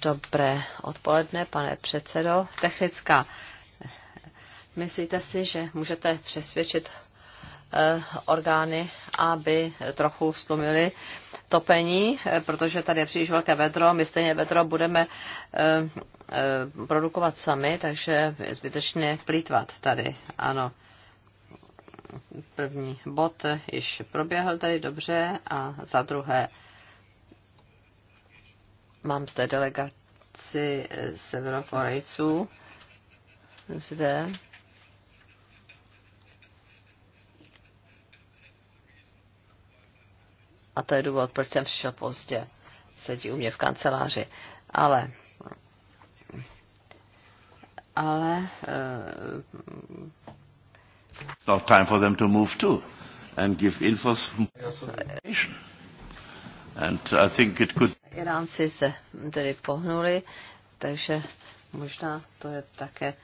Dobré odpoledne, pane předsedo. Technická. Myslíte si, že můžete přesvědčit eh, orgány, aby trochu vstlumili topení, eh, protože tady je příliš velké vedro, my stejně vedro budeme eh, produkovat sami, takže zbytečně plítvat tady, ano. První bod již proběhl tady dobře a za druhé Mám zde delegaci severokorejců zde. A to je důvod, proč jsem přišel pozdě. Sedí u mě v kanceláři. Ale ale uh, It's not time for them to move too and give infos. And I think it could... Iránci se tedy pohnuli, takže možná to je také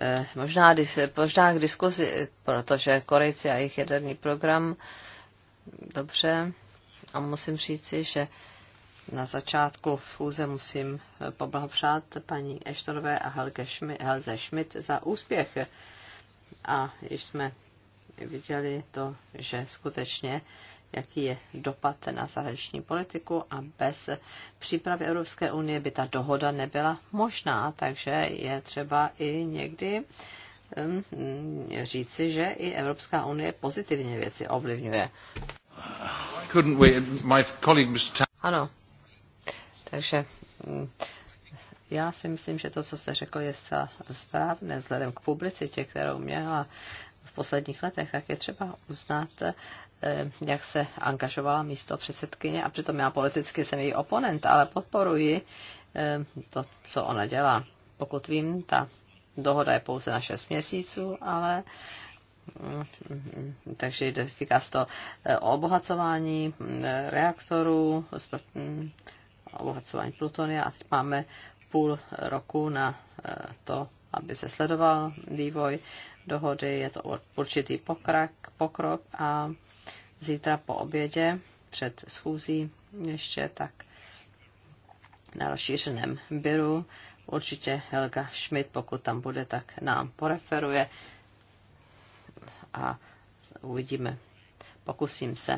eh, možná, možná k diskuzi, protože Korejci a jejich jaderný program dobře a musím říci, že na začátku schůze musím eh, poblahopřát paní Eštorové a Helge Schmidt, Helze Schmidt za úspěch. A již jsme viděli to, že skutečně jaký je dopad na zahraniční politiku a bez přípravy Evropské unie by ta dohoda nebyla možná, takže je třeba i někdy um, říci, že i Evropská unie pozitivně věci ovlivňuje. Ano, takže um, já si myslím, že to, co jste řekl, je zcela správné vzhledem k publicitě, kterou měla v posledních letech, tak je třeba uznat, Eh, jak se angažovala místo předsedkyně a přitom já politicky jsem její oponent, ale podporuji eh, to, co ona dělá. Pokud vím, ta dohoda je pouze na 6 měsíců, ale mm, takže týká se to eh, obohacování mm, reaktorů, mm, obohacování plutonia a teď máme půl roku na to, aby se sledoval vývoj dohody, je to určitý pokrok, pokrok a zítra po obědě před schůzí ještě, tak na rozšířeném byru. Určitě Helga Schmidt, pokud tam bude, tak nám poreferuje a uvidíme. Pokusím se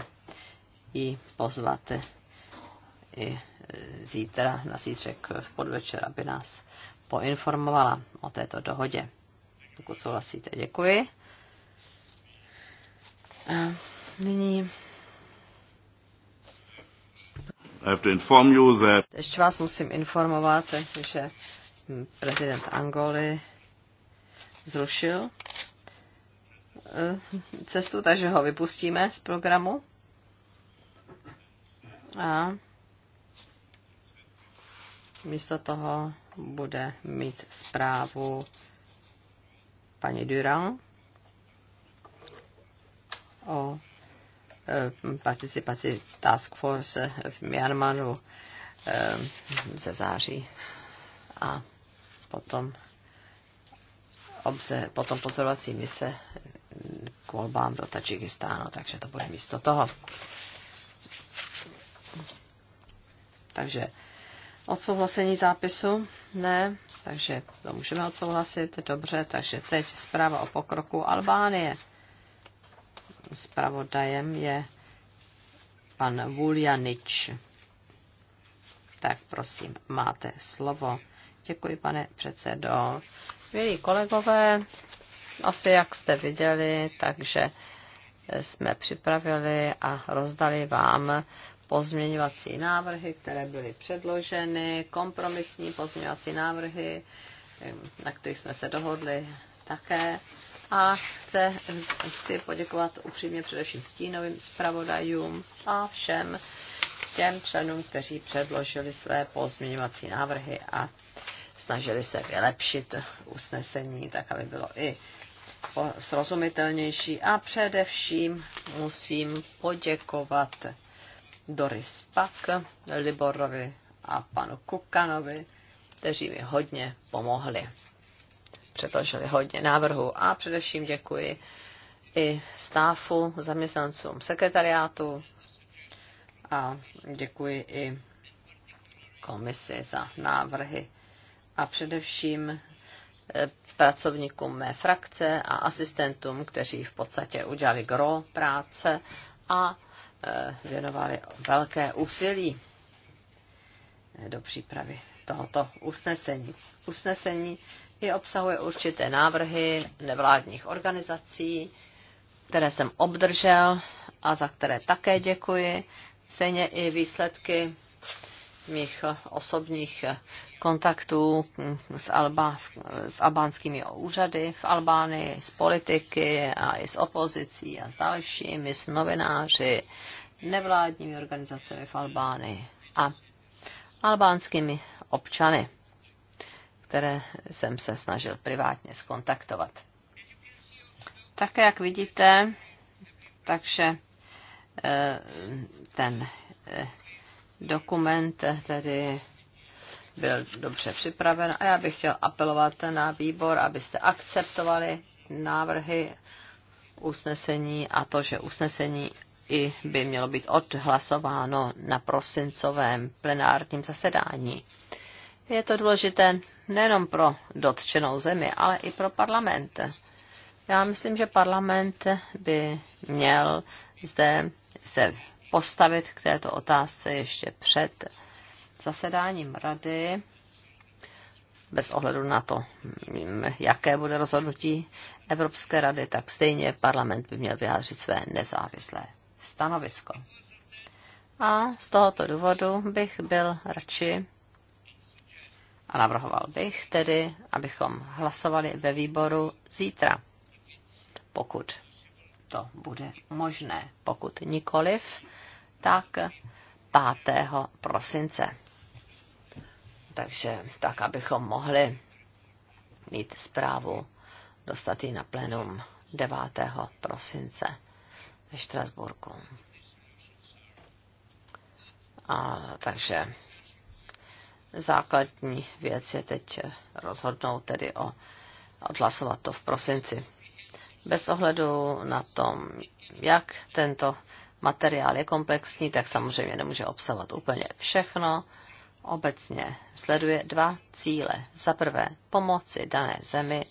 ji pozvat i zítra, na zítřek v podvečer, aby nás poinformovala o této dohodě. Pokud souhlasíte, děkuji. Nyní ještě vás musím informovat, že prezident Angoly zrušil eh, cestu, takže ho vypustíme z programu. A místo toho bude mít zprávu paní Durand o Eh, participaci Task Force v Myanmaru eh, ze září. A potom, obze, potom pozorovací mise k volbám do Tadžikistánu, takže to bude místo toho. Takže odsouhlasení zápisu? Ne, takže to můžeme odsouhlasit, dobře, takže teď zpráva o pokroku Albánie. Spravodajem je pan Vuljanič. Tak prosím, máte slovo. Děkuji, pane předsedo. Milí kolegové, asi jak jste viděli, takže jsme připravili a rozdali vám pozměňovací návrhy, které byly předloženy, kompromisní pozměňovací návrhy, na kterých jsme se dohodli také a chce, chci poděkovat upřímně především stínovým zpravodajům a všem těm členům, kteří předložili své pozměňovací návrhy a snažili se vylepšit usnesení, tak aby bylo i srozumitelnější. A především musím poděkovat Doris Pak, Liborovi a panu Kukanovi, kteří mi hodně pomohli předložili hodně návrhů a především děkuji i stáfu, zaměstnancům sekretariátu a děkuji i komisi za návrhy a především eh, pracovníkům mé frakce a asistentům, kteří v podstatě udělali gro práce a eh, věnovali velké úsilí eh, do přípravy tohoto usnesení. Usnesení i obsahuje určité návrhy nevládních organizací, které jsem obdržel a za které také děkuji. Stejně i výsledky mých osobních kontaktů s, Alba, s albánskými úřady v Albánii, s politiky a i s opozicí a s dalšími, s novináři, nevládními organizacemi v Albánii a albánskými občany které jsem se snažil privátně skontaktovat. Tak jak vidíte, takže eh, ten eh, dokument tedy byl dobře připraven a já bych chtěl apelovat na výbor, abyste akceptovali návrhy usnesení a to, že usnesení i by mělo být odhlasováno na prosincovém plenárním zasedání. Je to důležité nejenom pro dotčenou zemi, ale i pro parlament. Já myslím, že parlament by měl zde se postavit k této otázce ještě před zasedáním rady, bez ohledu na to, mm, jaké bude rozhodnutí Evropské rady, tak stejně parlament by měl vyjádřit své nezávislé stanovisko. A z tohoto důvodu bych byl radši, a navrhoval bych tedy, abychom hlasovali ve výboru zítra, pokud to bude možné. Pokud nikoliv, tak 5. prosince. Takže tak, abychom mohli mít zprávu, dostat ji na plenum 9. prosince ve Štrasburku. A, takže Základní věc je teď rozhodnout tedy o odhlasovat to v prosinci. Bez ohledu na tom, jak tento materiál je komplexní, tak samozřejmě nemůže obsahovat úplně všechno. Obecně sleduje dva cíle. Za prvé, pomoci dané zemi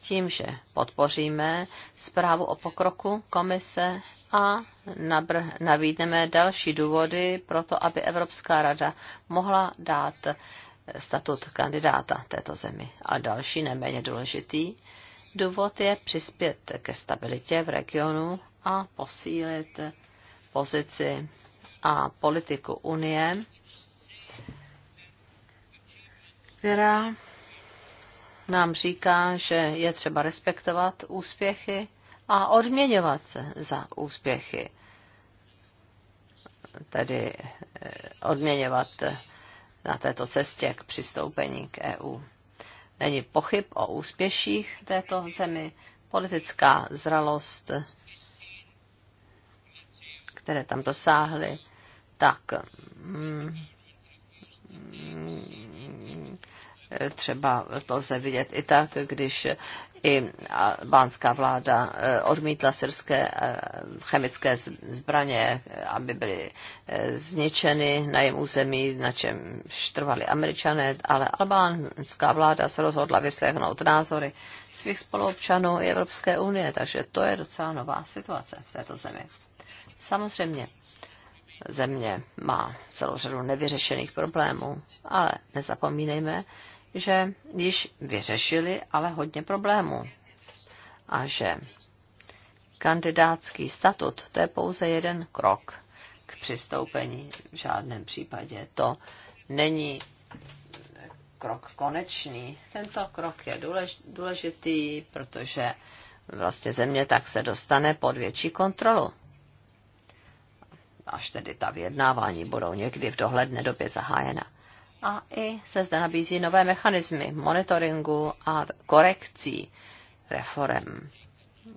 tím, že podpoříme zprávu o pokroku komise a navídneme další důvody pro to, aby Evropská rada mohla dát statut kandidáta této zemi. Ale další, neméně důležitý důvod je přispět ke stabilitě v regionu a posílit pozici a politiku Unie, která nám říká, že je třeba respektovat úspěchy a odměňovat za úspěchy. Tedy eh, odměňovat eh, na této cestě k přistoupení k EU. Není pochyb o úspěších této zemi. Politická zralost, které tam dosáhly, tak mm, Třeba to lze vidět i tak, když i albánská vláda eh, odmítla syrské eh, chemické zbraně, aby byly eh, zničeny na jejím území, na čem štrvali američané, ale albánská vláda se rozhodla vyslechnout názory svých spoluobčanů i Evropské unie, takže to je docela nová situace v této zemi. Samozřejmě, země má celou řadu nevyřešených problémů, ale nezapomínejme, že již vyřešili ale hodně problémů a že kandidátský statut to je pouze jeden krok k přistoupení. V žádném případě to není krok konečný. Tento krok je důležitý, protože vlastně země tak se dostane pod větší kontrolu. Až tedy ta vyjednávání budou někdy v dohledné době zahájena a i se zde nabízí nové mechanismy monitoringu a korekcí reform,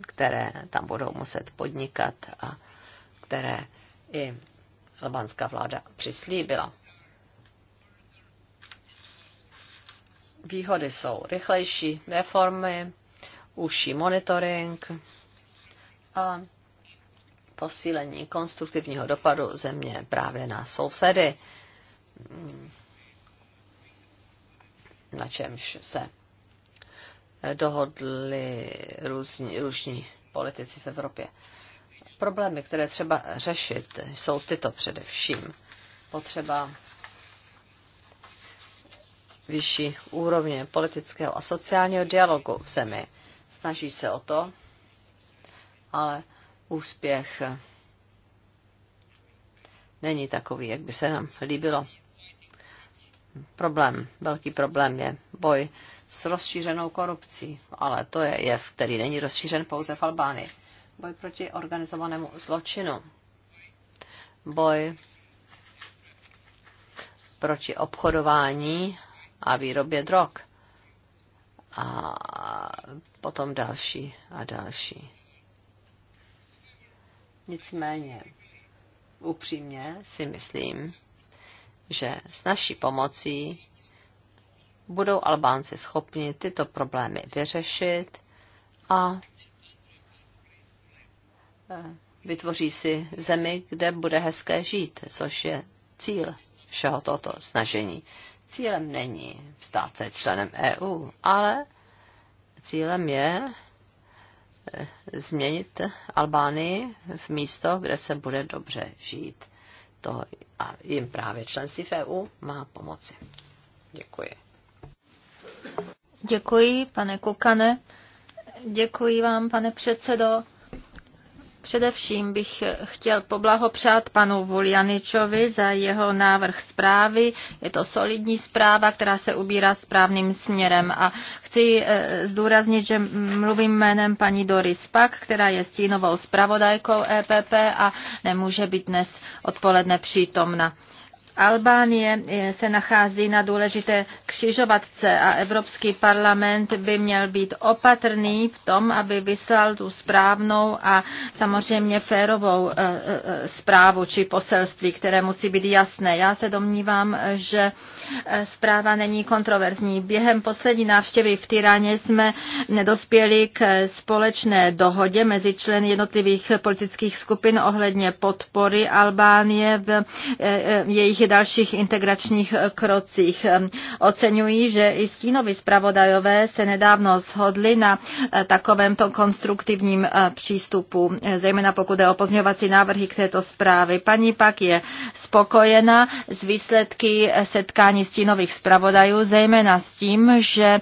které tam budou muset podnikat a které i albánská vláda přislíbila. Výhody jsou rychlejší reformy, užší monitoring a posílení konstruktivního dopadu země právě na sousedy na čemž se dohodli různí, různí politici v Evropě. Problémy, které třeba řešit, jsou tyto především. Potřeba vyšší úrovně politického a sociálního dialogu v zemi. Snaží se o to, ale úspěch není takový, jak by se nám líbilo problém, velký problém je boj s rozšířenou korupcí, ale to je jev, který není rozšířen pouze v Albánii. Boj proti organizovanému zločinu, boj proti obchodování a výrobě drog a potom další a další. Nicméně, upřímně si myslím, že s naší pomocí budou Albánci schopni tyto problémy vyřešit a e, vytvoří si zemi, kde bude hezké žít, což je cíl všeho tohoto snažení. Cílem není stát se členem EU, ale cílem je e, změnit Albánii v místo, kde se bude dobře žít to a jim právě členství v EU má pomoci. Děkuji. Děkuji, pane Kukane. Děkuji vám, pane předsedo. Především bych chtěl poblahopřát panu Vuljaničovi za jeho návrh zprávy. Je to solidní zpráva, která se ubírá správným směrem. A chci eh, zdůraznit, že mluvím jménem paní Doris Pak, která je stínovou zpravodajkou EPP a nemůže být dnes odpoledne přítomna. Albánie se nachází na důležité křižovatce a Evropský parlament by měl být opatrný v tom, aby vyslal tu správnou a samozřejmě férovou eh, eh, zprávu či poselství, které musí být jasné. Já se domnívám, že eh, zpráva není kontroverzní. Během poslední návštěvy v Tyraně jsme nedospěli k společné dohodě mezi členy jednotlivých politických skupin ohledně podpory Albánie v jejich dalších integračních eh, krocích. Oceňují, že i stínovi zpravodajové se nedávno shodli na eh, takovémto konstruktivním eh, přístupu, zejména pokud je o pozměňovací návrhy k této zprávy. Paní pak je spokojena s výsledky setkání stínových zpravodajů, zejména s tím, že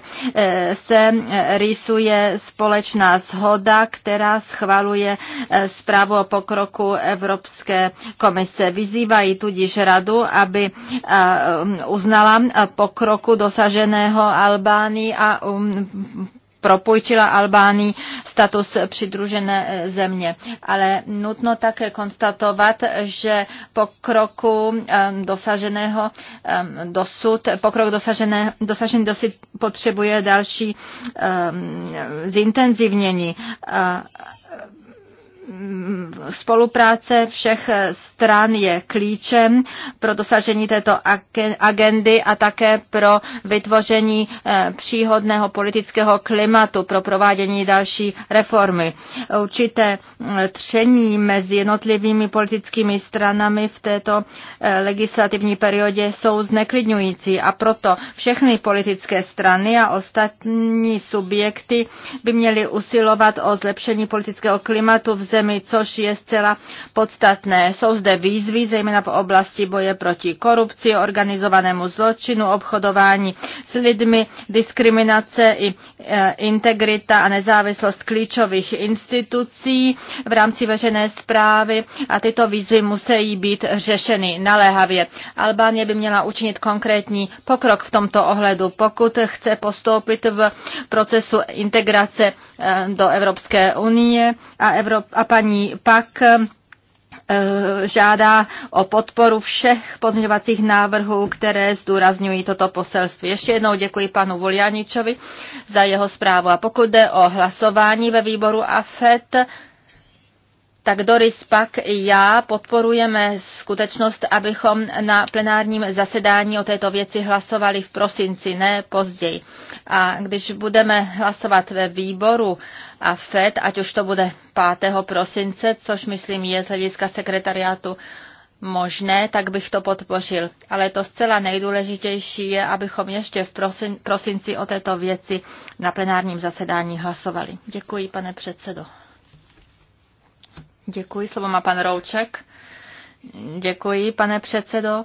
se rýsuje společná shoda, která schvaluje zprávu o pokroku Evropské komise. Vyzývají tudíž radu, aby eh, um, uznala eh, pokroku dosaženého Albánii a um, propůjčila Albánii status přidružené eh, země. Ale nutno také konstatovat, že pokroku dosaženého dosud, pokrok dosažené, dosažený dosud potřebuje další zintenzivnění spolupráce všech stran je klíčem pro dosažení této agendy a také pro vytvoření eh, příhodného politického klimatu pro provádění další reformy. Určité eh, tření mezi jednotlivými politickými stranami v této eh, legislativní periodě jsou zneklidňující a proto všechny politické strany a ostatní subjekty by měly usilovat o zlepšení politického klimatu v zemi zemi, což je zcela podstatné. Jsou zde výzvy, zejména v oblasti boje proti korupci, organizovanému zločinu, obchodování s lidmi, diskriminace i e, integrita a nezávislost klíčových institucí v rámci veřejné zprávy a tyto výzvy musí být řešeny naléhavě. Albánie by měla učinit konkrétní pokrok v tomto ohledu, pokud chce postoupit v procesu integrace e, do Evropské unie a, Evrop- a paní Pak eh, žádá o podporu všech pozměňovacích návrhů, které zdůrazňují toto poselství. Ještě jednou děkuji panu Vuljaničovi za jeho zprávu. A pokud jde o hlasování ve výboru AFET, tak Doris pak i já podporujeme skutečnost, abychom na plenárním zasedání o této věci hlasovali v prosinci, ne později. A když budeme hlasovat ve výboru a FED, ať už to bude 5. prosince, což myslím je z hlediska sekretariátu možné, tak bych to podpořil. Ale to zcela nejdůležitější je, abychom ještě v prosin, prosinci o této věci na plenárním zasedání hlasovali. Děkuji, pane předsedo. Děkuji, slovo má pan Rouček. Děkuji, pane předsedo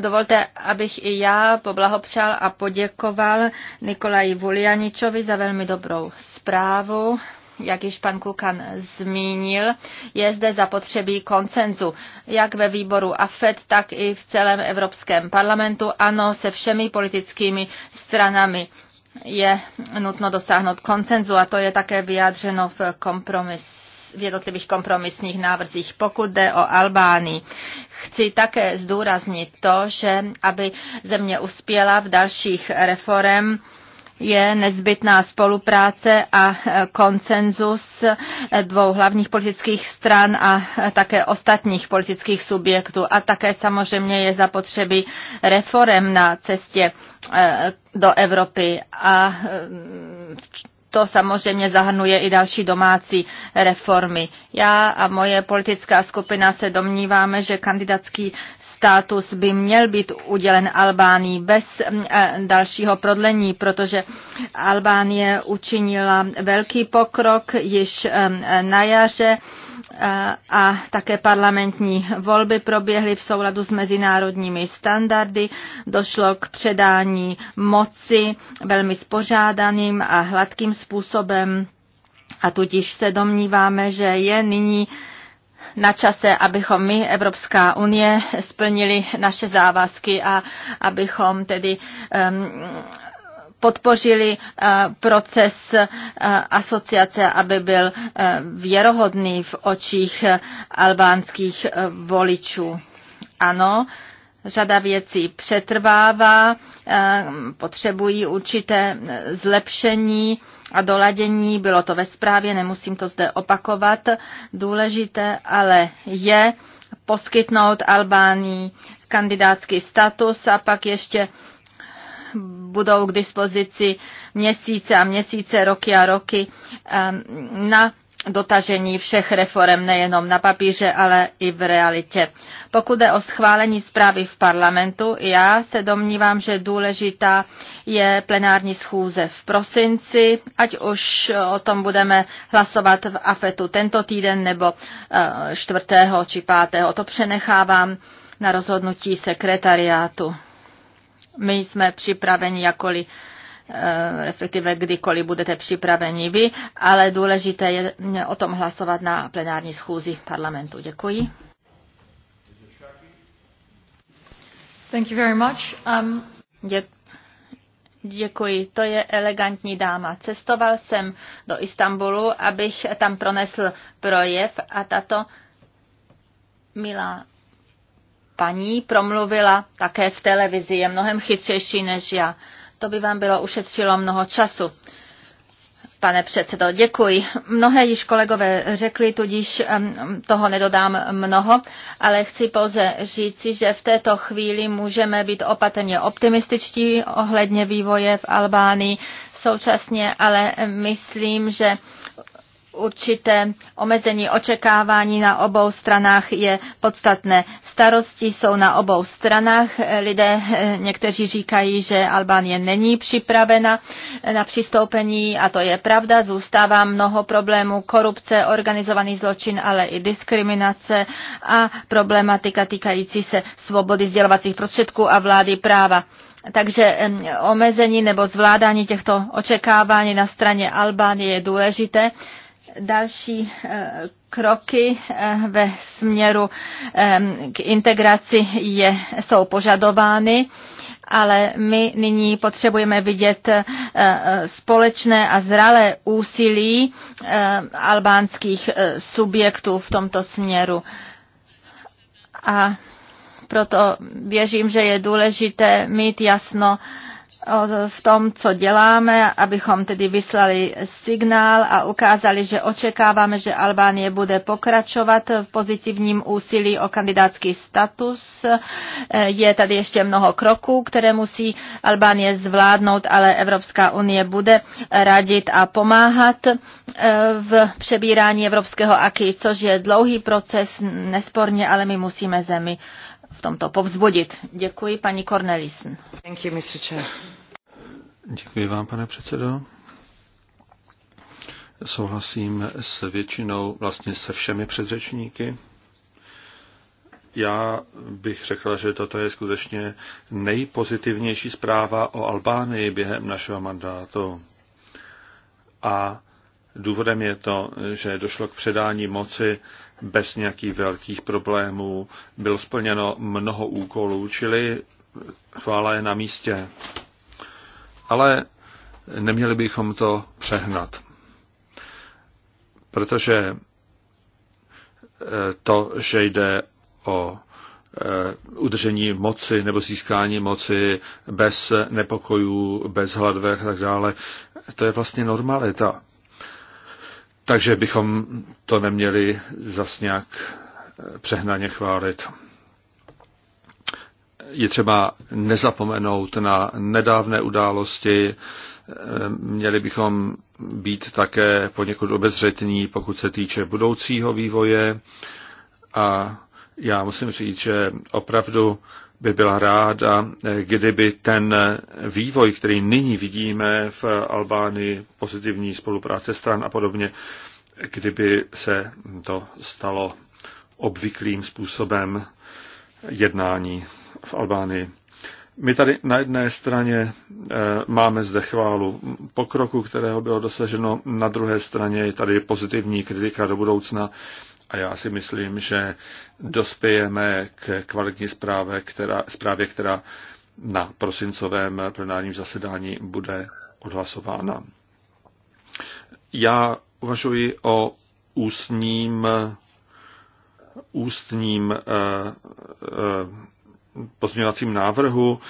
dovolte, abych i já poblahopřál a poděkoval Nikolaji Vulianičovi za velmi dobrou zprávu. Jak již pan Kukan zmínil, je zde zapotřebí koncenzu, jak ve výboru AFED, tak i v celém Evropském parlamentu, ano, se všemi politickými stranami je nutno dosáhnout koncenzu a to je také vyjádřeno v kompromis v jednotlivých kompromisních návrzích. Pokud jde o Albánii, chci také zdůraznit to, že aby země uspěla v dalších reform, je nezbytná spolupráce a konsenzus dvou hlavních politických stran a také ostatních politických subjektů. A také samozřejmě je zapotřebí reform na cestě eh, do Evropy a eh, to samozřejmě zahrnuje i další domácí reformy. Já a moje politická skupina se domníváme, že kandidatský status by měl být udělen Albánii bez mm, e, dalšího prodlení, protože Albánie učinila velký pokrok již mm, e, na jaře e, a také parlamentní volby proběhly v souladu s mezinárodními standardy. Došlo k předání moci velmi spořádaným a hladkým způsobem a tudíž se domníváme, že je nyní na čase, abychom my, Evropská unie, splnili naše závazky a abychom tedy um, podpořili eh, proces eh, asociace, aby byl eh, věrohodný v očích albánských voličů. Ano, Řada věcí přetrvává, eh, potřebují určité zlepšení a doladění, bylo to ve zprávě, nemusím to zde opakovat. Důležité ale je poskytnout Albánii kandidátský status a pak ještě budou k dispozici měsíce a měsíce, roky a roky eh, na dotažení všech reform nejenom na papíře, ale i v realitě. Pokud jde o schválení zprávy v parlamentu, já se domnívám, že důležitá je plenární schůze v prosinci, ať už o tom budeme hlasovat v AFETu tento týden nebo 4. Eh, či 5. To přenechávám na rozhodnutí sekretariátu. My jsme připraveni jakoli Eh, respektive kdykoliv budete připraveni vy, ale důležité je eh, o tom hlasovat na plenární schůzi parlamentu. Děkuji. Thank you very much. Um... Dě- Děkuji, to je elegantní dáma. Cestoval jsem do Istanbulu, abych tam pronesl projev a tato milá paní promluvila také v televizi, je mnohem chytřejší než já. To by vám bylo ušetřilo mnoho času. Pane předsedo, děkuji. Mnohé již kolegové řekli, tudíž toho nedodám mnoho, ale chci pouze říci, že v této chvíli můžeme být opatrně optimističtí ohledně vývoje v Albánii současně, ale myslím, že určité omezení očekávání na obou stranách je podstatné. Starosti jsou na obou stranách. Lidé někteří říkají, že Albánie není připravena na přistoupení a to je pravda. Zůstává mnoho problémů korupce, organizovaný zločin, ale i diskriminace a problematika týkající se svobody sdělovacích prostředků a vlády práva. Takže omezení nebo zvládání těchto očekávání na straně Albánie je důležité další eh, kroky eh, ve směru k integraci je, jsou požadovány ale my nyní potřebujeme vidět eh, společné a zralé úsilí albánských subjektů v tomto směru. A proto věřím, že je důležité mít jasno v tom, co děláme, abychom tedy vyslali signál a ukázali, že očekáváme, že Albánie bude pokračovat v pozitivním úsilí o kandidátský status. E, je tady ještě mnoho kroků, které musí Albánie zvládnout, ale Evropská unie bude radit a pomáhat e, v přebírání evropského aky, což je dlouhý proces, nesporně, ale my musíme zemi v tomto povzbudit. Děkuji paní Cornelissen. Thank you, Mr. Chair. Děkuji vám, pane předsedo. Souhlasím s většinou, vlastně se všemi předřečníky. Já bych řekla, že toto je skutečně nejpozitivnější zpráva o Albánii během našeho mandátu. A důvodem je to, že došlo k předání moci bez nějakých velkých problémů. Bylo splněno mnoho úkolů, čili chvála je na místě. Ale neměli bychom to přehnat. Protože eh, to, že jde o eh, udržení moci nebo získání moci bez nepokojů, bez hladvech a tak dále, to je vlastně normalita. Takže bychom to neměli zas nějak eh, přehnaně chválit. Je třeba nezapomenout na nedávné události. Eh, měli bychom být také poněkud obezřetní, pokud se týče budoucího vývoje. A já musím říct, že opravdu by byla ráda, kdyby ten vývoj, který nyní vidíme v Albánii, pozitivní spolupráce stran a podobně, kdyby se to stalo obvyklým způsobem jednání v Albánii. My tady na jedné straně eh, máme zde chválu pokroku, kterého bylo dosaženo, na druhé straně je tady pozitivní kritika do budoucna a já si myslím, že dospějeme k kvalitní zprávě, která, zprávě, která na prosincovém plenárním zasedání bude odhlasována. Já uvažuji o ústním, ústním eh, eh, pozměňovacím návrhu,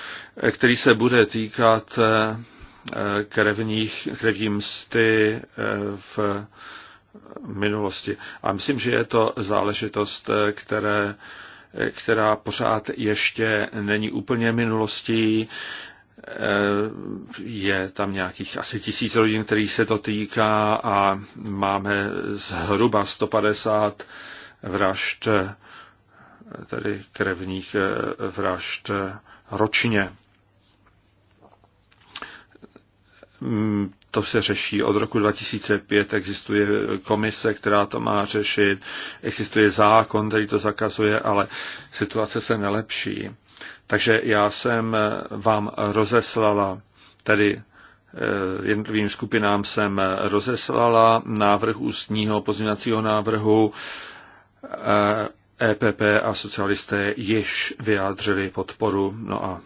který se bude týkat eh, krevních, krevní msty eh, v eh, minulosti. A myslím, že je to záležitost, které, která pořád ještě není úplně minulostí. Je tam nějakých asi tisíc rodin, kterých se to týká a máme zhruba 150 vražd, tedy krevních vražd ročně. Mm, to se řeší. Od roku 2005 existuje komise, která to má řešit, existuje zákon, který to zakazuje, ale situace se nelepší. Takže já jsem vám rozeslala, tedy eh, jednotlivým skupinám jsem rozeslala návrh ústního pozměňovacího návrhu EPP eh, e a socialisté již vyjádřili podporu, no a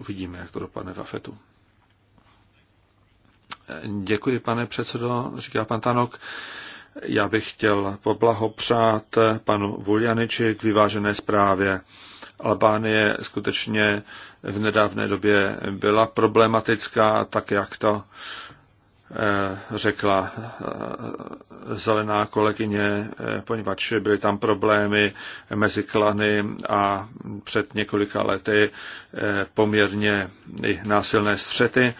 uvidíme, jak to dopadne v AFETu. Děkuji, pane předsedo, říká pan Tanok. Já bych chtěl poblahopřát panu Vuljaniči k vyvážené zprávě. Albánie skutečně v nedávné době byla problematická, tak jak to eh, řekla eh, zelená kolegyně, eh, poněvadž byly tam problémy mezi klany a před několika lety poměrně násilné střety.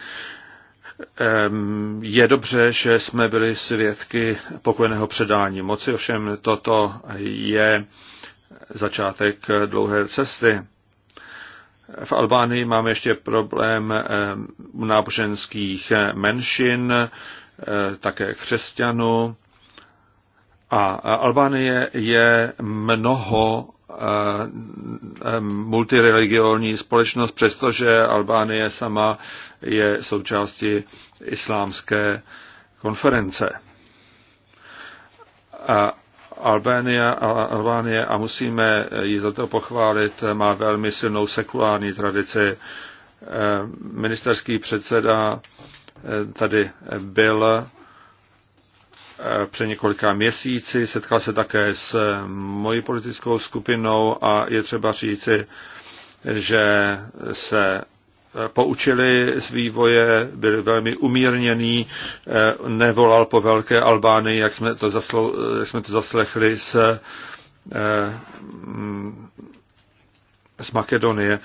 Je dobře, že jsme byli svědky pokojného předání moci, ovšem toto je začátek dlouhé cesty. V Albánii máme ještě problém náboženských menšin, také křesťanů. A Albánie je mnoho multireligiální společnost, přestože Albánie sama je součástí islámské konference. A Albánie Albánie, a musíme ji za to pochválit, má velmi silnou sekulární tradici. E, ministerský předseda e, tady byl Eh, před několika měsíci, setkal se také s mojí politickou skupinou a je třeba říci, že se eh, poučili z vývoje, byl velmi umírněný, eh, nevolal po Velké Albánii, jak jsme to, zaslo, jak jsme to zaslechli z, z Makedonie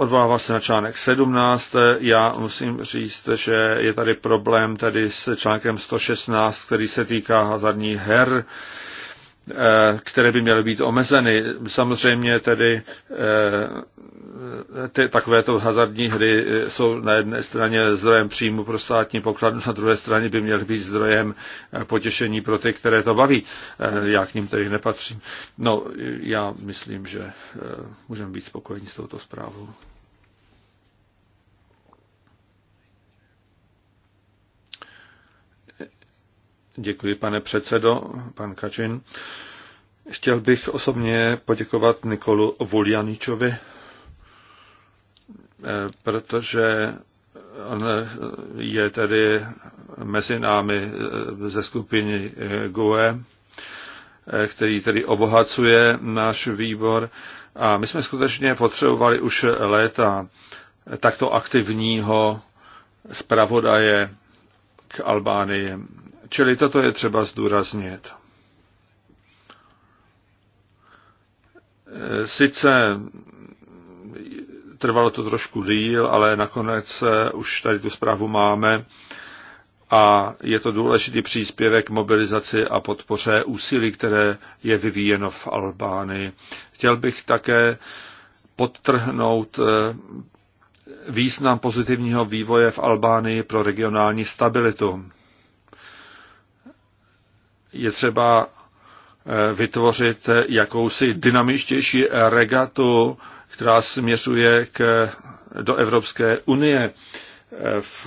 odvolává se na článek 17. Já musím říct, že je tady problém tady s článkem 116, který se týká hazardních her. Eh, které by měly být omezeny. Samozřejmě tedy eh, ty, takovéto hazardní hry eh, jsou na jedné straně zdrojem příjmu pro státní pokladnu, na druhé straně by měly být zdrojem potěšení pro ty, které to baví. Já k ním tedy nepatřím. No, já myslím, že můžeme být spokojeni s touto zprávou. Děkuji, pane předsedo, pan Kačin. Chtěl bych osobně poděkovat Nikolu Vuljaničovi, eh, protože on je tedy mezi námi eh, ze skupiny eh, GUE, který tedy obohacuje náš výbor. A my jsme skutečně potřebovali už léta takto aktivního zpravodaje k Albánii. Čili toto je třeba zdůraznit. Eh, sice trvalo to trošku díl, ale nakonec eh, už tady tu zprávu máme a je to důležitý příspěvek k mobilizaci a podpoře úsilí, které je vyvíjeno v Albánii. Chtěl bych také podtrhnout eh, význam pozitivního vývoje v Albánii pro regionální stabilitu je třeba eh, vytvořit jakousi dynamičtější regatu, která směřuje k, do Evropské unie eh, v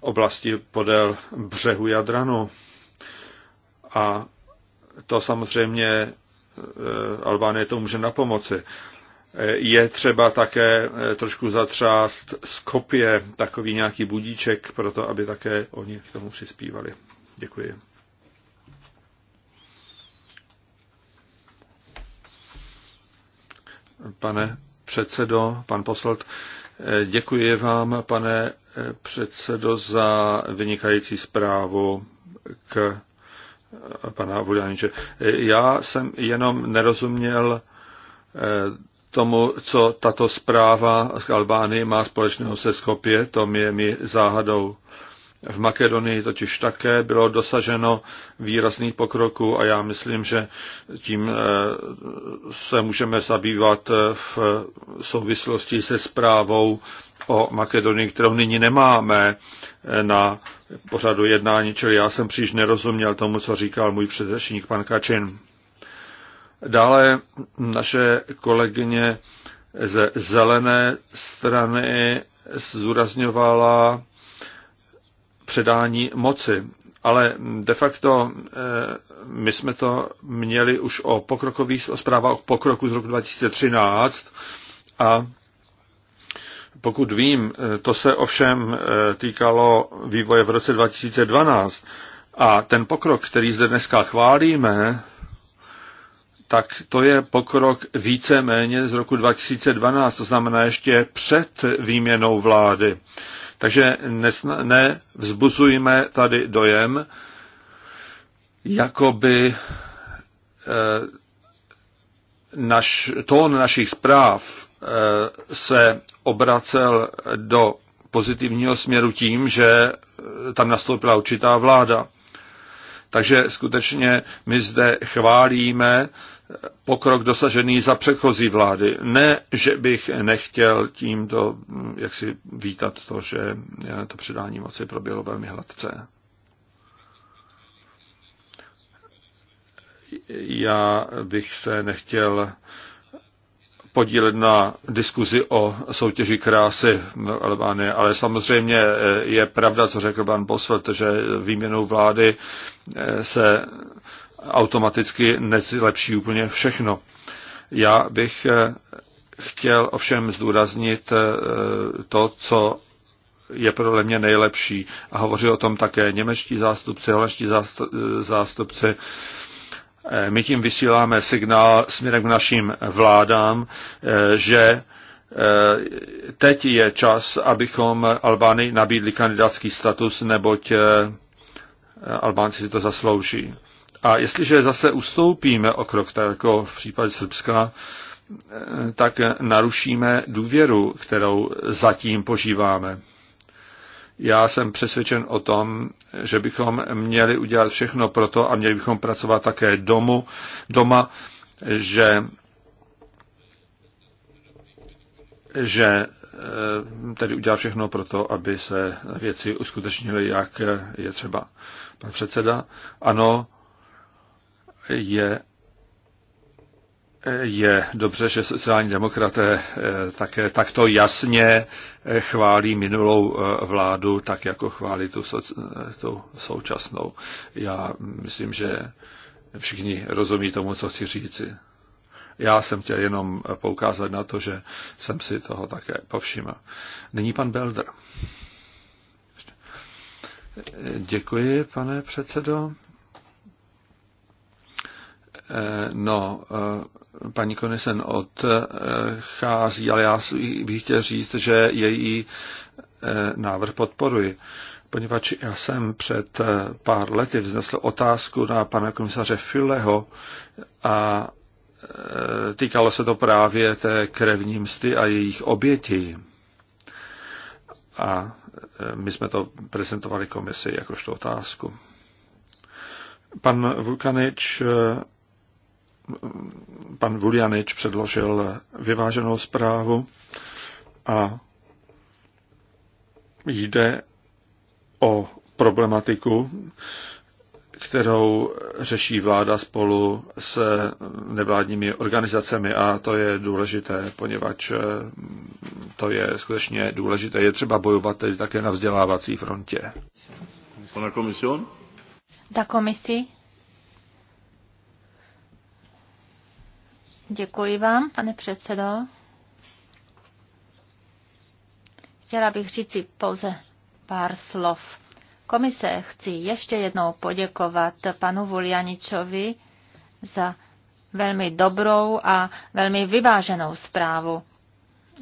oblasti podél břehu Jadranu. A to samozřejmě eh, Albánie to může na pomoci je třeba také eh, trošku zatřást kopie takový nějaký budíček pro to, aby také oni k tomu přispívali. Děkuji. Pane předsedo, pan poslat, eh, děkuji vám, pane eh, předsedo, za vynikající zprávu k pana Vuljaniče. Já jsem jenom nerozuměl tomu, co tato zpráva z Albánie má společného se Skopje, to je mi záhadou. V Makedonii totiž také bylo dosaženo výrazných pokroků a já myslím, že tím eh, se můžeme zabývat eh, v souvislosti se zprávou o Makedonii, kterou nyní nemáme eh, na pořadu jednání, čili já jsem příliš nerozuměl tomu, co říkal můj předřečník pan Kačin. Dále naše kolegyně ze zelené strany zdůrazňovala předání moci. Ale de facto eh, my jsme to měli už o pokrokových zprávách o pokroku z roku 2013 a pokud vím, eh, to se ovšem eh, týkalo vývoje v roce 2012 a ten pokrok, který zde dneska chválíme, tak to je pokrok více-méně z roku 2012, to znamená ještě před výměnou vlády. Takže nevzbuzujme tady dojem, jakoby e, naš, tón našich zpráv e, se obracel do pozitivního směru tím, že e, tam nastoupila určitá vláda. Takže skutečně my zde chválíme pokrok dosažený za předchozí vlády. Ne, že bych nechtěl tímto, jak si vítat to, že to předání moci proběhlo velmi hladce. Já bych se nechtěl podílet na diskuzi o soutěži krásy v Albánii, ale samozřejmě je pravda, co řekl pan posled, že výměnou vlády se automaticky nezlepší úplně všechno. Já bych eh, chtěl ovšem zdůraznit eh, to, co je podle mě nejlepší. A hovoří o tom také němečtí zástupci, holandští eh, zástupci. My tím vysíláme signál směrem k našim vládám, že teď je čas, abychom Albány nabídli kandidátský status, neboť Albánci si to zaslouží. A jestliže zase ustoupíme o krok, tak jako v případě Srbska, eh, tak narušíme důvěru, kterou zatím požíváme. Já jsem přesvědčen o tom, že bychom měli udělat všechno pro to a měli bychom pracovat také domu, doma, že, že eh, tedy udělat všechno pro to, aby se věci uskutečnily, jak je třeba. Pan předseda, ano, je je dobře, že sociální demokraté eh, také takto jasně eh, chválí minulou eh, vládu, tak jako chválí tu, tu současnou. Já myslím, že všichni rozumí tomu, co chci říci. Já jsem chtěl jenom poukázat na to, že jsem si toho také povšiml. Nyní pan Belder. Děkuji, pane předsedo. Eh, no, eh, paní Konesen odchází, ale já bych chtěl říct, že její eh, návrh podporuji, poněvadž já jsem před pár lety vznesl otázku na pana komisaře Fileho a týkalo se to právě té krevní msty a jejich obětí. A my jsme to prezentovali komisi jakožto otázku. Pan Vukanič pan Vulianič předložil vyváženou zprávu a jde o problematiku, kterou řeší vláda spolu s nevládními organizacemi a to je důležité, poněvadž to je skutečně důležité. Je třeba bojovat tedy také na vzdělávací frontě. Za komisi? Děkuji vám, pane předsedo. Chtěla bych říci pouze pár slov. Komise chci ještě jednou poděkovat panu Vuljaničovi za velmi dobrou a velmi vyváženou zprávu,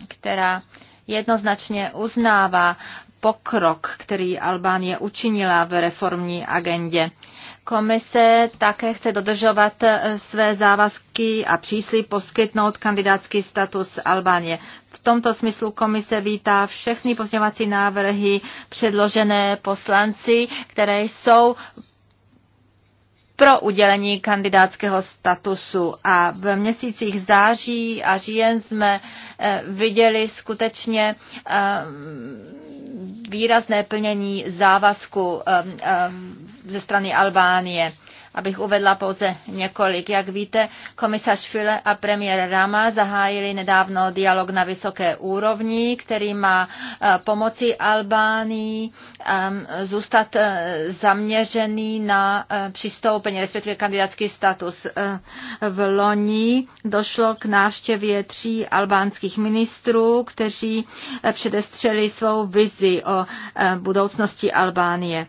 která jednoznačně uznává pokrok, který Albánie učinila v reformní agendě. Komise také chce dodržovat eh, své závazky a přísly poskytnout kandidátský status Albánie. V tomto smyslu komise vítá všechny pozměňovací návrhy předložené poslanci, které jsou pro udělení kandidátského statusu. A v měsících září a říjen jsme eh, viděli skutečně eh, výrazné plnění závazku ze strany Albánie. Abych uvedla pouze několik. Jak víte, komisař File a premiér Rama zahájili nedávno dialog na vysoké úrovni, který má eh, pomoci Albánii ehm, zůstat eh, zaměřený na eh, přistoupení, respektive kandidátský status. V loni došlo k návštěvě tří albánských ministrů, kteří předestřeli svou vizi o budoucnosti Albánie.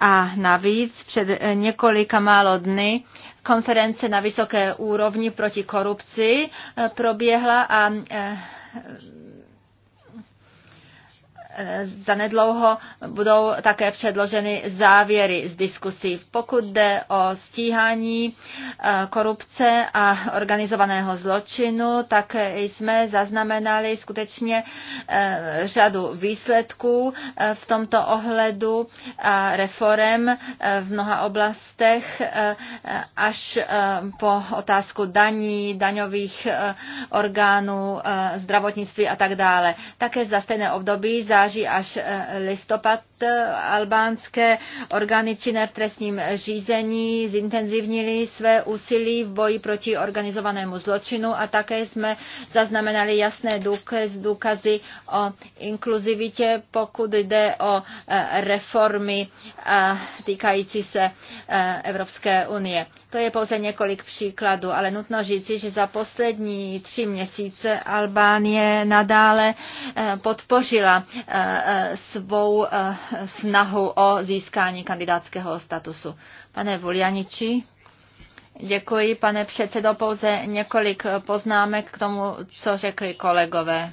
A navíc před několika málo dny konference na vysoké úrovni proti korupci eh, proběhla a eh, Eh, zanedlouho budou také předloženy závěry z diskusí. Pokud jde o stíhání eh, korupce a organizovaného zločinu, tak jsme zaznamenali skutečně eh, řadu výsledků v tomto ohledu a reform v mnoha oblastech až po otázku daní, daňových orgánů, zdravotnictví a tak dále. Také za stejné období za září až eh, listopad eh, albánské orgány činné v trestním řízení zintenzivnili své úsilí v boji proti organizovanému zločinu a také jsme zaznamenali jasné důkazy o inkluzivitě, pokud jde o eh, reformy týkající se Evropské unie. To je pouze několik příkladů, ale nutno říci, že za poslední tři měsíce Albánie nadále podpořila svou eh, snahu o získání kandidátského statusu. Pane Vuljaniči, děkuji, pane předsedo, pouze několik poznámek k tomu, co řekli kolegové.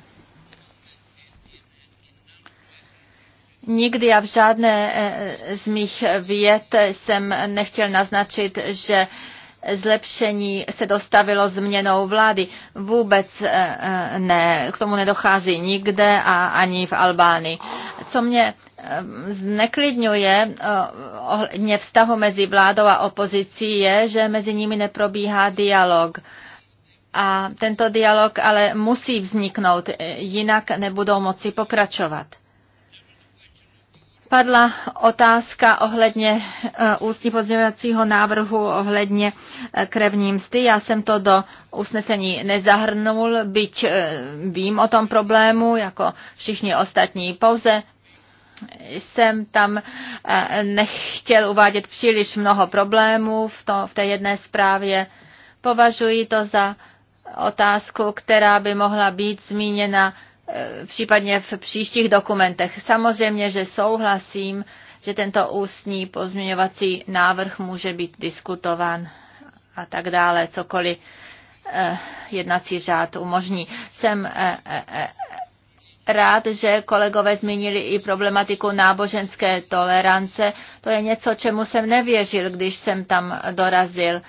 Nikdy a v žádné eh, z mých věd jsem nechtěl naznačit, že zlepšení se dostavilo změnou vlády. Vůbec eh, eh, ne, k tomu nedochází nikde a ani v Albánii. Co mě eh, zneklidňuje ohledně vztahu mezi vládou a opozicí je, že mezi nimi neprobíhá dialog. A tento dialog ale musí vzniknout, jinak nebudou moci pokračovat. Padla otázka ohledně eh, ústní pozměňovacího návrhu ohledně eh, krevní msty. Já jsem to do usnesení nezahrnul, byť eh, vím o tom problému, jako všichni ostatní. Pouze jsem tam nechtěl uvádět příliš mnoho problémů v, to, v té jedné zprávě. Považuji to za otázku, která by mohla být zmíněna Eh, případně v příštích dokumentech. Samozřejmě, že souhlasím, že tento ústní pozměňovací návrh může být diskutován a tak dále, cokoliv eh, jednací řád umožní. Jsem eh, rád, že kolegové zmínili i problematiku náboženské tolerance. To je něco, čemu jsem nevěřil, když jsem tam dorazil.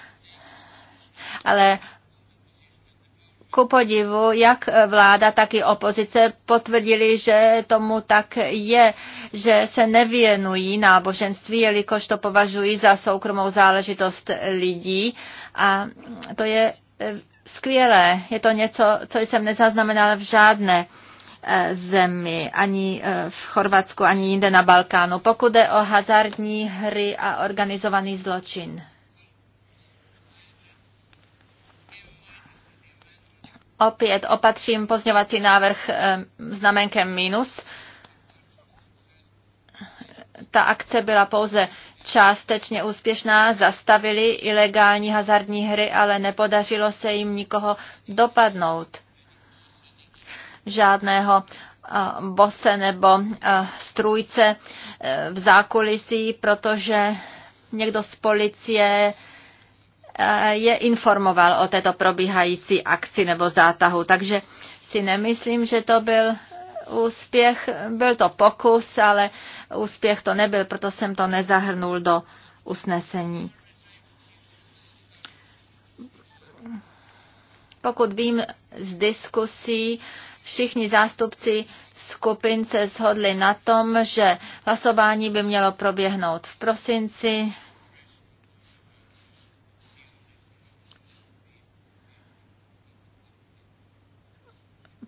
Ale ku podivu, jak vláda, tak i opozice potvrdili, že tomu tak je, že se nevěnují náboženství, jelikož to považují za soukromou záležitost lidí. A to je eh, skvělé. Je to něco, co jsem nezaznamenala v žádné eh, zemi, ani eh, v Chorvatsku, ani jinde na Balkánu, pokud jde o hazardní hry a organizovaný zločin. Opět opatřím pozňovací návrh eh, znamenkem minus. Ta akce byla pouze částečně úspěšná, zastavili ilegální hazardní hry, ale nepodařilo se jim nikoho dopadnout. Žádného eh, bose nebo eh, strůjce v zákulisí, protože někdo z policie Eh, je informoval o této probíhající akci nebo zátahu. Takže si nemyslím, že to byl úspěch. Byl to pokus, ale úspěch to nebyl, proto jsem to nezahrnul do usnesení. Pokud vím z diskusí, všichni zástupci skupin se shodli na tom, že hlasování by mělo proběhnout v prosinci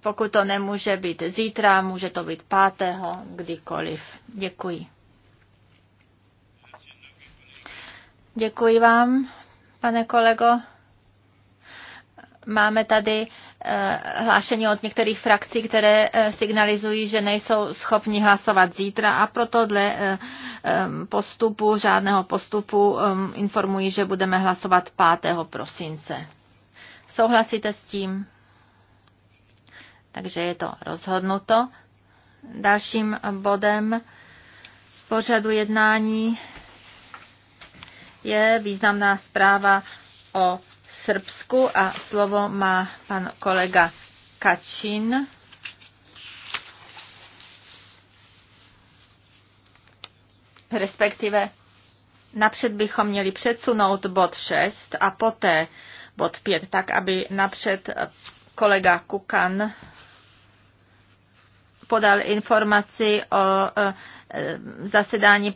Pokud to nemůže být zítra, může to být pátého, kdykoliv. Děkuji. Děkuji vám, pane kolego. Máme tady eh, hlášení od některých frakcí, které eh, signalizují, že nejsou schopni hlasovat zítra a proto dle eh, postupu, žádného postupu informují, že budeme hlasovat 5. prosince. Souhlasíte s tím? Takže je to rozhodnuto. Dalším bodem pořadu jednání je významná zpráva o Srbsku a slovo má pan kolega Kačin. Respektive napřed bychom měli předsunout bod 6 a poté bod 5, tak aby napřed kolega Kukan podal informaci o e, zasedání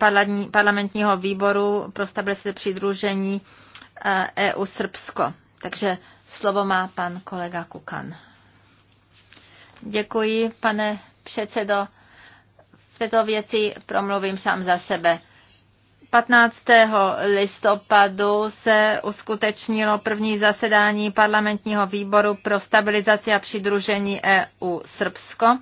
parlamentního výboru pro stabilizaci přidružení EU e Srbsko. Takže slovo má pan kolega Kukan. Děkuji, pane předsedo. V této věci promluvím sám za sebe. 15. listopadu se uskutečnilo první zasedání parlamentního výboru pro stabilizaci a přidružení EU Srbsko.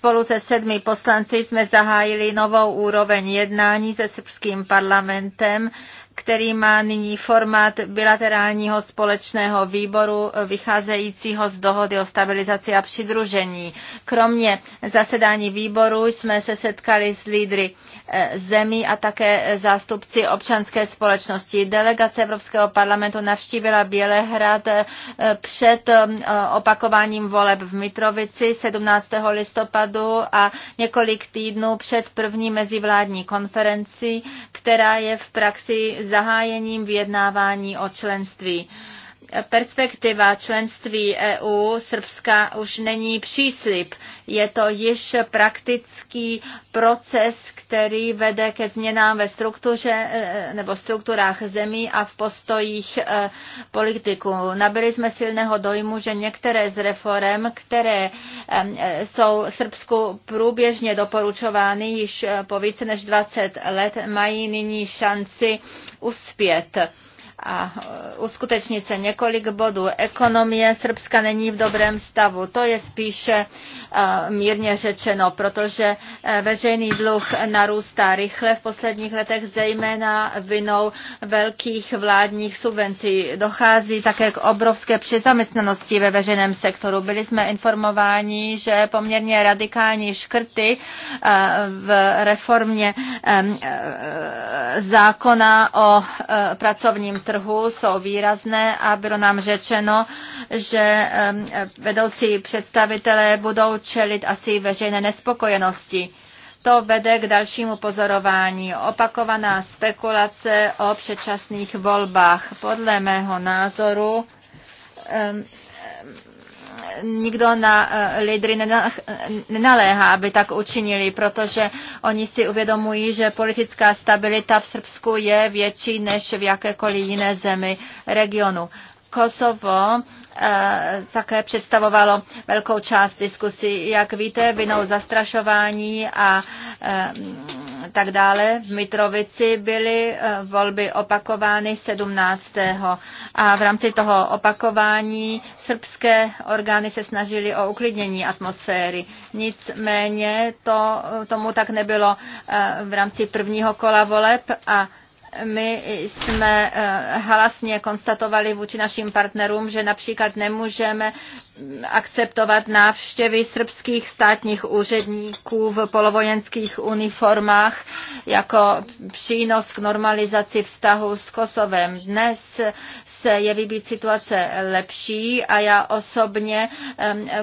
Spolu se sedmi poslanci jsme zahájili novou úroveň jednání se srbským parlamentem který má nyní formát bilaterálního společného výboru vycházejícího z dohody o stabilizaci a přidružení. Kromě zasedání výboru jsme se setkali s lídry eh, zemí a také zástupci občanské společnosti. Delegace Evropského parlamentu navštívila Bělehrad eh, před eh, opakováním voleb v Mitrovici 17. listopadu a několik týdnů před první mezivládní konferenci, která je v praxi zahájením vyjednávání o členství perspektiva členství EU Srbska už není příslip. Je to již praktický proces, který vede ke změnám ve struktuře eh, nebo strukturách zemí a v postojích eh, politiků. Nabili jsme silného dojmu, že některé z reform, které eh, jsou Srbsku průběžně doporučovány již po více než 20 let, mají nyní šanci uspět a e, uskutečnit se několik bodů. Ekonomie Srbska není v dobrém stavu. To je spíše e, mírně řečeno, protože e, veřejný dluh narůstá rychle v posledních letech, zejména vinou velkých vládních subvencí. Dochází také k obrovské přizaměstnanosti ve veřejném sektoru. Byli jsme informováni, že poměrně radikální škrty v reformě zákona o pracovním trhu trhu jsou výrazné a bylo nám řečeno, že vedoucí představitelé budou čelit asi veřejné nespokojenosti. To vede k dalšímu pozorování. Opakovaná spekulace o předčasných volbách. Podle mého názoru nikdo na eh, lídry nenaléhá, aby tak učinili, protože oni si uvědomují, že politická stabilita v Srbsku je větší než v jakékoliv jiné zemi regionu. Kosovo eh, také představovalo velkou část diskusy, jak víte, vinou zastrašování a eh, tak dále. V Mitrovici byly eh, volby opakovány 17. a v rámci toho opakování srbské orgány se snažily o uklidnění atmosféry. Nicméně to, tomu tak nebylo v rámci prvního kola voleb a my jsme hlasně eh, konstatovali vůči našim partnerům, že například nemůžeme akceptovat návštěvy srbských státních úředníků v polovojenských uniformách jako přínos k normalizaci vztahu s Kosovem. Dnes se jeví být situace lepší a já osobně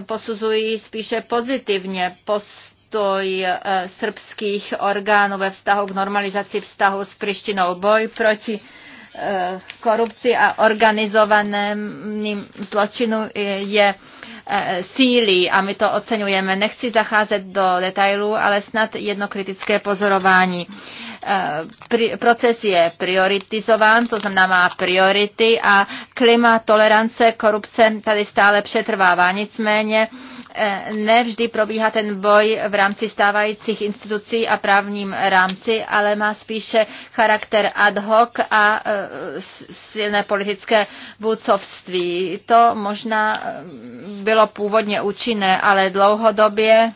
posuzuji spíše pozitivně post postoj eh, srbských orgánů ve vztahu k normalizaci vztahu s Prištinou, boj proti eh, korupci a organizovaným zločinu je eh, sílí a my to oceňujeme. Nechci zacházet do detailů, ale snad jedno kritické pozorování. Eh, proces je prioritizován, to znamená má priority a klima tolerance korupce tady stále přetrvává. Nicméně eh, nevždy probíhá ten boj v rámci stávajících institucí a právním rámci, ale má spíše charakter ad hoc a eh, silné politické vůcovství. To možná bylo původně účinné, ale dlouhodobě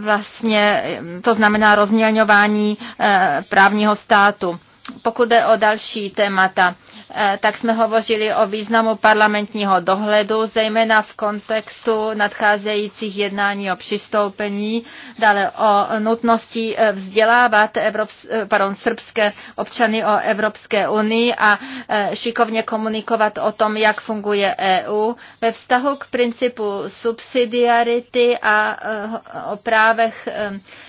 vlastně to znamená rozmělňování eh, právního státu. Pokud jde o další témata, Eh, tak jsme hovořili o významu parlamentního dohledu, zejména v kontextu nadcházejících jednání o přistoupení, dále o nutnosti eh, vzdělávat Evrops- eh, pardon, srbské občany o Evropské unii a šikovně komunikovat o tom, jak funguje EU ve vztahu k principu subsidiarity a o právech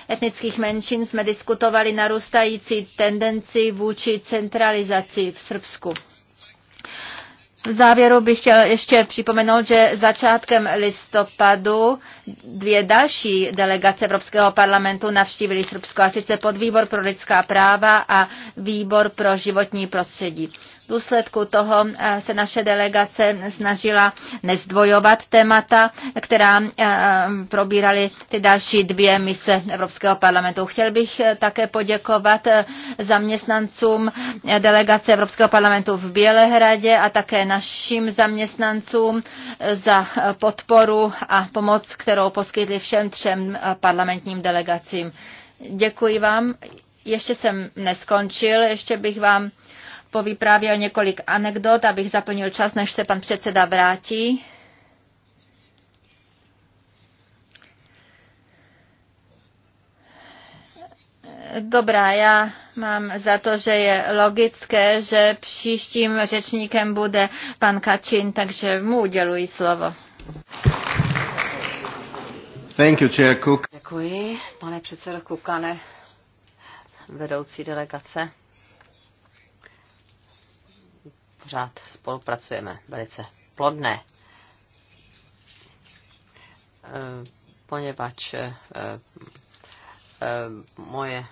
etnických menšin jsme diskutovali narůstající tendenci vůči centralizaci v Srbsku. V závěru bych chtěl ještě připomenout, že začátkem listopadu dvě další delegace Evropského parlamentu navštívily Srbsko, a sice podvýbor pro lidská práva a výbor pro životní prostředí důsledku toho eh, se naše delegace snažila nezdvojovat témata, která eh, probírali ty další dvě mise Evropského parlamentu. Chtěl bych eh, také poděkovat zaměstnancům delegace Evropského parlamentu v Bělehradě a také našim zaměstnancům za podporu a pomoc, kterou poskytli všem třem parlamentním delegacím. Děkuji vám. Ještě jsem neskončil, ještě bych vám povyprávěl několik anekdot, abych zaplnil čas, než se pan předseda vrátí. Dobrá, já mám za to, že je logické, že příštím řečníkem bude pan Kačin, takže mu uděluji slovo. Thank you, Chair Cook. Děkuji, pane předsedo Kukane, vedoucí delegace pořád spolupracujeme velice plodné, e, poněvadž e, e, moje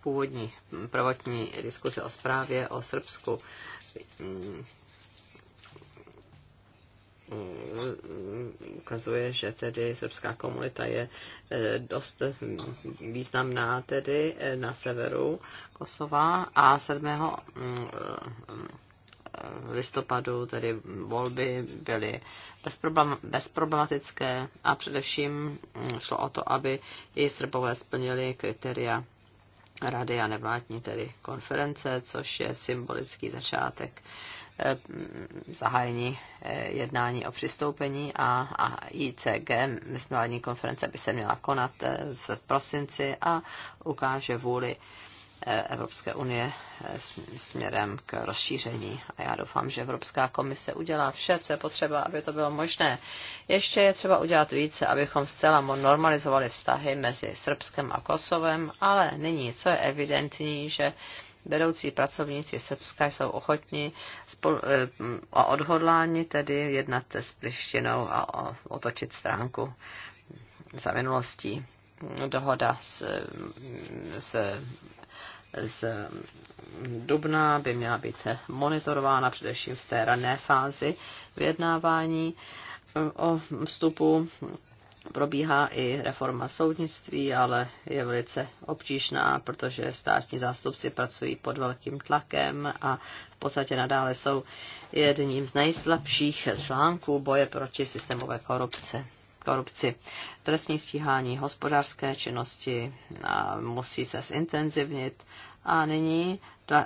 původní prvotní diskuse o zprávě o Srbsku ukazuje, že tedy srbská komunita je eh, dost významná tedy eh, na severu Kosova a 7. Mm, eh, listopadu tedy volby byly bezproblematické a především mm, šlo o to, aby i Srbové splnili kritéria rady a nevládní tedy konference, což je symbolický začátek Eh, zahájení eh, jednání o přistoupení a, ICG, mezinárodní konference, by se měla konat eh, v prosinci a ukáže vůli Evropské unie směrem k rozšíření. A já doufám, že Evropská komise udělá vše, co je potřeba, aby to bylo možné. Ještě je třeba udělat více, abychom zcela normalizovali vztahy mezi Srbskem a Kosovem, ale nyní, co je evidentní, že vedoucí pracovníci Srbska jsou ochotni a eh, odhodláni tedy jednat s Prištinou a otočit stránku za minulostí. Dohoda s, s, s Dubna by měla být monitorována především v té rané fázi vyjednávání o vstupu probíhá i reforma soudnictví, ale je velice obtížná, protože státní zástupci pracují pod velkým tlakem a v podstatě nadále jsou jedním z nejslabších článků boje proti systémové korupce korupci, trestní stíhání, hospodářské činnosti musí se zintenzivnit. A nyní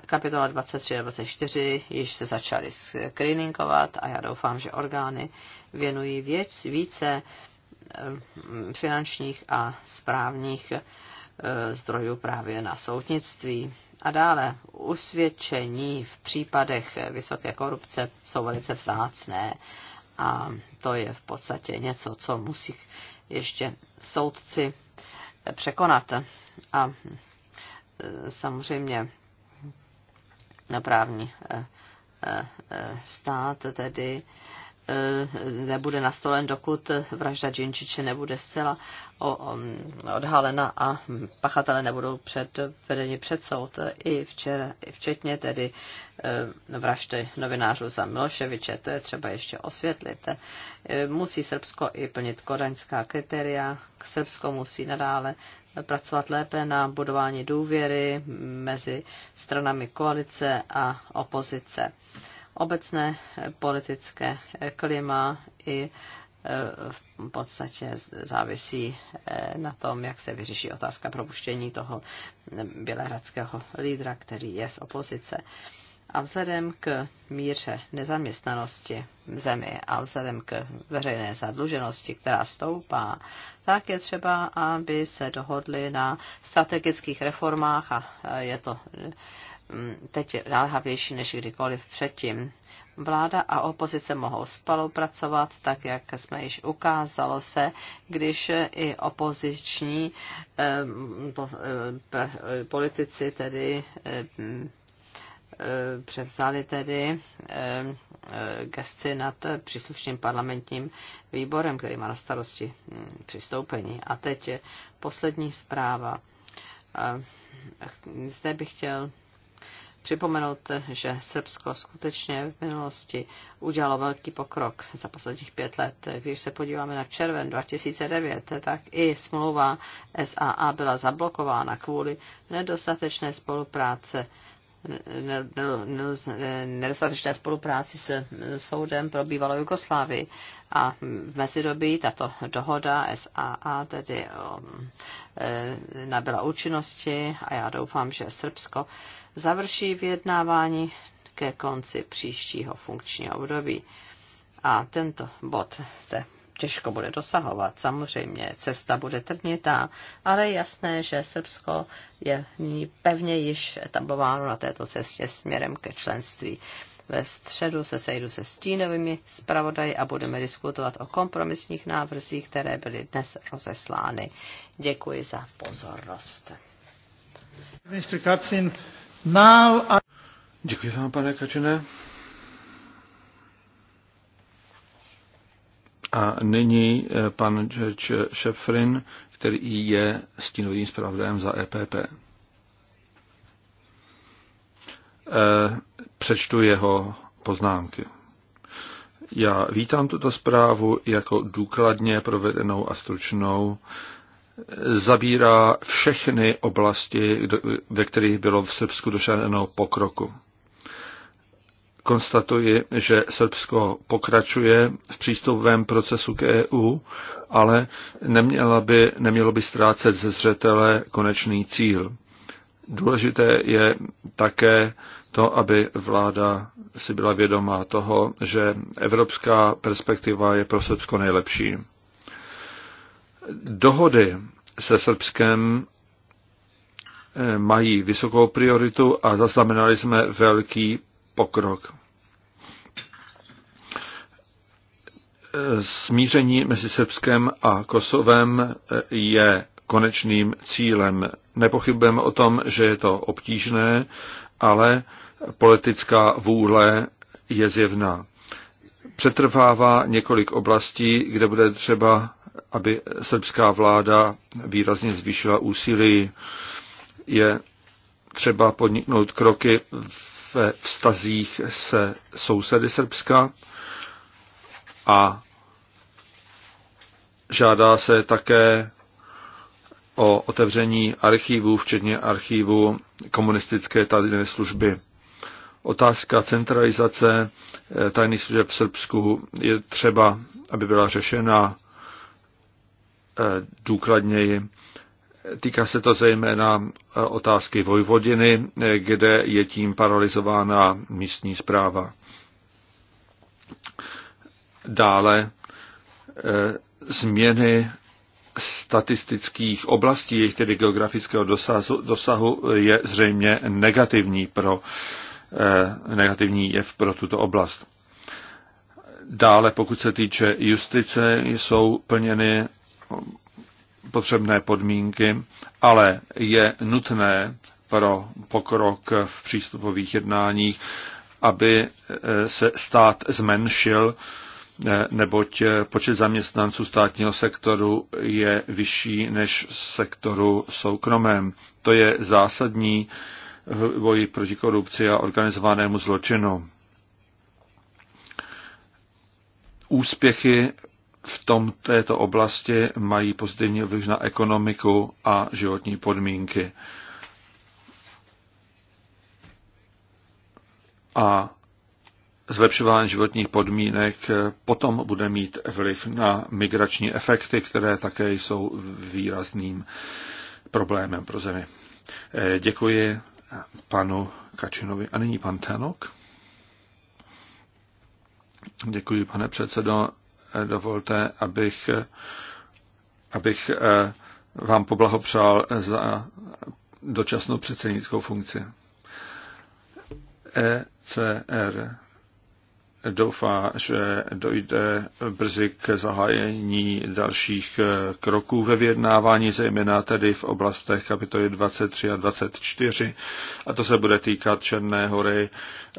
kapitola 23 a 24 již se začaly screeningovat a já doufám, že orgány věnují věc, více Eh, finančních a správních eh, zdrojů právě na soudnictví. A dále usvědčení v případech vysoké korupce jsou velice vzácné a to je v podstatě něco, co musí ještě soudci překonat. A eh, samozřejmě právní stát tedy Eh, nebude nastolen, dokud vražda Džinčiče nebude zcela odhalena a pachatele nebudou před, vedeni před soud. I včera, včetně tedy eh, vraždy novinářů za Miloševiče, to je třeba ještě osvětlit. Eh, musí Srbsko i plnit kodaňská kritéria, Srbsko musí nadále pracovat lépe na budování důvěry mezi stranami koalice a opozice obecné politické klima i e, v podstatě závisí e, na tom, jak se vyřeší otázka propuštění toho e, bělehradského lídra, který je z opozice. A vzhledem k míře nezaměstnanosti v zemi a vzhledem k veřejné zadluženosti, která stoupá, tak je třeba, aby se dohodli na strategických reformách a je to teď je než kdykoliv předtím. Vláda a opozice mohou spolupracovat, tak jak jsme již ukázalo se, když i opoziční eh, eh, eh, politici tedy převzali tedy gesci nad příslušným parlamentním výborem, který má na starosti hm, přistoupení. A teď je poslední zpráva. Zde bych chtěl připomenout, že Srbsko skutečně v minulosti udělalo velký pokrok za posledních pět let. Když se podíváme na červen 2009, tak i smlouva SAA byla zablokována kvůli nedostatečné spolupráce nedostatečné spolupráci s soudem pro bývalou Jugoslávii. A v mezidobí tato dohoda SAA tedy um, eh, nabyla účinnosti a já doufám, že Srbsko završí vyjednávání ke konci příštího funkčního období. A tento bod se těžko bude dosahovat. Samozřejmě cesta bude trnitá, ale je jasné, že Srbsko je nyní pevně již etablováno na této cestě směrem ke členství. Ve středu se sejdu se stínovými zpravodaji a budeme diskutovat o kompromisních návrzích, které byly dnes rozeslány. Děkuji za pozornost. Mr. Kacin, Now I... Děkuji vám, pane Kačené. A nyní eh, pan George Šefrin, který je stínovým zpravodajem za EPP. Eh, přečtu jeho poznámky. Já vítám tuto zprávu jako důkladně provedenou a stručnou zabírá všechny oblasti, ve kterých bylo v Srbsku dosaženo pokroku. Konstatuji, že Srbsko pokračuje v přístupovém procesu k EU, ale neměla by, nemělo by ztrácet ze zřetele konečný cíl. Důležité je také to, aby vláda si byla vědomá toho, že evropská perspektiva je pro Srbsko nejlepší. Dohody se Srbskem eh, mají vysokou prioritu a zaznamenali jsme velký pokrok. Eh, smíření mezi Srbskem a Kosovem eh, je konečným cílem. Nepochybujeme o tom, že je to obtížné, ale politická vůle je zjevná. Přetrvává několik oblastí, kde bude třeba aby srbská vláda výrazně zvýšila úsilí. Je třeba podniknout kroky ve vztazích se sousedy Srbska a žádá se také o otevření archívů, včetně archívu komunistické tajné služby. Otázka centralizace eh, tajných služeb v Srbsku je třeba, aby byla řešena Eh, důkladněji. Týká se to zejména eh, otázky Vojvodiny, eh, kde je tím paralizována místní zpráva. Dále změny statistických oblastí, jejich tedy geografického dosahu, dosahu je zřejmě negativní, pro, negativní jev pro tuto oblast. Dále, pokud se týče justice, jsou plněny potřebné podmínky, ale je nutné pro pokrok v přístupových jednáních, aby e, se stát zmenšil, e, neboť e, počet zaměstnanců státního sektoru je vyšší než sektoru soukromém. To je zásadní v boji proti korupci a organizovanému zločinu. Úspěchy v tom, této oblasti mají pozitivní vliv na ekonomiku a životní podmínky. A zlepšování životních podmínek potom bude mít vliv na migrační efekty, které také jsou výrazným problémem pro zemi. Eh, děkuji panu Kačinovi. A nyní pan Tenok. Děkuji, pane předsedo dovolte, abych, abych eh, vám poblahopřál za dočasnou předsednickou funkci. ECR doufá, že dojde brzy k zahájení dalších eh, kroků ve vyjednávání, zejména tedy v oblastech kapitoly 23 a 24. A to se bude týkat Černé hory,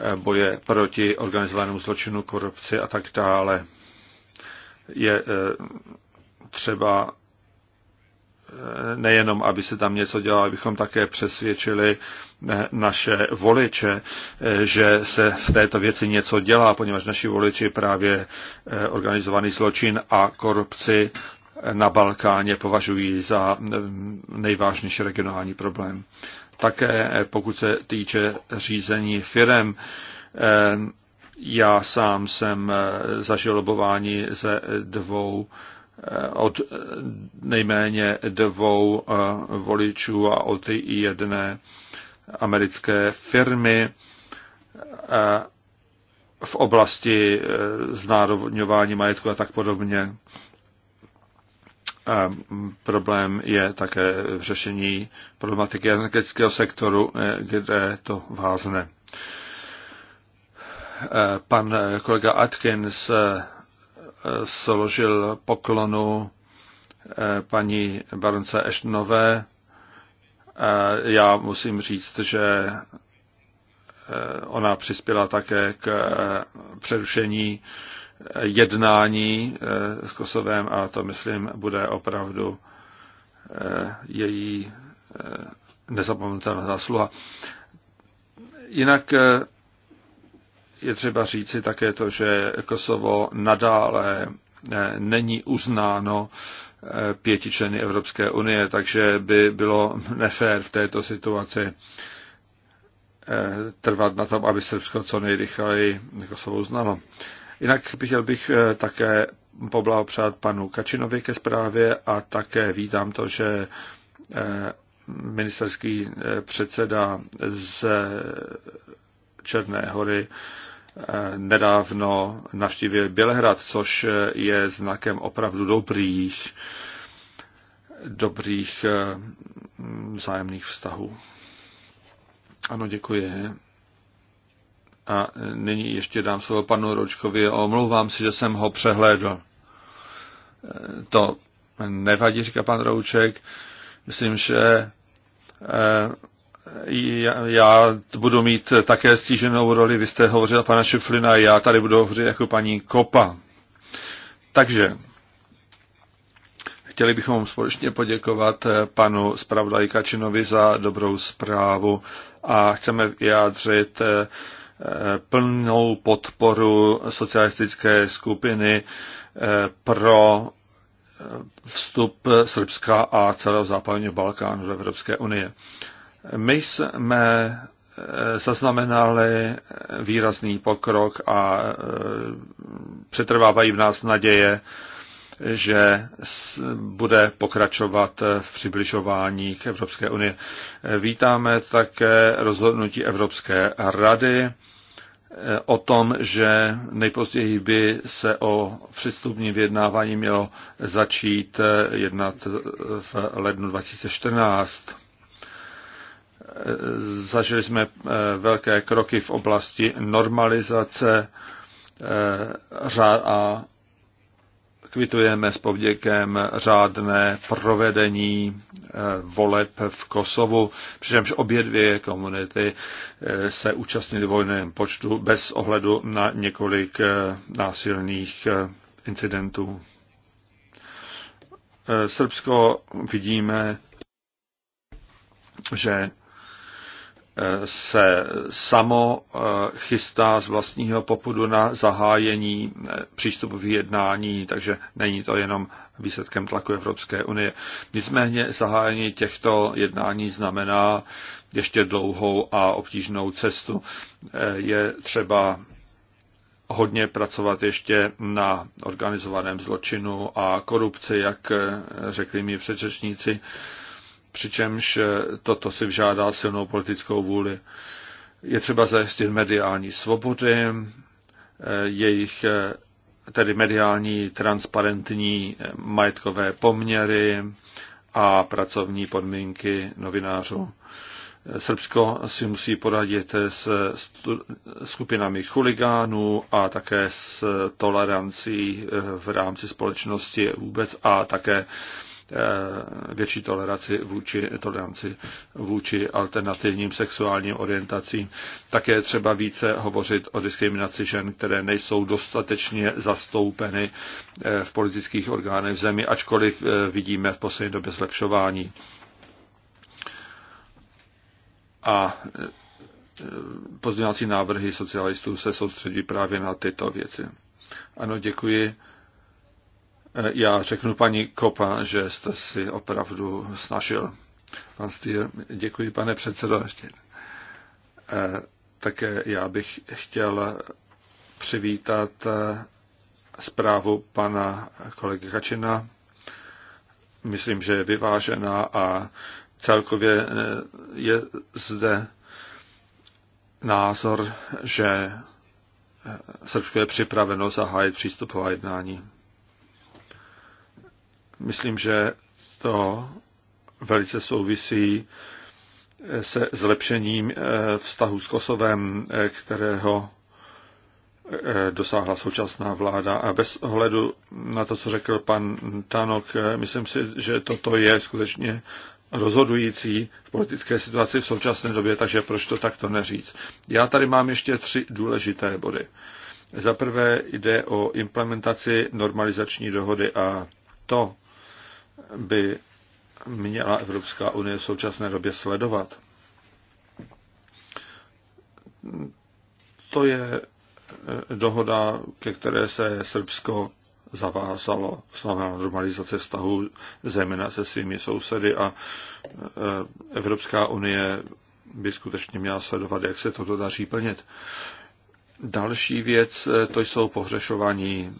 eh, boje proti organizovanému zločinu, korupci a tak dále je eh, třeba eh, nejenom, aby se tam něco dělalo, abychom také přesvědčili eh, naše voliče, že se v této věci něco dělá, poněvadž naši voliči právě organizovaný zločin a korupci na Balkáně považují za nejvážnější regionální problém. Také pokud se týče řízení firem, já sám jsem eh, zažil lobování ze dvou eh, od nejméně dvou eh, voličů a od jedné americké firmy v oblasti znárodňování majetku a tak podobně. A mm, problém je také v řešení problematiky energetického sektoru, kde to vázne. Eh, pan eh, kolega Atkins eh, složil poklonu paní baronce Eštnové. Já musím říct, že ona přispěla také k přerušení jednání s Kosovem a to, myslím, bude opravdu její nezapomenutelná zásluha. Jinak je třeba říci také to, že Kosovo nadále eh, není uznáno eh, pěti členy Evropské unie, takže by bylo nefér v této situaci eh, trvat na tom, aby Srbsko co nejrychleji Kosovo uznalo. Jinak bych chtěl bych také poblahopřát panu Kačinovi ke zprávě a také vítám to, že ministerský předseda z Černé hory nedávno navštívil Bělehrad, což je znakem opravdu dobrých, dobrých eh, vzájemných vztahů. Ano, děkuji. A nyní ještě dám slovo panu Ročkovi. Omlouvám si, že jsem ho přehlédl. Eh, to nevadí, říká pan Rouček. Myslím, že eh, já budu mít také stíženou roli, vy jste hovořil pana Šeflina, já tady budu hovořit jako paní Kopa. Takže chtěli bychom společně poděkovat eh, panu zpravodaj Kačinovi za dobrou zprávu a chceme vyjádřit eh, eh, plnou podporu socialistické skupiny pro vstup Srbska a celého západního Balkánu do Evropské unie. My jsme eh, zaznamenali výrazný pokrok a eh, přetrvávají v nás naděje, že bude pokračovat v přibližování k Evropské unii. Eh, vítáme také rozhodnutí Evropské rady o tom, že nejpozději by se o přistupním vyjednávání mělo začít jednat v lednu 2014. Zažili jsme eh, velké kroky v oblasti normalizace eh, řád a kvitujeme s povděkem řádné provedení eh, voleb v Kosovu, přičemž obě dvě komunity se účastnily vojném počtu bez ohledu na několik násilných incidentů. Srbsko vidíme, že se samo eh, chystá z vlastního popudu na zahájení eh, přístupových jednání, takže není to jenom výsledkem tlaku Evropské unie. Nicméně zahájení těchto jednání znamená ještě dlouhou a obtížnou cestu. Eh, je třeba hodně pracovat ještě na organizovaném zločinu a korupci, jak řekli mi předřečníci přičemž eh, toto si vžádá silnou politickou vůli. Je třeba zajistit mediální svobody, eh, jejich eh, tedy mediální transparentní majetkové poměry a pracovní podmínky novinářů. Srbsko si musí poradit s skupinami chuligánů a také s tolerancí v rámci společnosti vůbec a také Eh, větší toleraci vůči, toleranci vůči alternativním sexuálním orientacím. Také třeba více hovořit o diskriminaci žen, které nejsou dostatečně zastoupeny eh, v politických orgánech v zemi, ačkoliv eh, vidíme v poslední době zlepšování. A pozdělací návrhy socialistů se soustředí právě na tyto věci. Ano, děkuji. Já řeknu paní Kopa, že jste si opravdu snažil. Pan Stýr, děkuji, pane předsedo. Ještě. Eh, také já bych chtěl přivítat eh, zprávu pana kolegy Kačina. Myslím, že je vyvážená a celkově eh, je zde názor, že Srbsko je připraveno zahájit přístupová jednání. Myslím, že to velice souvisí eh, se zlepšením eh, vztahu s Kosovem, eh, kterého dosáhla současná vláda. A bez ohledu na to, co řekl pan Tanok, myslím si, že toto je skutečně rozhodující v politické situaci v současné době, takže proč to takto neříct. Já tady mám ještě tři důležité body. Za prvé jde o implementaci normalizační dohody a to, by měla Evropská unie v současné době sledovat. To je eh, dohoda, ke které se Srbsko zavázalo, znamená normalizace vztahu zejména se svými sousedy a eh, Evropská unie by skutečně měla sledovat, jak se toto daří plnit. Další věc, eh, to jsou pohřešování.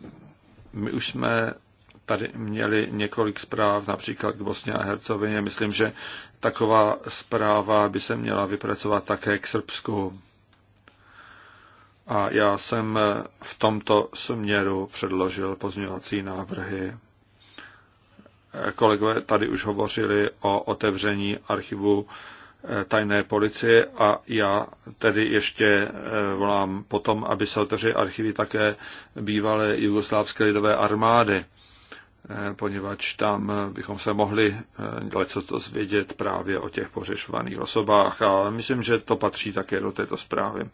My už jsme tady měli několik zpráv, například k Bosně a Hercovině. Myslím, že taková zpráva by se měla vypracovat také k Srbsku. A já jsem v tomto směru předložil pozměňovací návrhy. Kolegové tady už hovořili o otevření archivu eh, tajné policie a já tedy ještě eh, volám potom, aby se otevřely archivy také bývalé jugoslávské lidové armády. Eh, poněvadž tam eh, bychom se mohli něco eh, to zvědět právě o těch pořešovaných osobách a myslím, že to patří také do této zprávy.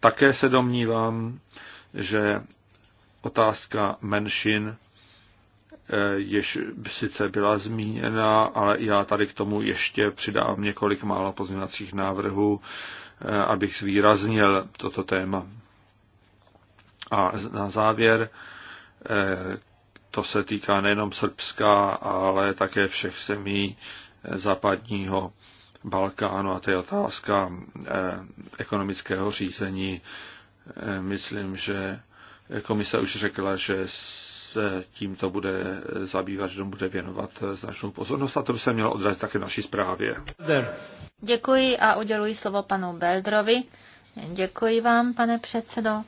Také se domnívám, že otázka menšin jež sice byla zmíněna, ale já tady k tomu ještě přidám několik málo pozměňovacích návrhů, abych zvýraznil toto téma. A na závěr to se týká nejenom Srbska, ale také všech zemí eh, západního Balkánu a to je otázka eh, ekonomického řízení. Eh, myslím, že komise už řekla, že se tímto bude zabývat, že tomu bude věnovat značnou pozornost a to by se mělo odrazit také naší zprávě. Děkuji a uděluji slovo panu Beldrovi. Děkuji vám, pane předsedo.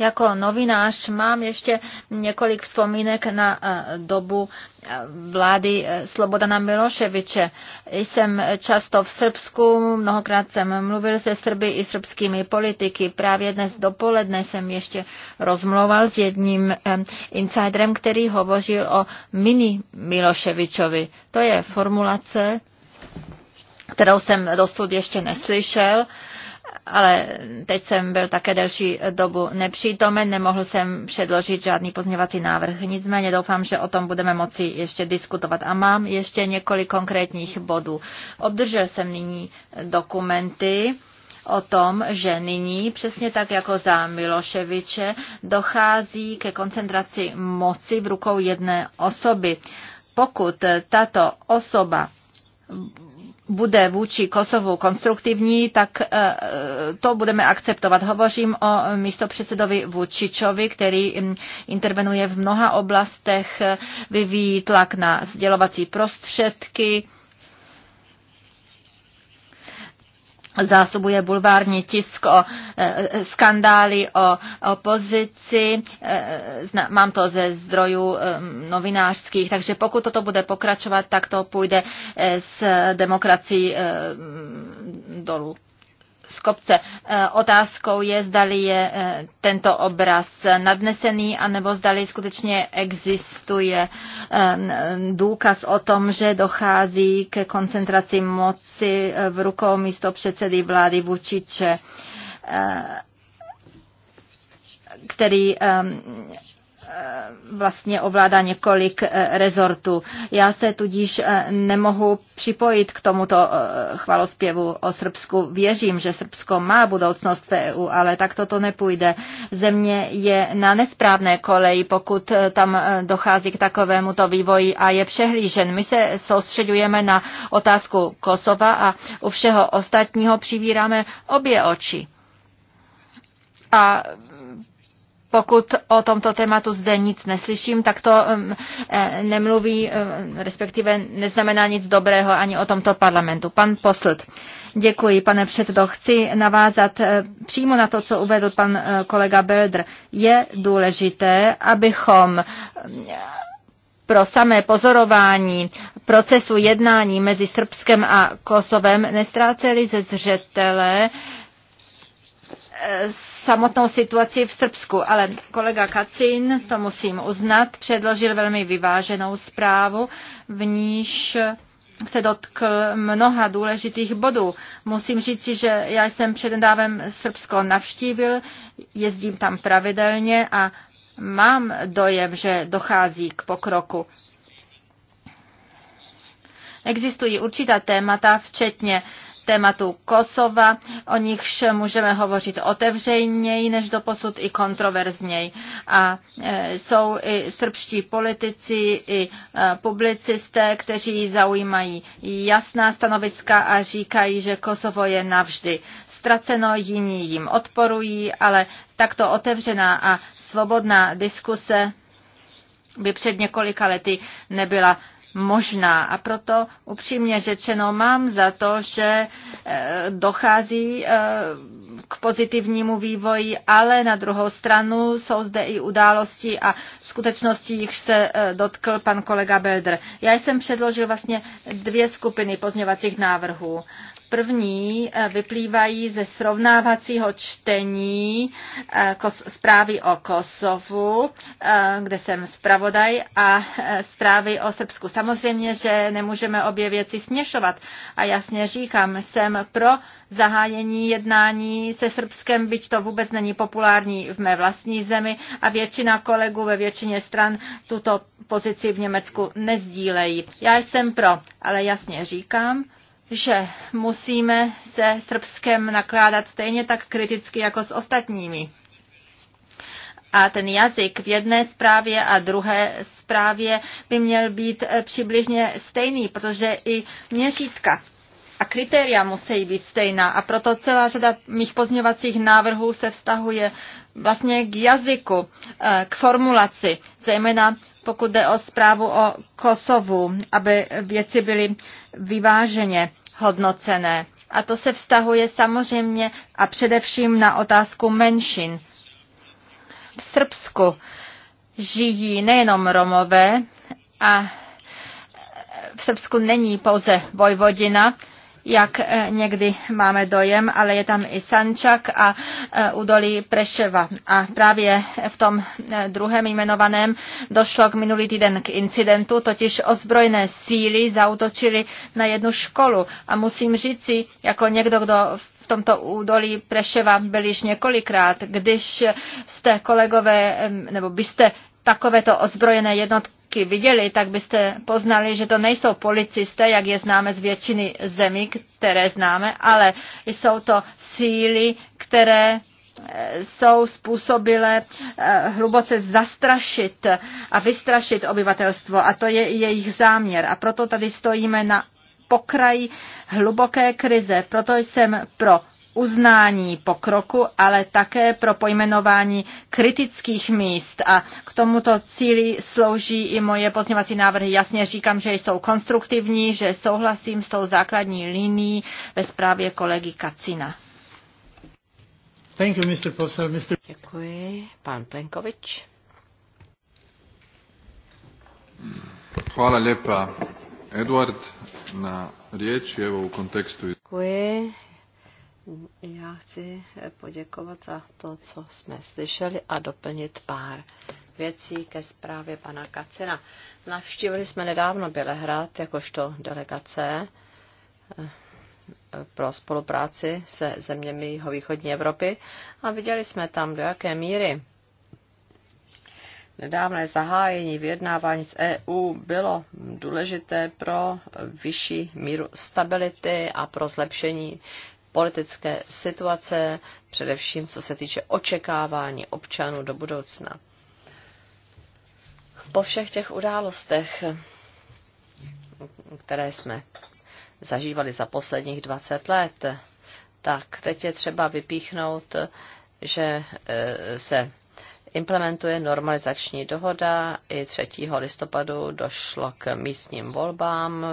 Jako novinář mám ještě několik vzpomínek na eh, dobu eh, vlády eh, Slobodana Miloševiče. Jsem často v Srbsku, mnohokrát jsem mluvil se Srby i srbskými politiky. Právě dnes dopoledne jsem ještě rozmluval s jedním insiderem, který hovořil o mini Miloševičovi. To je formulace, kterou jsem dosud ještě neslyšel ale teď jsem byl také delší dobu nepřítomen, nemohl jsem předložit žádný pozměvací návrh. Nicméně doufám, že o tom budeme moci ještě diskutovat. A mám ještě několik konkrétních bodů. Obdržel jsem nyní dokumenty o tom, že nyní, přesně tak jako za Miloševiče, dochází ke koncentraci moci v rukou jedné osoby. Pokud tato osoba bude vůči Kosovu konstruktivní, tak eh, to budeme akceptovat. Hovořím o místopředsedovi Vučičovi, který mm, intervenuje v mnoha oblastech, eh, vyvíjí tlak na sdělovací prostředky, zásobuje bulvární tisk o e, e skandály o opozici, e, mám to ze zdrojů e, novinářských, takže pokud toto bude pokračovat, tak to půjde e, s demokracií e, dolů z kopce. E, otázkou je, zdali je e, tento obraz nadnesený, anebo zdali skutečně existuje e, důkaz o tom, že dochází k koncentraci moci v rukou místo předsedy vlády Vučiče, který Eh, vlastně ovládá několik eh, rezortů. Já se tudíž eh, nemohu připojit k tomuto chvalospěvu o Srbsku. Věřím, že Srbsko má budoucnost v EU, ale tak toto nepůjde. Země je na nesprávné koleji, pokud tam dochází k takovému to vývoji a je přehlížen. My se soustředujeme na otázku Kosova a u všeho ostatního přivíráme obě oči. A pokud o tomto tématu zde nic neslyším, tak to um, eh, nemluví, eh, respektive neznamená nic dobrého ani o tomto parlamentu. Pan Poslt. Děkuji, pane předsedo. Chci navázat eh, přímo na to, co uvedl pan kolega Bödr. Je důležité, abychom pro samé pozorování procesu jednání mezi Srbskem a Kosovem nestráceli ze zřetele samotnou situaci v Srbsku, ale kolega Kacin, to musím uznat, předložil velmi vyváženou zprávu, v níž se dotkl mnoha důležitých bodů. Musím říci, že já jsem přednedávem Srbsko navštívil, jezdím tam pravidelně a mám dojem, že dochází k pokroku. Existují určitá témata, včetně uh, tématu Kosova, o nichž můžeme hovořit otevřejněji než doposud i kontroverzněji. A e, jsou i srbští politici, i e, publicisté, kteří zaujímají jasná stanoviska a říkají, že Kosovo je navždy ztraceno, jiní jim odporují, ale takto otevřená a svobodná diskuse by před několika lety nebyla možná. A proto upřímně řečeno mám za to, že eh, dochází eh, k pozitivnímu vývoji, ale na druhou stranu jsou zde i události a skutečnosti, jichž se eh, dotkl pan kolega Belder. Já jsem předložil vlastně dvě skupiny pozměvacích návrhů. První eh, vyplývají ze srovnávacího čtení eh, zprávy o Kosovu, eh, kde jsem zpravodaj, a zprávy o Srbsku. Samozřejmě, že nemůžeme obě věci směšovat. A jasně říkám, jsem pro zahájení jednání se Srbskem, byť to vůbec není populární v mé vlastní zemi a většina kolegů ve většině stran tuto pozici v Německu nezdílejí. Já jsem pro, ale jasně říkám, že musíme se Srbskem nakládat stejně tak kriticky jako s ostatními. A ten jazyk v jedné zprávě a druhé zprávě by měl být eh, přibližně stejný, protože i měřítka a kritéria musí být stejná. A proto celá řada mých pozměňovacích návrhů se vztahuje vlastně k jazyku, eh, k formulaci, zejména pokud jde o zprávu o Kosovu, aby věci byly vyváženě hodnocené. A to se vztahuje samozřejmě a především na otázku menšin. V Srbsku žijí nejenom Romové a v Srbsku není pouze Vojvodina, jak eh, někdy máme dojem, ale je tam i Sančak a eh, údolí Preševa. A právě v tom eh, druhém jmenovaném došlo k minulý týden k incidentu, totiž ozbrojené síly zautočily na jednu školu. A musím říci, jako někdo, kdo v tomto údolí Preševa byl již několikrát, když jste kolegové, nebo byste takovéto ozbrojené jednotky výrobky viděli, tak byste poznali, že to nejsou policisté, jak je známe z většiny zemí, které známe, ale jsou to síly, které eh, jsou způsobile eh, hluboce zastrašit a vystrašit obyvatelstvo. A to je jejich záměr. A proto tady stojíme na pokraji hluboké krize. Proto jsem pro uznání pokroku, ale také pro pojmenování kritických míst. A k tomuto cíli slouží i moje pozněvací návrhy. Jasně říkám, že jsou konstruktivní, že souhlasím s tou základní linií ve zprávě kolegy Kacina. Thank you, Mr. Professor, Mr. Děkuji. Pan Plenkovič. Hvala lepa, Eduard, na riječi, evo u kontekstu. Děkuji, já chci poděkovat za to, co jsme slyšeli a doplnit pár věcí ke zprávě pana Kacina. Navštívili jsme nedávno Bělehrad jakožto delegace eh, pro spolupráci se zeměmi východní Evropy a viděli jsme tam, do jaké míry nedávné zahájení vyjednávání s EU bylo důležité pro vyšší míru stability a pro zlepšení politické situace, především co se týče očekávání občanů do budoucna. Po všech těch událostech, které jsme zažívali za posledních 20 let, tak teď je třeba vypíchnout, že eh, se implementuje normalizační dohoda. I 3. listopadu došlo k místním volbám.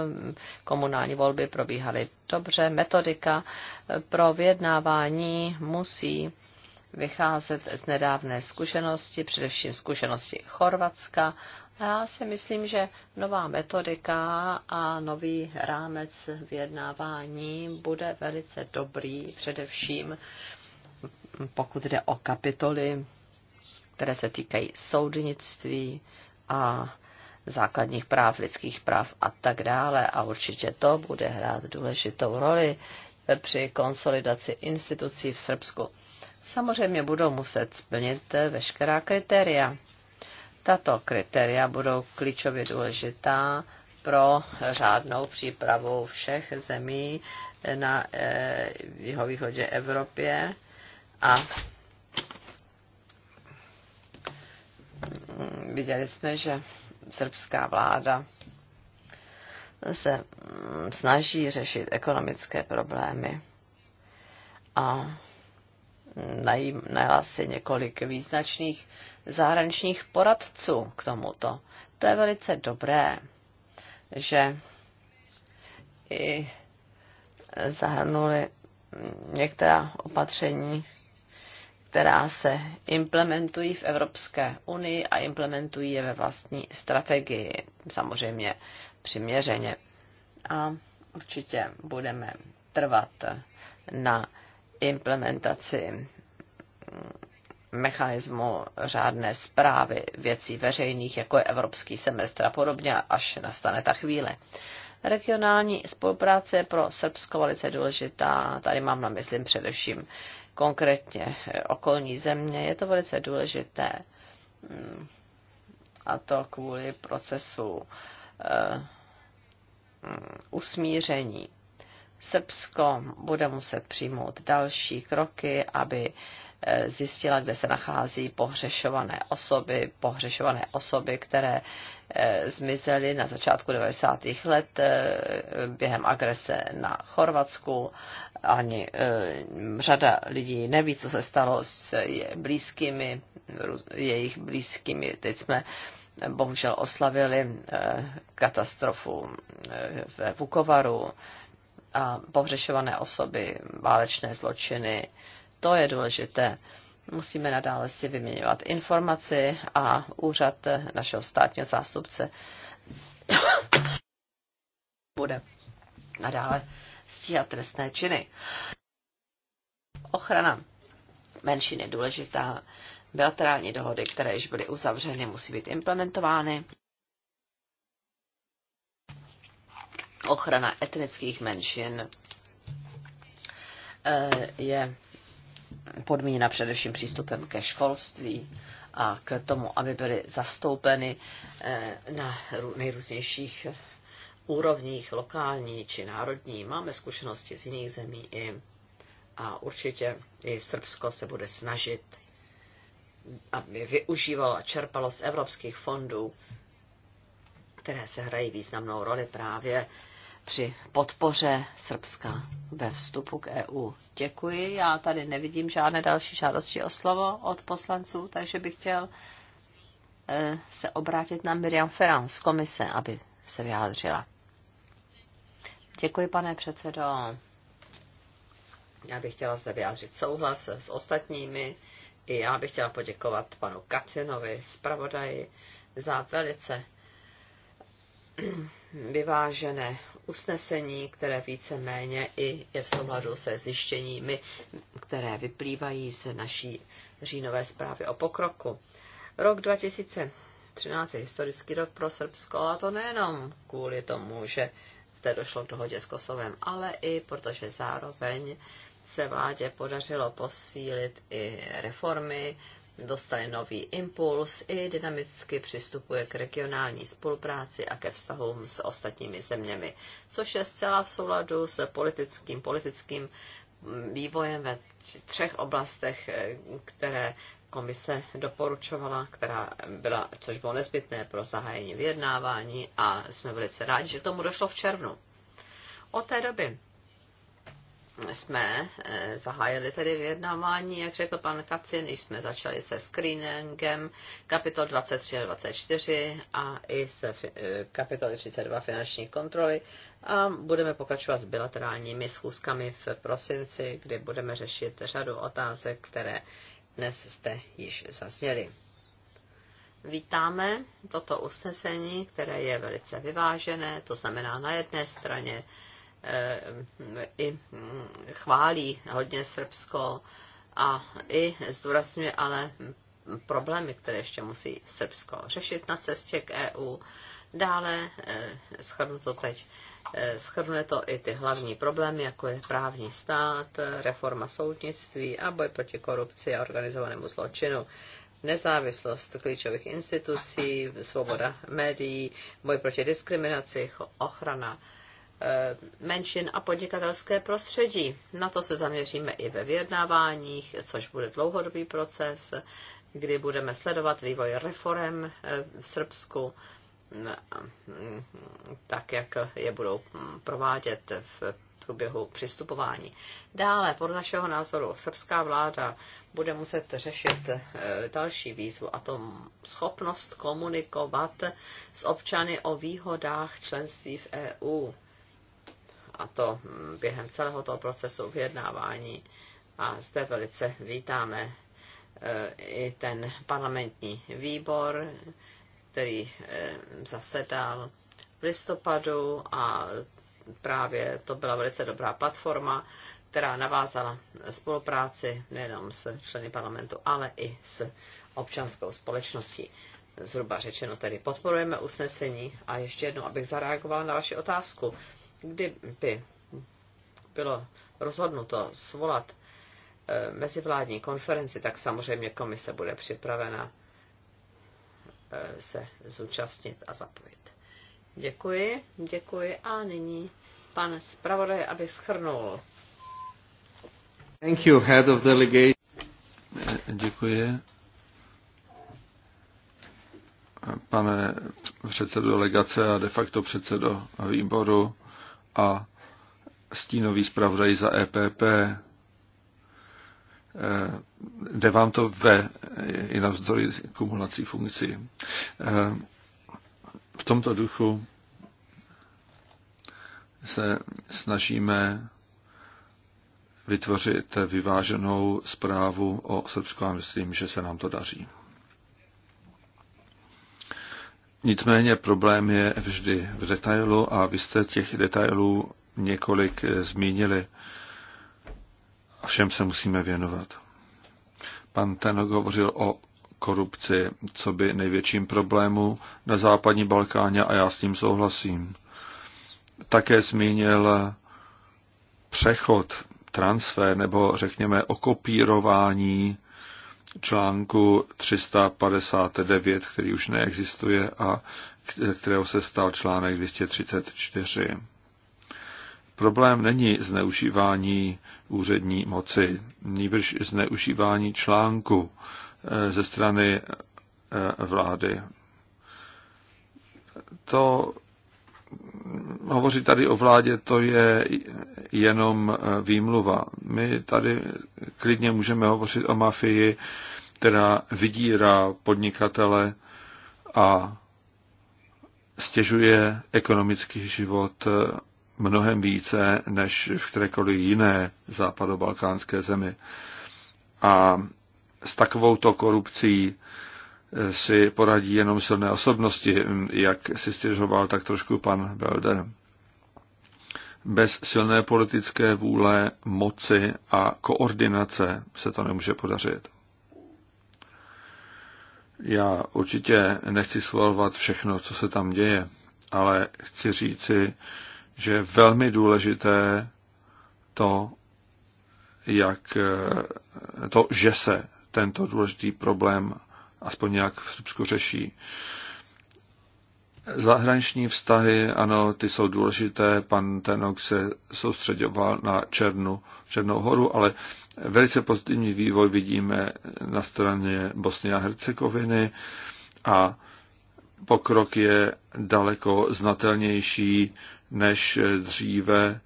Komunální volby probíhaly dobře. Metodika pro vyjednávání musí vycházet z nedávné zkušenosti, především zkušenosti Chorvatska. A já si myslím, že nová metodika a nový rámec vyjednávání bude velice dobrý, především pokud jde o kapitoly které se týkají soudnictví a základních práv, lidských práv a tak dále. A určitě to bude hrát důležitou roli při konsolidaci institucí v Srbsku. Samozřejmě budou muset splnit veškerá kritéria. Tato kritéria budou klíčově důležitá pro řádnou přípravu všech zemí na e, jihovýchodě Evropě a Viděli jsme, že srbská vláda se snaží řešit ekonomické problémy a najela si několik význačných zahraničních poradců k tomuto. To je velice dobré, že i zahrnuli některá opatření, která se implementují v Evropské unii a implementují je ve vlastní strategii, samozřejmě přiměřeně. A určitě budeme trvat na implementaci mechanismu řádné zprávy věcí veřejných, jako je evropský semestr a podobně, až nastane ta chvíle. Regionální spolupráce je pro Srbsko velice důležitá. Tady mám na myslím především konkrétně eh, okolní země, je to velice důležité. Mm, a to kvůli procesu eh, mm, usmíření. Srbsko bude muset přijmout další kroky, aby Eh, zjistila, kde se nachází pohřešované osoby, pohřešované osoby, které eh, zmizely na začátku 90. let eh, během agrese na Chorvatsku. Ani řada lidí neví, co se stalo s blízkými, jejich blízkými. Teď jsme bohužel oslavili katastrofu ve Vukovaru a pohřešované osoby, válečné zločiny, to je důležité. Musíme nadále si vyměňovat informaci a úřad našeho státního zástupce bude nadále stíhat trestné činy. Ochrana menšin je důležitá. Bilaterální dohody, které již byly uzavřeny, musí být implementovány. Ochrana etnických menšin eh, je podmíněna především přístupem ke školství a k tomu, aby byly zastoupeny eh, na nejrůznějších úrovních, lokální či národní. Máme zkušenosti z jiných zemí i a určitě i Srbsko se bude snažit, aby využívalo a čerpalo z evropských fondů, které se hrají významnou roli právě při podpoře Srbska ve vstupu k EU. Děkuji. Já tady nevidím žádné další žádosti o slovo od poslanců, takže bych chtěl eh, se obrátit na Miriam Ferran z komise, aby se vyjádřila. Děkuji, pane předsedo. Já bych chtěla zde vyjádřit souhlas s ostatními. I já bych chtěla poděkovat panu Kacinovi, zpravodaji, za velice vyvážené usnesení, které víceméně i je v souladu se zjištěními, které vyplývají z naší říjnové zprávy o pokroku. Rok 2013 je historický rok pro Srbsko a to nejenom kvůli tomu, že zde došlo k dohodě s Kosovem, ale i protože zároveň se vládě podařilo posílit i reformy dostali nový impuls i dynamicky přistupuje k regionální spolupráci a ke vztahům s ostatními zeměmi, což je zcela v souladu s politickým, politickým vývojem ve třech oblastech, eh, které komise doporučovala, která byla, což bylo nezbytné pro zahájení vyjednávání a jsme velice rádi, že k tomu došlo v červnu. Od té doby jsme eh, zahájili tedy vyjednávání, jak řekl pan Kacin, když jsme začali se screeningem kapitol 23 a 24 a i se eh, kapitoly 32 finanční kontroly a budeme pokračovat s bilaterálními schůzkami v prosinci, kdy budeme řešit řadu otázek, které dnes jste již zazněli. Vítáme toto usnesení, které je velice vyvážené, to znamená na jedné straně Eh, i hm, chválí hodně Srbsko a i zdůrazňuje ale problémy, které ještě musí Srbsko řešit na cestě k EU. Dále eh, schrnu to teď. Eh, Schrnuje to i ty hlavní problémy, jako je právní stát, reforma soudnictví a boj proti korupci a organizovanému zločinu nezávislost klíčových institucí, svoboda médií, boj proti diskriminaci, ochrana Eh, menšin a podnikatelské prostředí. Na to se zaměříme i ve vyjednáváních, což bude dlouhodobý proces, kdy budeme sledovat vývoj reform eh, v Srbsku, mm, tak jak je budou mm, provádět v průběhu přistupování. Dále, podle našeho názoru, srbská vláda bude muset řešit eh, další výzvu, a to schopnost komunikovat s občany o výhodách členství v EU a to mm, během celého toho procesu vyjednávání. A zde velice vítáme e, i ten parlamentní výbor, který e, zasedal v listopadu a právě to byla velice dobrá platforma, která navázala spolupráci nejenom s členy parlamentu, ale i s občanskou společností. Zhruba řečeno tedy podporujeme usnesení a ještě jednou, abych zareagovala na vaši otázku kdyby bylo rozhodnuto svolat eh, mezivládní konferenci, tak samozřejmě komise bude připravena eh, se zúčastnit a zapojit. Děkuji, děkuji a nyní pan zpravodaj, aby schrnul. Thank you, head of delegation. Děkuji. Pane předsedo delegace a de facto předsedo výboru, a stínový zpravodaj za EPP. Eh, jde vám to ve, eh, i navzdory kumulací funkcí. Eh, v tomto duchu se snažíme vytvořit vyváženou zprávu o Srbsku a myslím, že se nám to daří. Nicméně problém je vždy v detailu a vy jste těch detailů několik eh, zmínili. A všem se musíme věnovat. Pan Teno hovořil o korupci, co by největším problému na západní Balkáně a já s tím souhlasím. Také zmínil eh, přechod, transfer nebo řekněme okopírování článku 359, který už neexistuje a kterého se stal článek 234. Problém není zneužívání úřední moci, nýbrž zneužívání článku eh, ze strany eh, vlády. To hovořit tady o vládě, to je jenom eh, výmluva. My tady klidně můžeme hovořit o mafii, která vydírá podnikatele a stěžuje ekonomický život eh, mnohem více než v kterékoliv jiné západobalkánské zemi. A s takovouto korupcí si poradí jenom silné osobnosti, jak si stěžoval tak trošku pan Belder. Bez silné politické vůle, moci a koordinace se to nemůže podařit. Já určitě nechci schvalovat všechno, co se tam děje, ale chci říci, že je velmi důležité to, jak to, že se tento důležitý problém aspoň nějak v Srbsku řeší. Zahraniční vztahy, ano, ty jsou důležité. Pan Tenok se soustředoval na Černu, Černou horu, ale velice pozitivní vývoj vidíme na straně Bosny a Hercegoviny a pokrok je daleko znatelnější než dříve,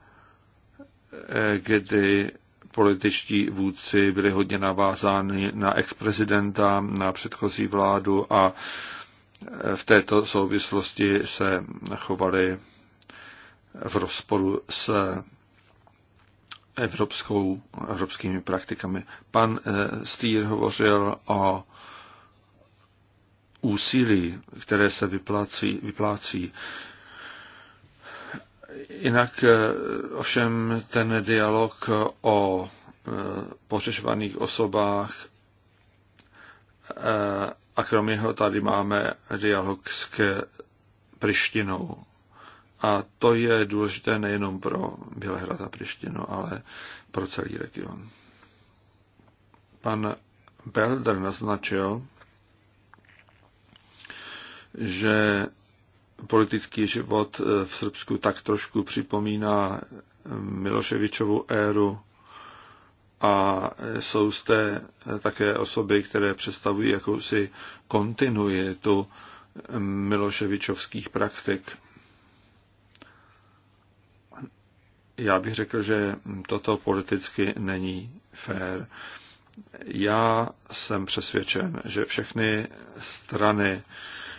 eh, kdy političtí vůdci byli hodně navázáni na ex-prezidenta, na předchozí vládu a e, v této souvislosti se chovali v rozporu s evropskou, evropskými praktikami. Pan e, Stýr hovořil o úsilí, které se vyplácí, vyplácí Jinak eh, ovšem ten dialog o eh, pořešovaných osobách eh, a kromě ho tady máme dialog s Prištinou. A to je důležité nejenom pro Bělehrad a Prištinu, ale pro celý region. Pan Belder naznačil, že politický život eh, v Srbsku tak trošku připomíná eh, Miloševičovu éru a eh, jsou zde také osoby, které představují jakousi kontinuitu Miloševičovských praktik. Já bych řekl, že toto politicky není fér. Já jsem přesvědčen, že všechny strany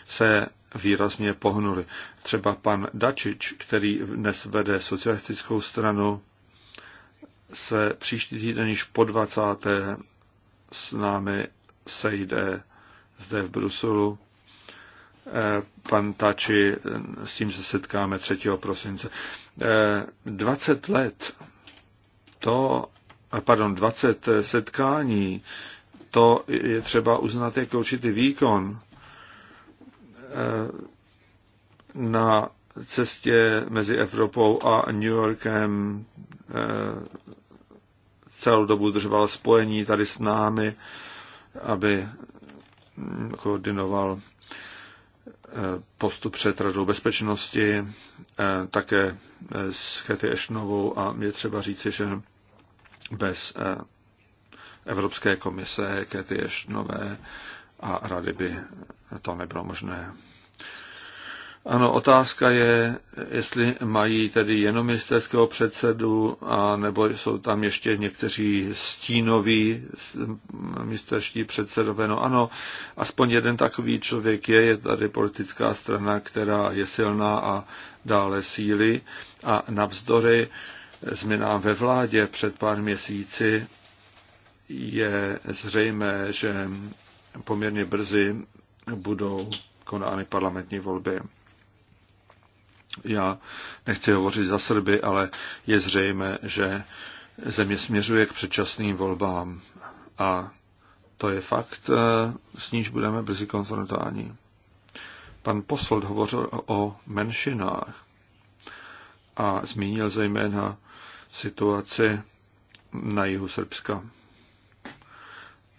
se výrazně pohnuli. Třeba pan Dačič, který dnes vede socialistickou stranu, se příští týden již po 20. s námi sejde zde v Bruselu. Eh, pan Tači, eh, s tím se setkáme 3. prosince. 20 eh, let to, pardon, 20 setkání, to je třeba uznat jako určitý výkon Eh, na cestě mezi Evropou a New Yorkem eh, celou dobu držoval spojení tady s námi, aby hm, koordinoval eh, postup před Radou bezpečnosti, také s Chety Ešnovou a je třeba říci, že bez Evropské komise Kety Ešnové a rady by to nebylo možné. Ano, otázka je, jestli mají tedy jenom ministerského předsedu, a nebo jsou tam ještě někteří stínoví ministerští předsedové. No ano, aspoň jeden takový člověk je, je tady politická strana, která je silná a dále síly. A navzdory změnám ve vládě před pár měsíci je zřejmé, že poměrně brzy budou konány parlamentní volby. Já nechci hovořit za Srby, ale je zřejmé, že země směřuje k předčasným volbám a to je fakt, eh, s níž budeme brzy konfrontováni. Pan posl. hovořil o menšinách a zmínil zejména situaci na jihu Srbska.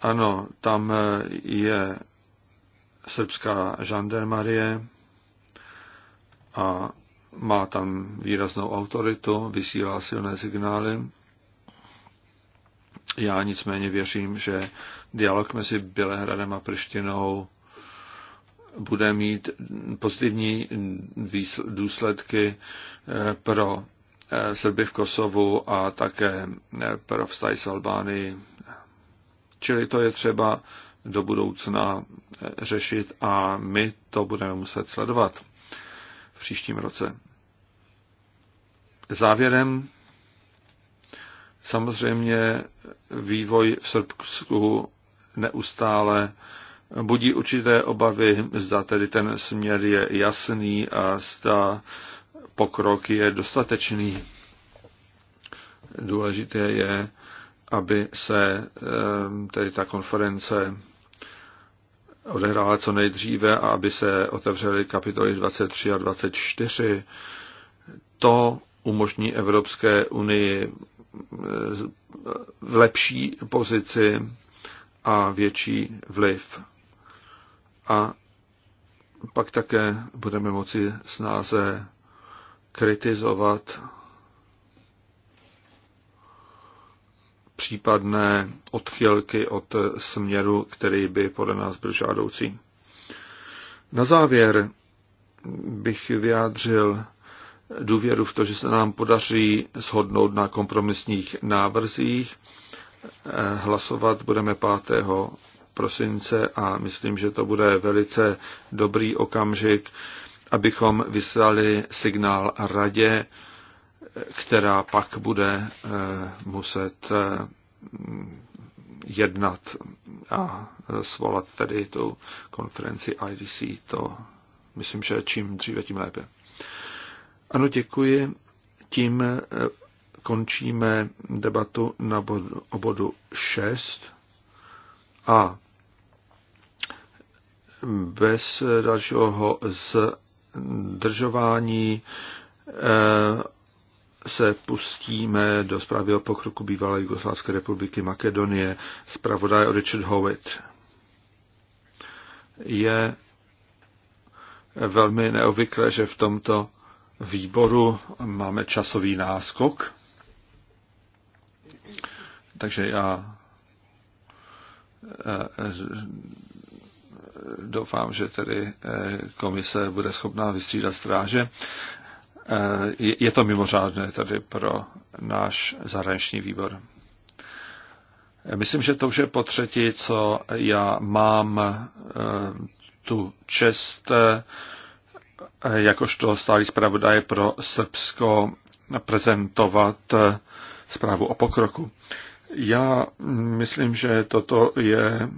Ano, tam eh, je srbská žandarmarie a má tam výraznou autoritu, vysílá silné signály. Já nicméně věřím, že dialog mezi Bělehradem a Prštinou bude mít pozitivní důsledky eh, pro eh, Srby v Kosovu a také pro vztahy s Albány Čili to je třeba do budoucna eh, řešit a my to budeme muset sledovat v příštím roce. Závěrem samozřejmě vývoj v Srbsku neustále budí určité obavy, zda tedy ten směr je jasný a zda pokrok je dostatečný. Důležité je, aby se ehm, tedy ta konference odehrála co nejdříve a aby se otevřely kapitoly 23 a 24. To umožní Evropské unii ehm, v lepší pozici a větší vliv. A pak také budeme moci snáze kritizovat případné odchylky od směru, který by podle nás byl žádoucí. Na závěr bych vyjádřil důvěru v to, že se nám podaří shodnout na kompromisních návrzích. Hlasovat budeme 5. prosince a myslím, že to bude velice dobrý okamžik, abychom vyslali signál radě, která pak bude eh, muset eh, jednat a svolat tedy tu konferenci IDC. To myslím, že čím dříve, tím lépe. Ano, děkuji. Tím eh, končíme debatu na bod, o bodu 6 a bez dalšího zdržování se pustíme do zprávy o pokroku bývalé Jugoslávské republiky Makedonie, zpravodaj Richard Howitt. Je velmi neobvyklé, že v tomto výboru máme časový náskok. Takže já eh, doufám, že tedy eh, komise bude schopná vystřídat stráže. Eh, je to mimořádné tady pro náš zahraniční výbor. Myslím, že to už je po třetí, co já mám eh, tu čest eh, jakožto stálý zpravodaj pro Srbsko prezentovat zprávu o pokroku. Já myslím, že toto je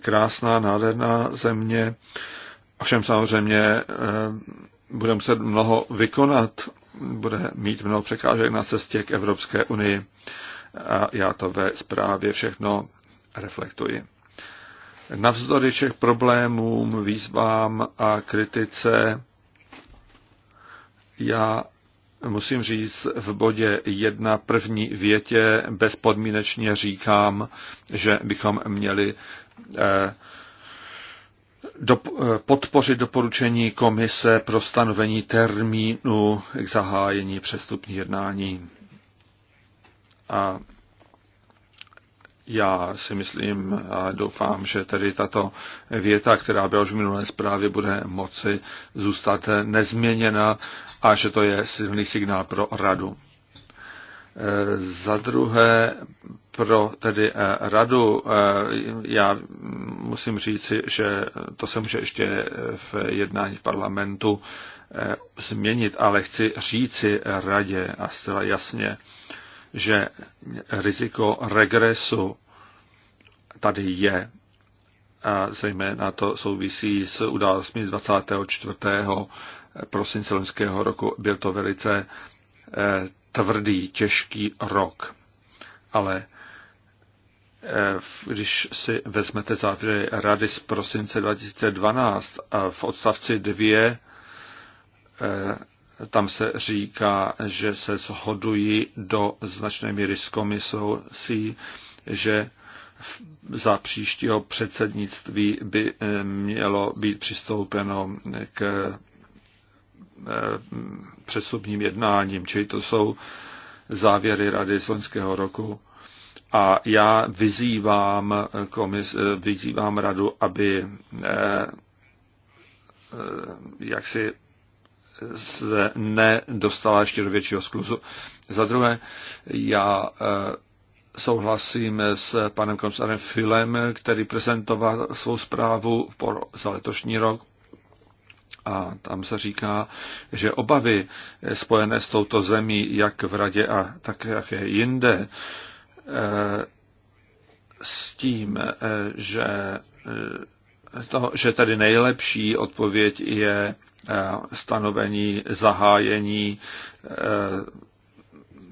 krásná, nádherná země, Ovšem samozřejmě eh, bude muset mnoho vykonat, bude mít mnoho překážek na cestě k Evropské unii. A já to ve zprávě všechno reflektuji. Navzdory všech problémům, výzvám a kritice, já musím říct v bodě jedna první větě bezpodmínečně říkám, že bychom měli eh, do, eh, podpořit doporučení komise pro stanovení termínu k zahájení přestupních jednání. A já si myslím a doufám, že tedy tato věta, která byla už v minulé zprávě, bude moci zůstat nezměněna a že to je silný signál pro radu. Za druhé pro tedy eh, radu, eh, já musím říci, že to se může ještě v jednání v parlamentu eh, změnit, ale chci říci radě a zcela jasně, že riziko regresu tady je. A zejména to souvisí s událostmi 24. prosince loňského roku. Byl to velice tvrdý, těžký rok. Ale eh, když si vezmete závěry rady z prosince 2012 a v odstavci 2 eh, tam se říká, že se shodují do značné míry s komisou si, že za příštího předsednictví by eh, mělo být přistoupeno k Eh, přestupním jednáním, čili to jsou závěry Rady z loňského roku. A já vyzývám, komis, vyzývám radu, aby eh, eh, jak si se nedostala ještě do většího skluzu. Za druhé, já souhlasím s panem komisarem Filem, který prezentoval svou zprávu za letošní rok a tam se říká, že obavy spojené s touto zemí, jak v radě a tak jak je jinde, eh, s tím, eh, že, eh, to, že tady nejlepší odpověď je stanovení, zahájení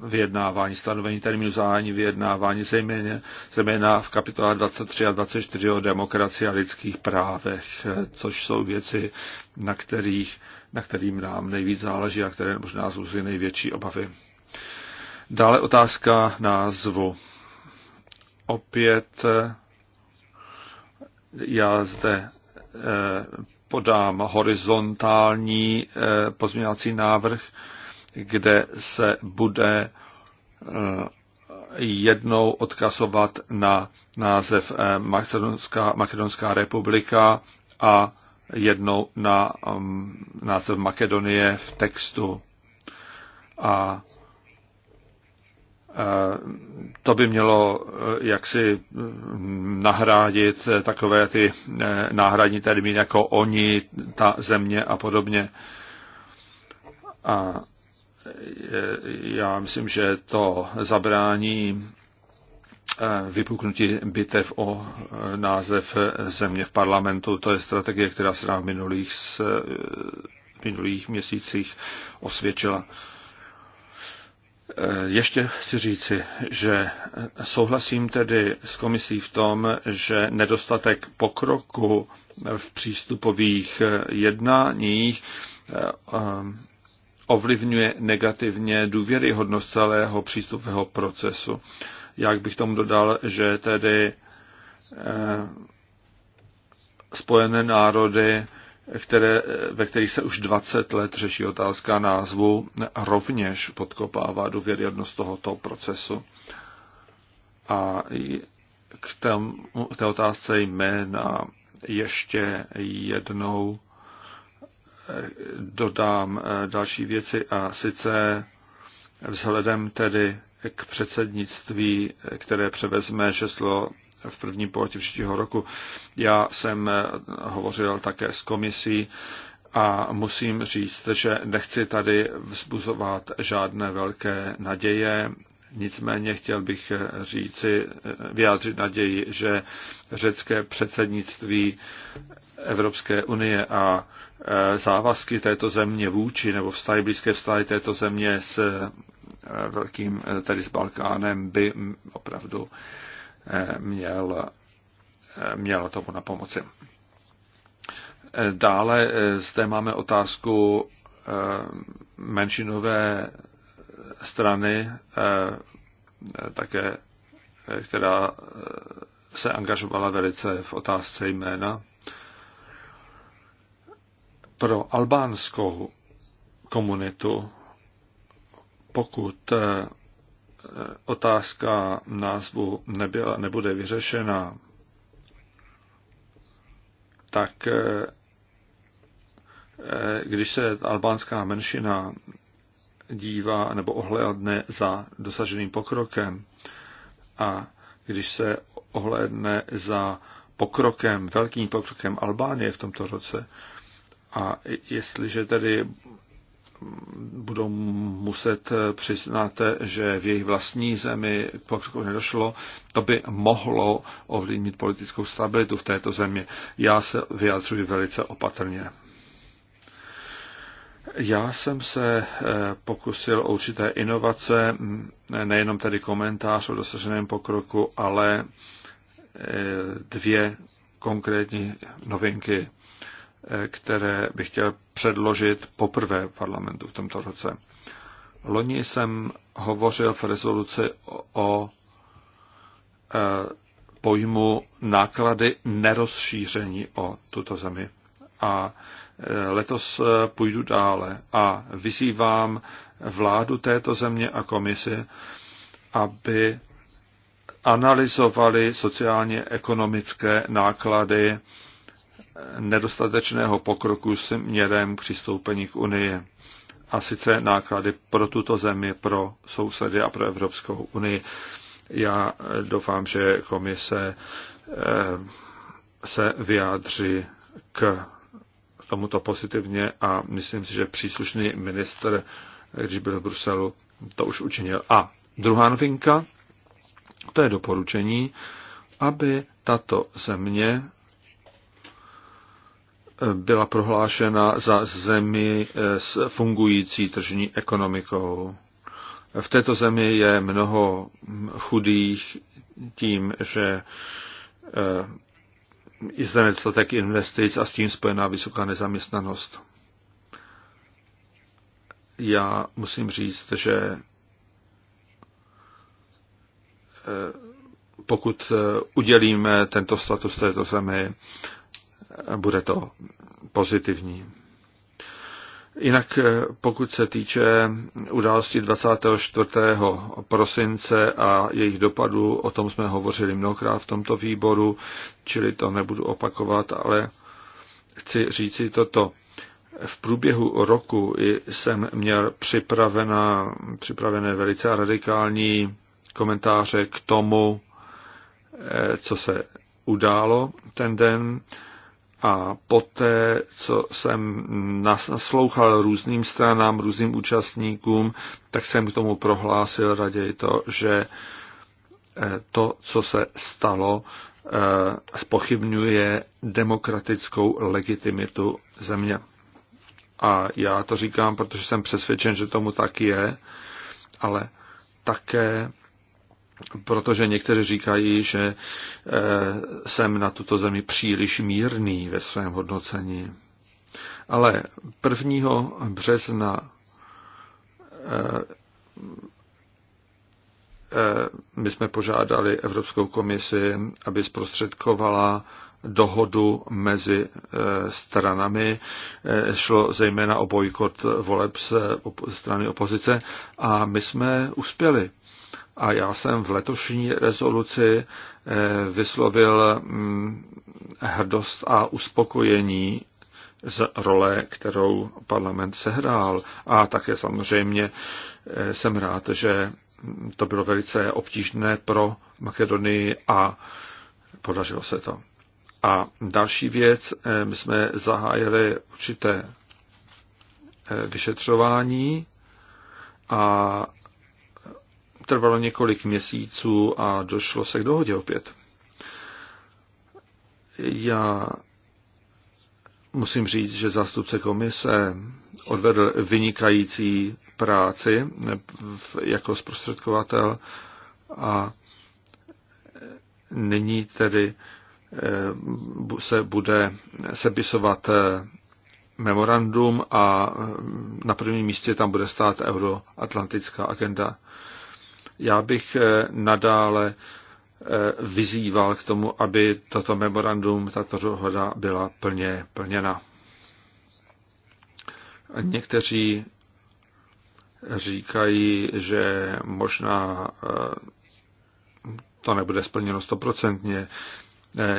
vyjednávání, stanovení termínu zahájení vyjednávání, zejména, zejména v kapitolách 23 a 24 o demokracii a lidských právech, což jsou věci, na, kterých, na kterým nám nejvíc záleží a které možná zůstaly největší obavy. Dále otázka názvu. Opět já zde eh, podám horizontální eh, pozměňovací návrh, kde se bude eh, jednou odkazovat na název eh, Makedonská, Makedonská republika a jednou na mm, název Makedonie v textu. A eh, to by mělo jaksi mm, nahrádit takové ty náhradní termíny jako oni, ta země a podobně. A já myslím, že to zabrání eh, vypuknutí bitev o eh, název eh, země v parlamentu. To je strategie, která se nám v minulých, v minulých měsících osvědčila. Ještě chci říci, že souhlasím tedy s komisí v tom, že nedostatek pokroku v přístupových jednáních ovlivňuje negativně důvěryhodnost celého přístupového procesu. Jak bych tomu dodal, že tedy eh, Spojené národy, které, ve kterých se už 20 let řeší otázka názvu, rovněž podkopává důvěryhodnost tohoto procesu. A k, tém, k té otázce jména ještě jednou dodám eh, další věci a sice vzhledem tedy k předsednictví, eh, které převezme šeslo v první poletí příštího roku. Já jsem eh, hovořil také s komisí a musím říct, že nechci tady vzbuzovat žádné velké naděje. Nicméně chtěl bych říci, vyjádřit naději, že řecké předsednictví Evropské unie a e, závazky této země vůči nebo vztahy, blízké vztahy této země s e, velkým, e, tedy s Balkánem, by opravdu měl, měl tomu na pomoci. Dále zde máme otázku menšinové strany eh, eh, také, eh, která se angažovala velice v otázce jména. Pro albánskou komunitu, pokud otázka názvu nebyla, nebude vyřešena, tak když se albánská menšina dívá nebo ohlédne za dosaženým pokrokem a když se ohlédne za pokrokem, velkým pokrokem Albánie v tomto roce a jestliže tedy budou muset přiznat, že v jejich vlastní zemi k pokroku nedošlo, to by mohlo ovlivnit politickou stabilitu v této zemi. Já se vyjadřuji velice opatrně. Já jsem se eh, pokusil o určité inovace, mm, nejenom tedy komentář o dosaženém pokroku, ale eh, dvě konkrétní novinky, eh, které bych chtěl předložit poprvé parlamentu v tomto roce. Loni jsem hovořil v rezoluci o pojmu náklady nerozšíření o tuto zemi. A Eh, letos eh, půjdu dále a vyzývám vládu této země a komisi, aby analyzovali sociálně-ekonomické náklady eh, nedostatečného pokroku směrem k přistoupení k Unii. A sice náklady pro tuto zemi, pro sousedy a pro Evropskou unii. Já doufám, že komise se vyjádří k tomuto pozitivně a myslím si, že příslušný minister, když byl v Bruselu, to už učinil. A druhá novinka, to je doporučení, aby tato země byla prohlášena za zemi s fungující tržní ekonomikou. V této zemi je mnoho chudých tím, že eh, i za nedostatek investic a s tím spojená vysoká nezaměstnanost. Já musím říct, že eh, pokud eh, udělíme tento status této zemi, eh, bude to pozitivní. Jinak eh, pokud se týče události 24. prosince a jejich dopadů, o tom jsme hovořili mnohokrát v tomto výboru, čili to nebudu opakovat, ale chci říci toto. V průběhu roku jsem měl připravena, připravené velice radikální komentáře k tomu, eh, co se událo ten den a poté, co jsem naslouchal různým stranám, různým účastníkům, tak jsem k tomu prohlásil raději to, že eh, to, co se stalo, eh, spochybňuje demokratickou legitimitu země. A já to říkám, protože jsem přesvědčen, že tomu tak je, ale také protože někteří říkají, že eh, jsem na tuto zemi příliš mírný ve svém hodnocení. Ale 1. března eh, eh, my jsme požádali Evropskou komisi, aby zprostředkovala dohodu mezi stranami. Šlo zejména o bojkot voleb ze strany opozice a my jsme uspěli a já jsem v letošní rezoluci eh, vyslovil mm, hrdost a uspokojení z role, kterou parlament sehrál. A také samozřejmě eh, jsem rád, že to bylo velice obtížné pro Makedonii a podařilo se to. A další věc, eh, my jsme zahájili určité vyšetřování a trvalo několik měsíců a došlo se k dohodě opět. Já musím říct, že zástupce komise odvedl vynikající práci jako zprostředkovatel a nyní tedy eh, se bude sepisovat eh, memorandum a eh, na prvním místě tam bude stát euroatlantická agenda. Já bych eh, nadále eh, vyzýval k tomu, aby toto memorandum, tato dohoda byla plně plněna. Někteří říkají, že možná eh, to nebude splněno stoprocentně.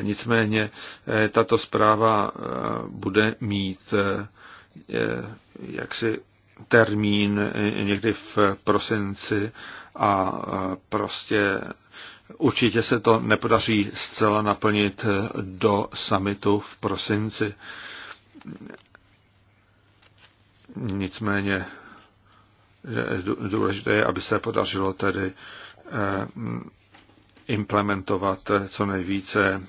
Nicméně tato zpráva bude mít jaksi termín eh, někdy v prosinci a eh, prostě určitě se to nepodaří zcela naplnit eh, do samitu v prosinci. Nicméně důležité je, aby se podařilo tedy implementovat co nejvíce.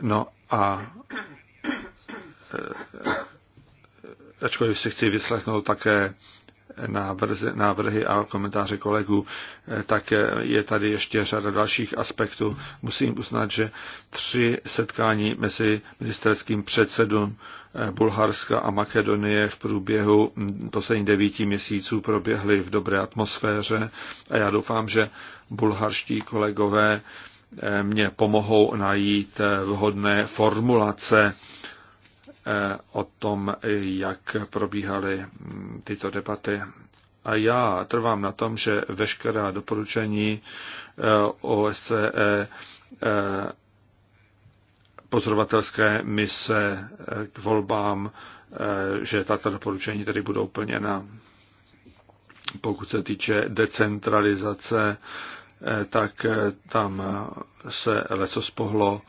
No a ačkoliv si chci vyslechnout také návrzy, návrhy a komentáře kolegů, eh, tak je tady ještě řada dalších aspektů. Musím uznat, že tři setkání mezi ministerským předsedům eh, Bulharska a Makedonie v průběhu posledních devíti měsíců proběhly v dobré atmosféře a já doufám, že bulharští kolegové eh, mě pomohou najít vhodné formulace o tom, jak probíhaly tyto debaty. A já trvám na tom, že veškerá doporučení eh, OSCE eh, pozorovatelské mise eh, k volbám, že tato doporučení tedy budou plněna. Pokud se týče decentralizace, tak tam se leco spohlo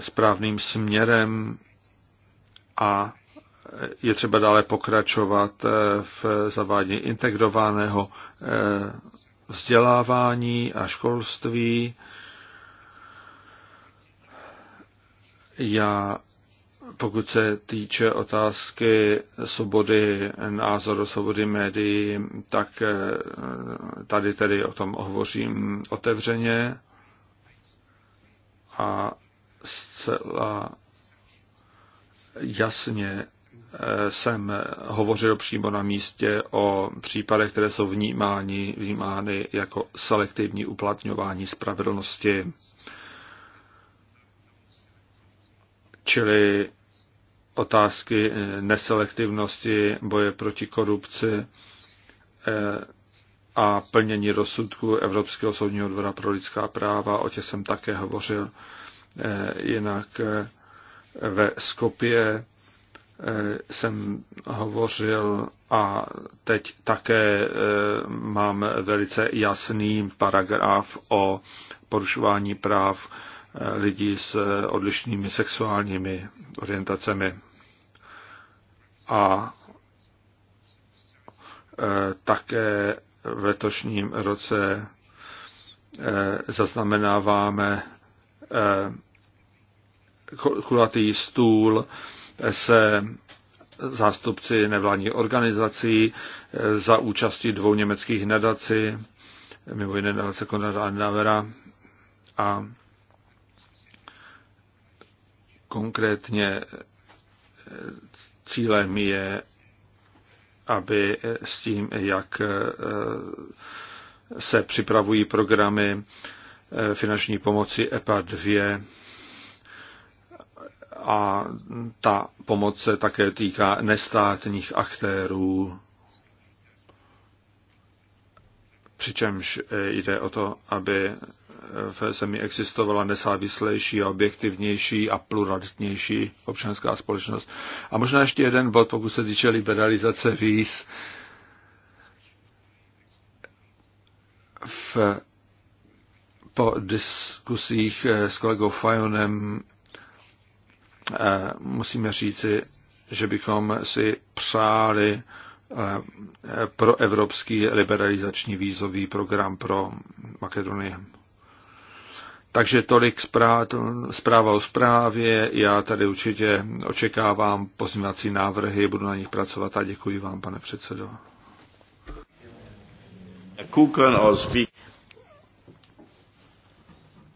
správným směrem a je třeba dále pokračovat eh, v zavádění integrovaného eh, vzdělávání a školství. Já, pokud se týče otázky svobody názoru, svobody médií, tak eh, tady tedy o tom hovořím otevřeně a zcela jasně eh, jsem hovořil přímo na místě o případech, které jsou vnímány, vnímány jako selektivní uplatňování spravedlnosti. Čili otázky eh, neselektivnosti, boje proti korupci eh, a plnění rozsudku Evropského soudního dvora pro lidská práva, o těch jsem také hovořil. Jinak ve Skopě eh, jsem hovořil a teď také eh, mám velice jasný paragraf o porušování práv eh, lidí s odlišnými sexuálními orientacemi. A také v letošním roce zaznamenáváme kulatý stůl se zástupci nevládních organizací e, za účasti dvou německých nadací, mimo jiné nadace Konrad Andavera a konkrétně e, cílem je, aby s tím, jak e, se připravují programy finanční pomoci EPA 2, a ta pomoc se také týká nestátních aktérů, přičemž e, jde o to, aby v zemi existovala nesávislejší, a objektivnější a pluralitnější občanská společnost. A možná ještě jeden bod, pokud se týče liberalizace víz. V, po diskusích e, s kolegou Fajonem Eh, musíme říci, že bychom si přáli eh, pro evropský liberalizační vízový program pro Makedonii. Takže tolik zpráv, zpráva o zprávě. Já tady určitě očekávám pozměňovací návrhy, budu na nich pracovat a děkuji vám, pane předsedo.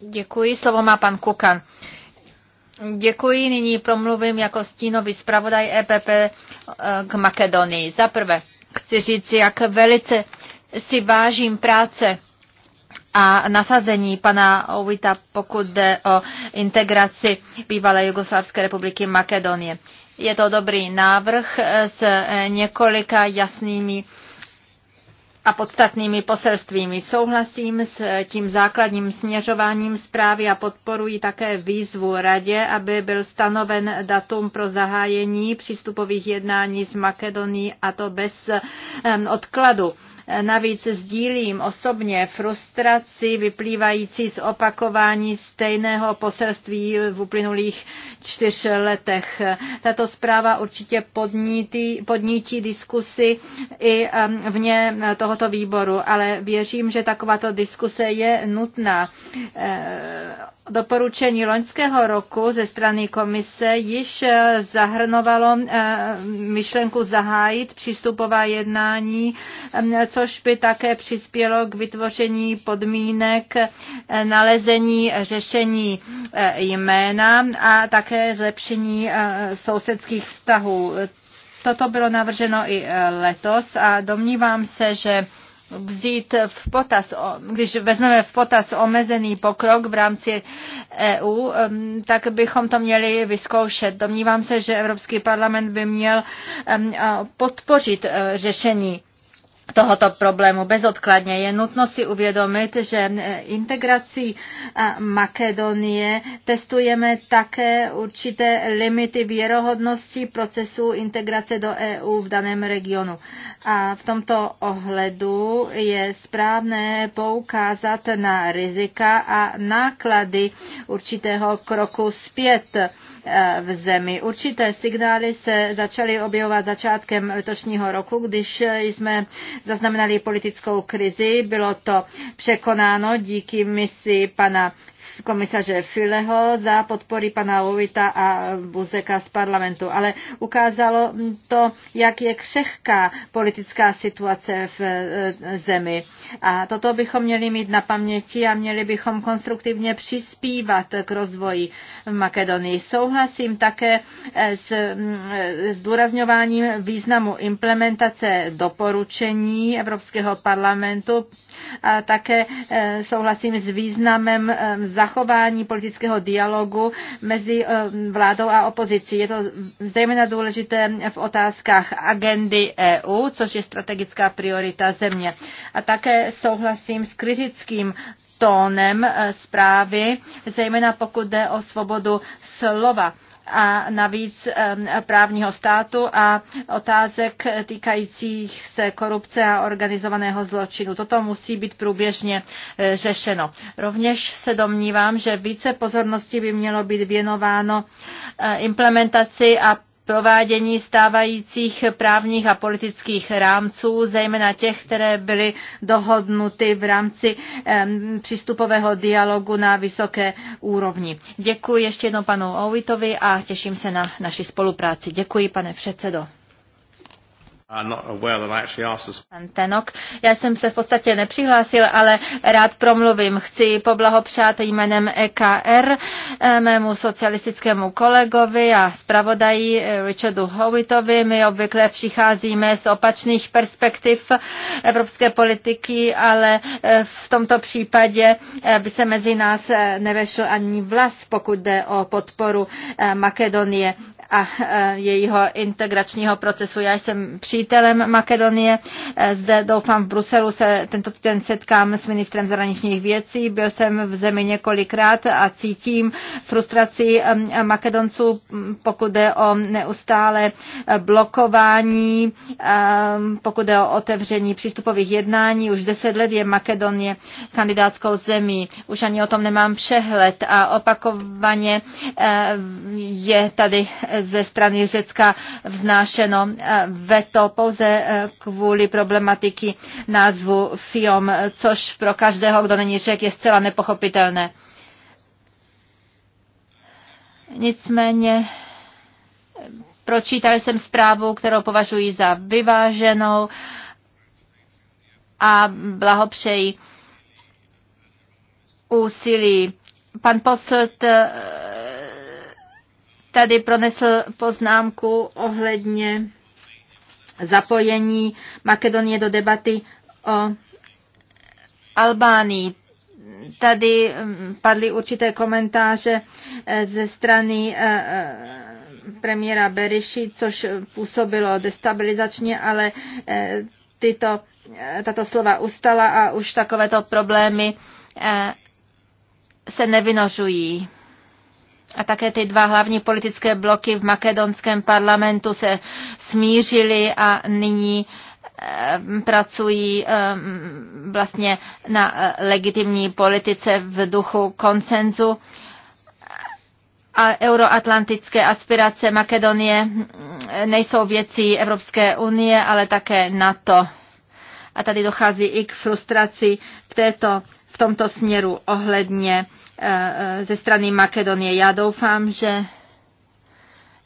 Děkuji, slovo má pan Kukan. Děkuji, nyní promluvím jako stínový zpravodaj EPP eh, k Makedonii. Za prvé chci říct, jak velice si vážím práce a nasazení pana Ovita, pokud jde o integraci bývalé Jugoslavské republiky Makedonie. Je to dobrý návrh eh, s eh, několika jasnými a podstatnými poselstvími. Souhlasím s tím základním směřováním zprávy a podporuji také výzvu radě, aby byl stanoven datum pro zahájení přístupových jednání s Makedonií a to bez odkladu. Navíc sdílím osobně frustraci vyplývající z opakování stejného poselství v uplynulých čtyř letech. Tato zpráva určitě podnítí, podnítí diskusy i um, vně tohoto výboru, ale věřím, že takováto diskuse je nutná. Eh, doporučení loňského roku ze strany komise již zahrnovalo eh, myšlenku zahájit přístupová jednání, eh, co což by také přispělo k vytvoření podmínek eh, nalezení řešení eh, jména a také zlepšení eh, sousedských vztahů. Toto bylo navrženo i letos a domnívám se, že vzít v potaz, když vezmeme v potaz omezený pokrok v rámci EU, e tak bychom to měli vyzkoušet. Domnívám se, že Evropský parlament by měl podpořit řešení tohoto problému bezodkladně. Je nutno si uvědomit, že integrací Makedonie testujeme také určité limity věrohodnosti procesu integrace do EU v daném regionu. A v tomto ohledu je správné poukázat na rizika a náklady určitého kroku zpět Eh, v zemi. Určité signály se začaly objevovat začátkem letošního roku, když eh, jsme zaznamenali politickou krizi. Bylo to překonáno díky misi pana komisaře Fileho za podpory pana Lovita a Buzeka z parlamentu. Ale ukázalo to, jak je křehká politická situace v e, zemi. A toto bychom měli mít na paměti a měli bychom konstruktivně přispívat k rozvoji v Makedonii. Souhlasím také e, e, s zdůrazňováním významu implementace doporučení Evropského parlamentu a také e, souhlasím s významem e, zachování politického dialogu mezi e, vládou a opozicí. Je to zejména důležité v otázkách agendy EU, což je strategická priorita země. A také souhlasím s kritickým tónem zprávy, zejména pokud jde o svobodu slova a navíc eh, právního státu a otázek týkajících se korupce a organizovaného zločinu. Toto musí být průběžně eh, řešeno. Rovněž se domnívám, že více pozornosti by mělo být věnováno eh, implementaci a provádění stávajících právních a politických rámců, zejména těch, které byly dohodnuty v rámci přístupového dialogu na vysoké úrovni. Děkuji ještě jednou panu Ovitovi a těším se na naši spolupráci. Děkuji, pane předsedo. Tenok, já jsem se v podstatě nepřihlásil, ale rád promluvím. Chci poblahopřát jménem EKR eh, mému socialistickému kolegovi a zpravodaji eh, Richardu Howitovi. My obvykle přicházíme z opačných perspektiv evropské politiky, ale eh, v tomto případě by se mezi nás nevešel ani vlas, pokud jde o podporu Makedonie a e, jejího integračního procesu. Já jsem přítelem Makedonie. E, zde doufám v Bruselu se tento týden setkám s ministrem zahraničních věcí. Byl jsem v zemi několikrát a cítím frustraci Makedonců, pokud jde o neustále blokování, pokud jde o otevření přístupových jednání. Už deset let je Makedonie kandidátskou zemí. Už ani o tom nemám přehled a opakovaně e, je tady ze strany Řecka vznášeno eh, veto pouze eh, kvůli problematiky názvu FIOM, což pro každého, kdo není Řek, je zcela nepochopitelné. Nicméně pročítal jsem zprávu, kterou považuji za vyváženou a blahopřeji úsilí. Pan Poslt eh, tady pronesl poznámku ohledně zapojení Makedonie do debaty o Albánii. Tady mm, padly určité komentáře eh, ze strany eh, eh, premiéra Beriši, což působilo destabilizačně, ale tyto, tato slova ustala a už takovéto problémy se nevynožují a také ty dva hlavní politické bloky v makedonském parlamentu se smířily a nyní eh, pracují eh, vlastně na eh, legitimní politice v duchu koncenzu a euroatlantické aspirace Makedonie mm, nejsou věcí Evropské unie, ale také NATO. A tady dochází i k frustraci v této v tomto směru ohledně eh, eh, ze strany Makedonie. Já doufám, že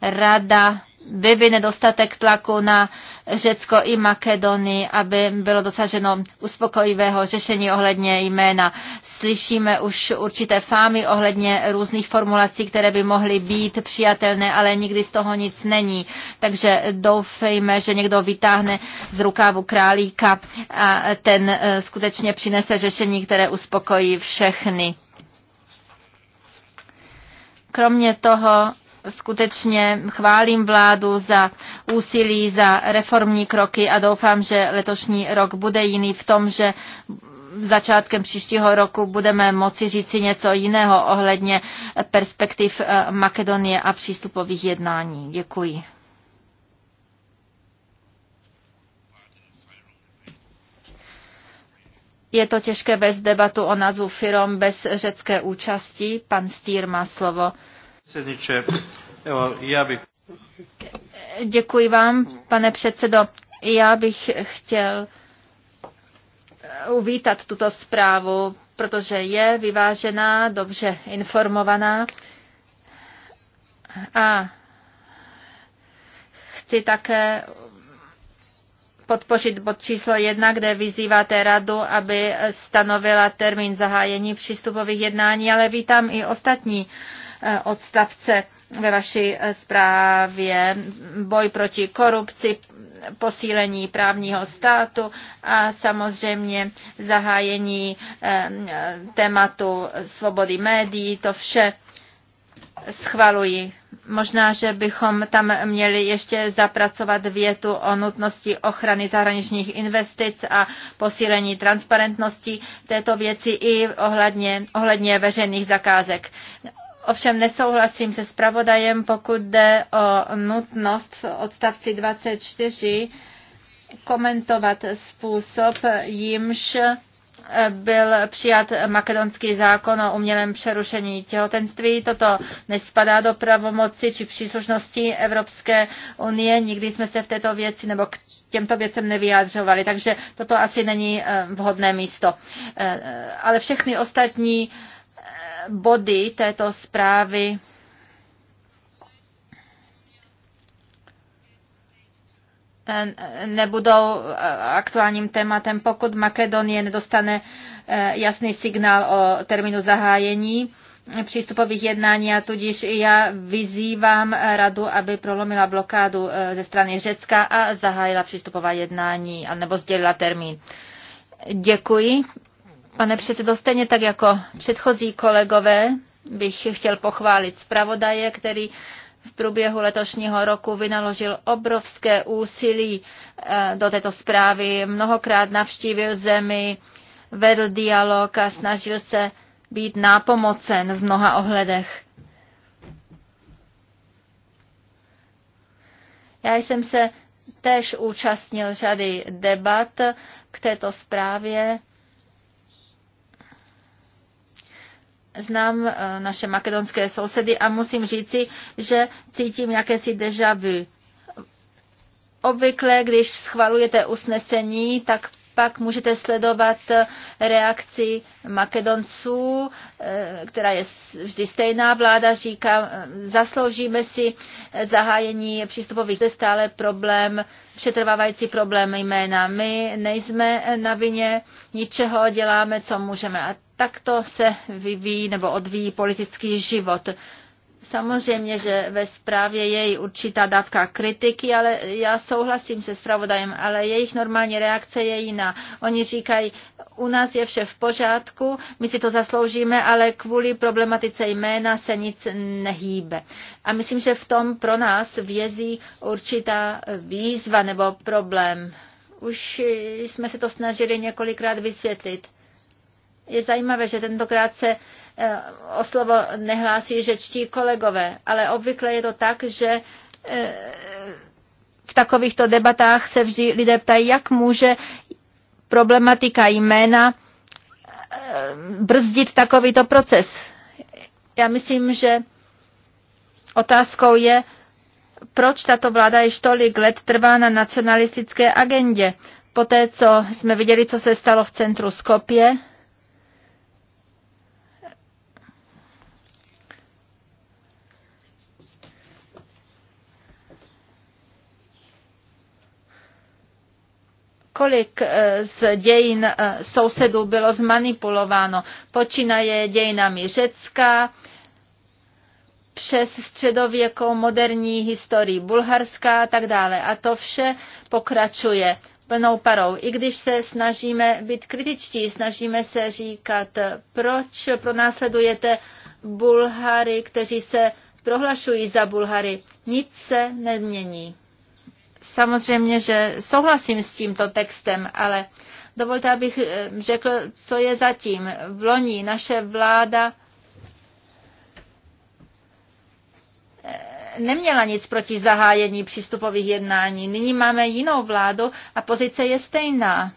Rada vyvine dostatek tlaku na Řecko i Makedonii, aby bylo dosaženo uspokojivého řešení ohledně jména. Slyšíme už určité fámy ohledně různých formulací, které by mohly být přijatelné, ale nikdy z toho nic není. Takže doufejme, že někdo vytáhne z rukávu králíka a ten eh, skutečně přinese řešení, které uspokojí všechny. Kromě toho skutečně chválím vládu za úsilí, za reformní kroky a doufám, že letošní rok bude jiný v tom, že začátkem příštího roku budeme moci říci něco jiného ohledně perspektiv eh, Makedonie a přístupových jednání. Děkuji. Je to těžké bez debatu o názvu firm bez řecké účasti. Pan Stýr má slovo. Děkuji vám, pane předsedo. Já bych chtěl eh, uvítat tuto zprávu, protože je vyvážená, dobře informovaná a chci také podpořit bod číslo jedna, kde vyzýváte radu, aby stanovila termín zahájení přístupových jednání, ale vítám i ostatní Eh, odstavce ve vaší zprávě. Boj proti korupci, posílení právního státu a samozřejmě zahájení eh, tématu svobody médií. To vše schvaluji. Možná, že bychom tam měli ještě zapracovat větu o nutnosti ochrany zahraničních investic a posílení transparentnosti této věci i ohledně, ohledně veřejných zakázek. Ovšem nesouhlasím se zpravodajem, pokud jde o nutnost v odstavci 24 komentovat způsob, jimž eh, byl přijat makedonský zákon o umělém přerušení těhotenství. Toto nespadá do pravomoci či příslušnosti Evropské unie. Nikdy jsme se v této věci nebo k těmto věcem nevyjádřovali, takže toto asi není eh, vhodné místo. Eh, ale všechny ostatní body této zprávy eh, nebudou eh, aktuálním tématem, pokud Makedonie nedostane eh, jasný signál o termínu zahájení přístupových jednání a tudíž já vyzývám radu, aby prolomila blokádu ze strany Řecka a zahájila přístupová jednání anebo sdělila termín. Děkuji, Pane předsedo, stejně tak jako předchozí kolegové bych chtěl pochválit zpravodaje, který v průběhu letošního roku vynaložil obrovské úsilí eh, do této zprávy. Mnohokrát navštívil zemi, vedl dialog a snažil se být nápomocen v mnoha ohledech. Já jsem se též účastnil řady debat k této zprávě znám eh, naše makedonské sousedy a musím říci, že cítím jakési deja vu. Obvykle, když schvalujete usnesení, tak pak můžete sledovat eh, reakci Makedonců, eh, která je vždy stejná. Vláda říká, zasloužíme si zahájení přístupových. je stále problém, přetrvávající problém jména. My nejsme na vině ničeho, děláme, co můžeme. A Takto se vyvíjí nebo odvíjí politický život. Samozřejmě, že ve zprávě je i určitá dávka kritiky, ale já souhlasím se zpravodajem, ale jejich normální reakce je jiná. Oni říkají, u nás je vše v pořádku, my si to zasloužíme, ale kvůli problematice jména se nic nehýbe. A myslím, že v tom pro nás vězí určitá výzva nebo problém. Už jsme se to snažili několikrát vysvětlit. Je zajímavé, že tentokrát se eh, o slovo nehlásí řečtí kolegové, ale obvykle je to tak, že eh, v takovýchto debatách se vždy lidé ptají, jak může problematika jména eh, brzdit takovýto proces. Já myslím, že otázkou je, proč tato vláda již tolik let trvá na nacionalistické agendě. Poté, co jsme viděli, co se stalo v centru Skopje, kolik eh, z dějin eh, sousedů bylo zmanipulováno. Počínaje dějinami Řecka, přes středověkou moderní historii Bulharska a tak dále. A to vše pokračuje plnou parou. I když se snažíme být kritičtí, snažíme se říkat, eh, proč pronásledujete Bulhary, kteří se prohlašují za Bulhary. Nic se nemění. Samozřejmě, že souhlasím s tímto textem, ale dovolte, abych eh, řekl, co je zatím. V loni naše vláda eh, neměla nic proti zahájení přístupových jednání. Nyní máme jinou vládu a pozice je stejná.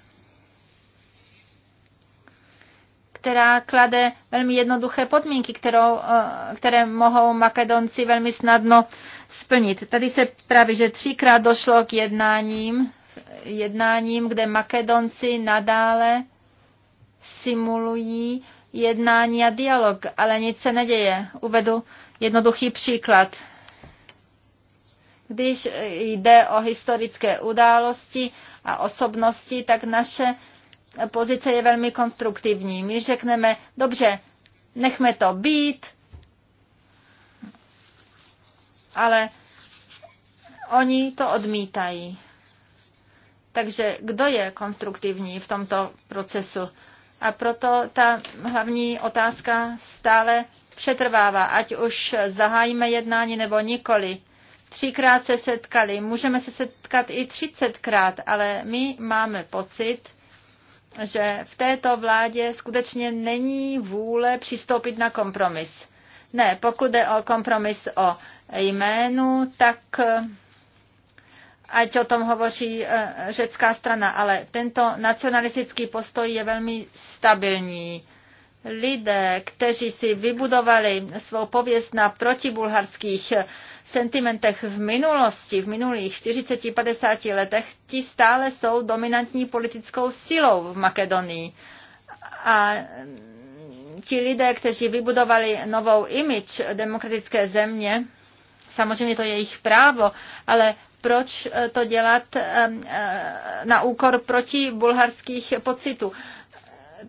která klade velmi jednoduché podmínky, kterou, eh, které mohou Makedonci velmi snadno splnit. Tady se právě, že třikrát došlo k jednáním, jednáním, kde Makedonci nadále simulují jednání a dialog, ale nic se neděje. Uvedu jednoduchý příklad. Když jde o historické události a osobnosti, tak naše pozice je velmi konstruktivní. My řekneme, dobře, nechme to být, ale oni to odmítají. Takže kdo je konstruktivní v tomto procesu? A proto ta hlavní otázka stále přetrvává, ať už zahájíme jednání nebo nikoli. Třikrát se setkali, můžeme se setkat i třicetkrát, ale my máme pocit, že v této vládě skutečně není vůle přistoupit na kompromis. Ne, pokud jde o kompromis o jménu, tak eh, ať o tom hovoří eh, řecká strana, ale tento nacionalistický postoj je velmi stabilní. Lidé, kteří si vybudovali svou pověst na protibulharských eh, sentimentech v minulosti, v minulých 40-50 letech, ti stále jsou dominantní politickou silou v Makedonii. A ti lidé, kteří vybudovali novou imič demokratické země, samozřejmě to je jejich právo, ale proč eh, to dělat eh, eh, na úkor proti bulharských pocitů?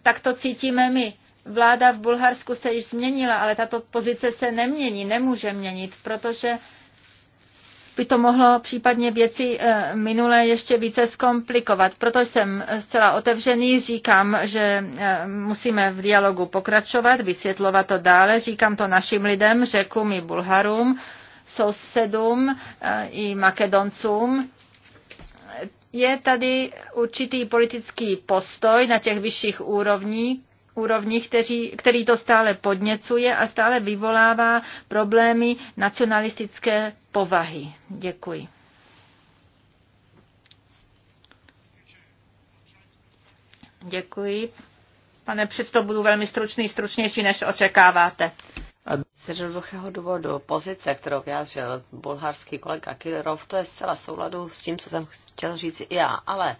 Tak to cítíme my. Vláda v Bulharsku se již změnila, ale tato pozice se nemění, nemůže měnit, protože by to mohlo případně věci eh, minulé ještě více zkomplikovat. Proto jsem zcela otevřený, říkám, že eh, musíme v dialogu pokračovat, vysvětlovat to dále, říkám to našim lidem, řekům i Bulharům, sousedům eh, i Makedoncům. Je tady určitý politický postoj na těch vyšších úrovních, úrovni, kteří, který to stále podněcuje a stále vyvolává problémy nacionalistické povahy. Děkuji. Děkuji. Pane předsto, budu velmi stručný, stručnější, než očekáváte. Z jednoduchého důvodu pozice, kterou vyjádřil bulharský kolega Kilerov, to je zcela souladu s tím, co jsem chtěl říct i já, ale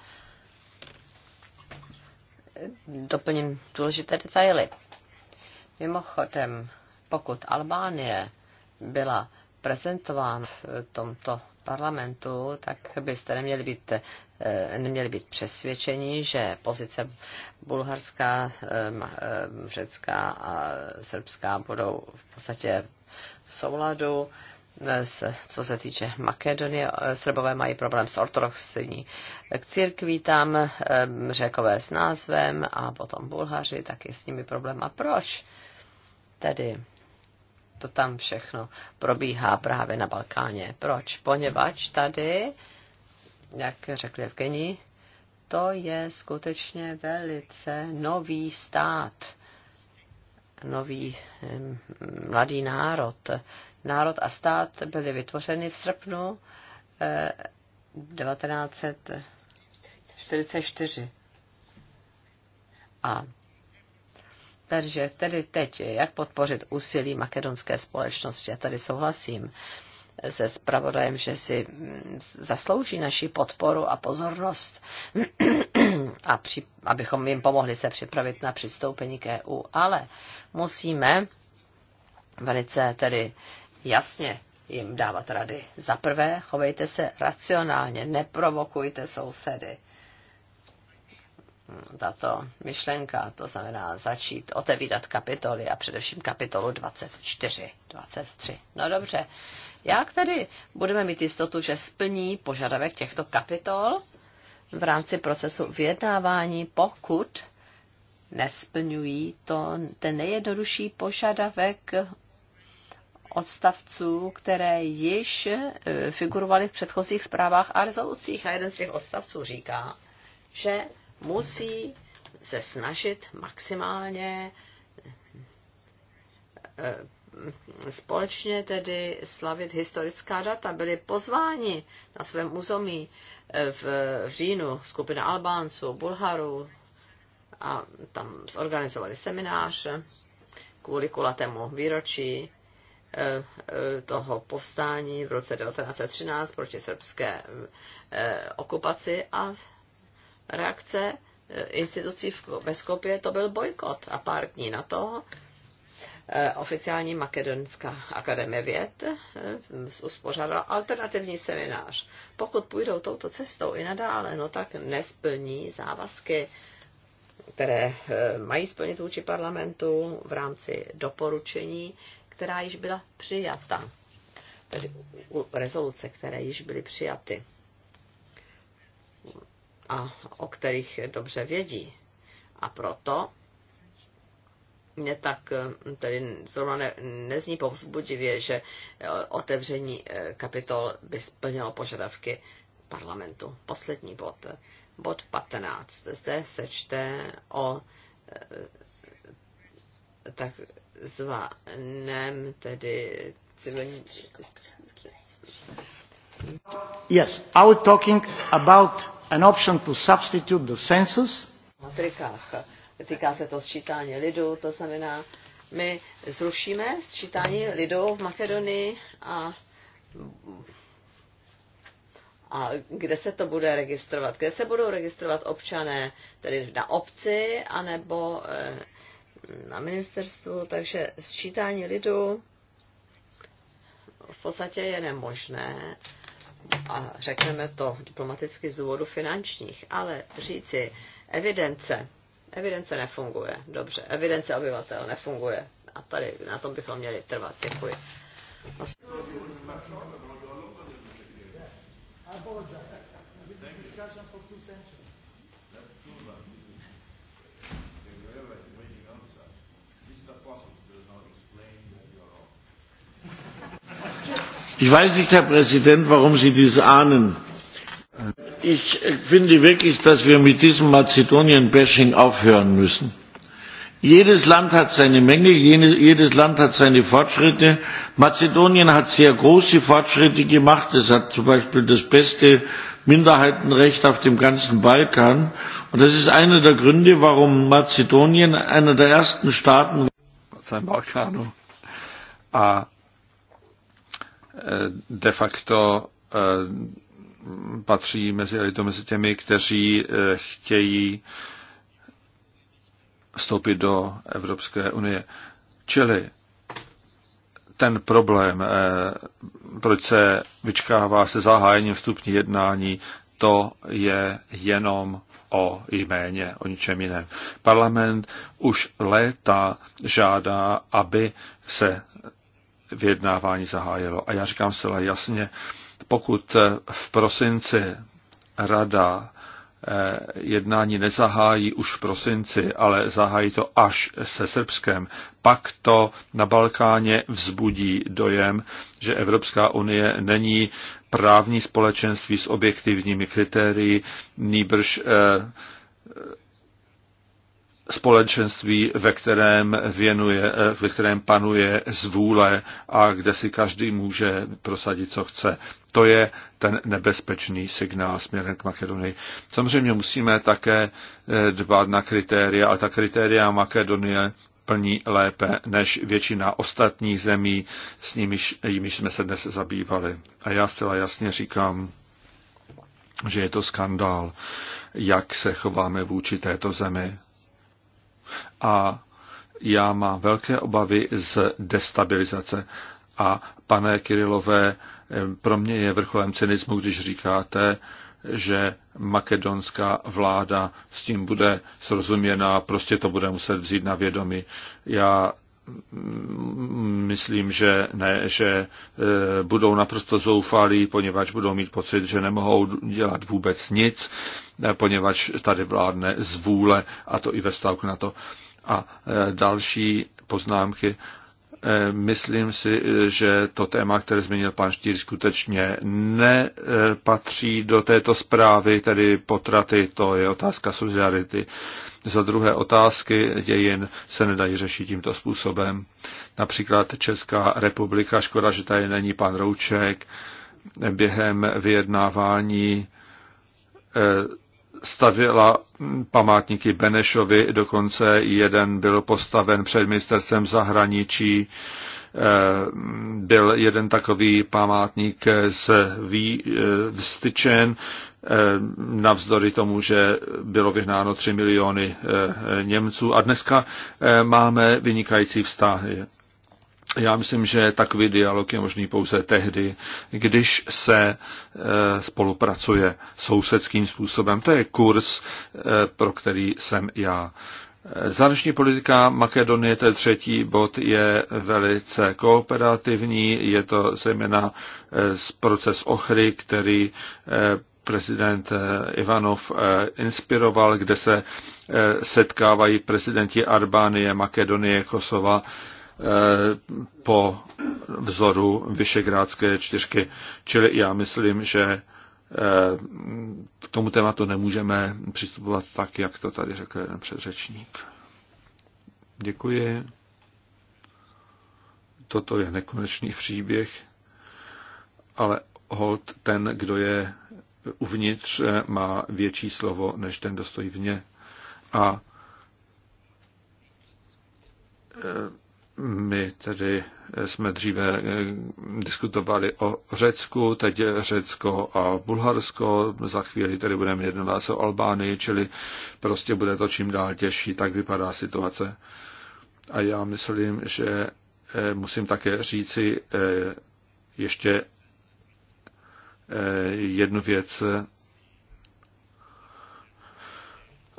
doplním důležité detaily. Mimochodem, pokud Albánie byla prezentována v tomto parlamentu, tak byste neměli být, eh, neměli být přesvědčeni, že pozice bulharská, eh, eh, řecká a srbská budou v podstatě v souladu co se týče Makedonie, Srbové mají problém s ortodoxní církví tam, řekové s názvem a potom Bulhaři, taky s nimi problém. A proč? Tedy to tam všechno probíhá právě na Balkáně. Proč? Poněvadž tady, jak řekli v Keni, to je skutečně velice nový stát, nový mladý národ, národ a stát byly vytvořeny v srpnu 1944. Eh, a takže tedy teď, jak podpořit úsilí makedonské společnosti, a tady souhlasím se zpravodajem, že si mm, zaslouží naši podporu a pozornost, a při, abychom jim pomohli se připravit na přistoupení k EU. Ale musíme velice tedy eh, jasně jim dávat rady. Za prvé, chovejte se racionálně, neprovokujte sousedy. Tato myšlenka, to znamená začít otevírat kapitoly a především kapitolu 24, 23. No dobře, jak tedy budeme mít jistotu, že splní požadavek těchto kapitol v rámci procesu vyjednávání, pokud nesplňují to, ten nejjednodušší požadavek odstavců, které již e, figurovaly v předchozích zprávách a rezolucích. A jeden z těch odstavců říká, že musí se snažit maximálně e, společně tedy slavit historická data. Byli pozváni na svém území e, v, v říjnu skupina Albánců, Bulharů a tam zorganizovali seminář kvůli kulatému výročí Eh, toho povstání v roce 1913 proti srbské eh, okupaci a reakce eh, institucí ve Skopě to byl bojkot a pár dní na to oficiální makedonská akademie věd uspořádala alternativní seminář. Pokud půjdou touto cestou i nadále, no tak nesplní závazky, které mají splnit vůči parlamentu v rámci doporučení, která již byla přijata. Tedy rezoluce, které již byly přijaty a o kterých dobře vědí. A proto mě tak eh, tedy zrovna ne, nezní povzbudivě, že eh, otevření eh, kapitol by splnilo požadavky parlamentu. Poslední bod, bod 15. Zde se čte o takzvaném tedy civilní... Yes, are we talking about an option to substitute the census? Matrikách. Týká se to sčítání lidu, to znamená, my zrušíme sčítání lidu v Makedonii a a kde se to bude registrovat? Kde se budou registrovat občané? Tedy na obci, anebo eh, na ministerstvu, takže sčítání lidu v podstatě je nemožné a řekneme to diplomaticky z důvodu finančních, ale říci evidence, evidence nefunguje, dobře, evidence obyvatel nefunguje a tady na tom bychom měli trvat, děkuji. Thank you. Ich weiß nicht, Herr Präsident, warum Sie dies ahnen. Ich finde wirklich, dass wir mit diesem Mazedonien-Bashing aufhören müssen. Jedes Land hat seine Mängel, jedes Land hat seine Fortschritte. Mazedonien hat sehr große Fortschritte gemacht. Es hat zum Beispiel das beste Minderheitenrecht auf dem ganzen Balkan. Und das ist einer der Gründe, warum Mazedonien einer der ersten Staaten war. Eh, de facto eh, patří mezi, to mezi těmi, kteří eh, chtějí vstoupit do Evropské unie. Čili ten problém, proč se vyčkává se zahájením vstupní jednání, to je jenom o jméně, o ničem jiném. Parlament už léta žádá, aby se vyjednávání zahájilo. A já říkám zcela jasně, pokud v prosinci rada eh, jednání nezahájí už v prosinci, ale zahájí to až se Srbskem, pak to na Balkáně vzbudí dojem, že Evropská unie není právní společenství s objektivními kritérii, nýbrž eh, společenství, ve kterém, věnuje, eh, ve kterém panuje zvůle a kde si každý může prosadit, co chce. To je ten nebezpečný signál směrem k Makedonii. Samozřejmě musíme také eh, dbát na kritéria, ale ta kritéria Makedonie plní lépe než většina ostatních zemí, s nimiž, jimiž jsme se dnes zabývali. A já zcela jasně říkám, že je to skandál, jak se chováme vůči této zemi a já mám velké obavy z destabilizace. A pane Kirilové, pro mě je vrcholem cynismu, když říkáte, že makedonská vláda s tím bude srozuměná, prostě to bude muset vzít na vědomí. Já mm, myslím, že ne, že e, budou naprosto zoufalí, poněvadž budou mít pocit, že nemohou dělat vůbec nic, e, poněvadž tady vládne zvůle a to i ve stavku na to a e, další poznámky. E, myslím si, že to téma, které zmínil pan Štír, skutečně nepatří do této zprávy, tedy potraty, to je otázka solidarity. Za druhé otázky dějin se nedají řešit tímto způsobem. Například Česká republika, škoda, že tady není pan Rouček, během vyjednávání e, stavěla památníky Benešovi, dokonce jeden byl postaven před ministerstvem zahraničí, eh, byl jeden takový památník zví, vstyčen, eh, eh, navzdory tomu, že bylo vyhnáno 3 miliony Němců. A dneska máme vynikající vztahy. Já myslím, že takový dialog je možný pouze tehdy, když se e, spolupracuje sousedským způsobem. To je kurz, e, pro který jsem já. E, zahraniční politika Makedonie, to je třetí bod, je velice kooperativní. Je to zejména proces Ochry, který prezident Ivanov inspiroval, kde se setkávají prezidenti Arbánie, Makedonie, Kosova Eh, po vzoru Vyšegrádské čtyřky. Čili já myslím, že eh, k tomu tématu nemůžeme přistupovat tak, jak to tady řekl jeden předřečník. Děkuji. Toto je nekonečný příběh, ale hold ten, kdo je uvnitř, má větší slovo, než ten, kdo stojí vně. A eh, my tedy jsme dříve eh, diskutovali o Řecku, teď Řecko a Bulharsko, za chvíli tedy budeme jednat o Albánii, čili prostě bude to čím dál těžší, tak vypadá situace. A já myslím, že eh, musím také říci eh, ještě jednu věc.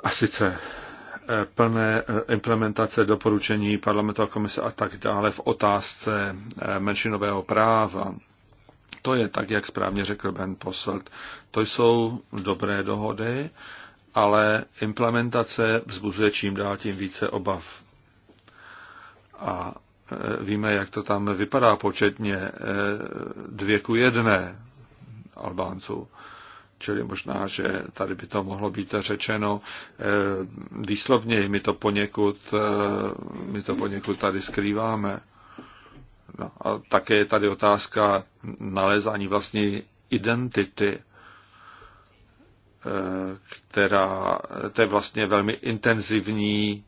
A sice plné eh, implementace doporučení parlamentu a komise a tak dále v otázce eh, menšinového práva. To je tak, jak správně řekl Ben Posselt. To jsou dobré dohody, ale implementace vzbuzuje čím dál tím více obav. A eh, víme, jak to tam vypadá početně. Dvě ku jedné Albánců. Čili možná, že tady by to mohlo být řečeno eh, výslovně, my to poněkud, eh, my to poněkud tady skrýváme. No, a také je tady otázka nalezání vlastní identity, eh, která, to je vlastně velmi intenzivní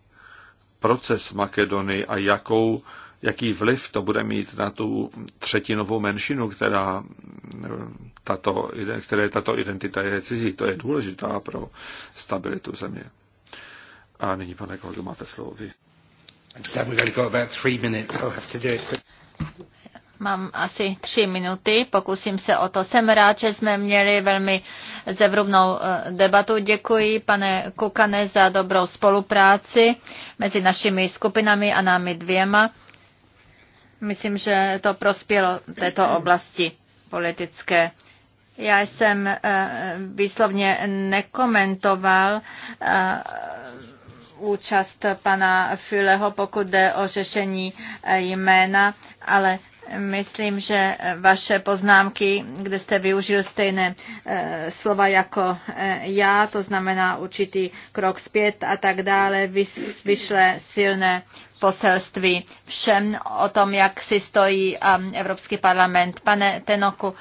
proces Makedony a jakou jaký vliv to bude mít na tu třetinovou menšinu, která tato, které tato identita je cizí. To je důležitá pro stabilitu země. A nyní, pane kolego, máte slovo vy. Mám asi tři minuty, pokusím se o to. Jsem rád, že jsme měli velmi zevrubnou eh, debatu. Děkuji, pane Kukane, za dobrou spolupráci mezi našimi skupinami a námi dvěma. Myslím, že to prospělo této oblasti politické. Já jsem eh, výslovně nekomentoval eh, účast pana Fileho, pokud jde o řešení eh, jména, ale Myslím, že vaše poznámky, kde jste využil stejné eh, slova jako eh, já, to znamená určitý krok zpět a tak dále, vyšle silné poselství všem o tom, jak si stojí um, Evropský parlament. Pane Tenoku,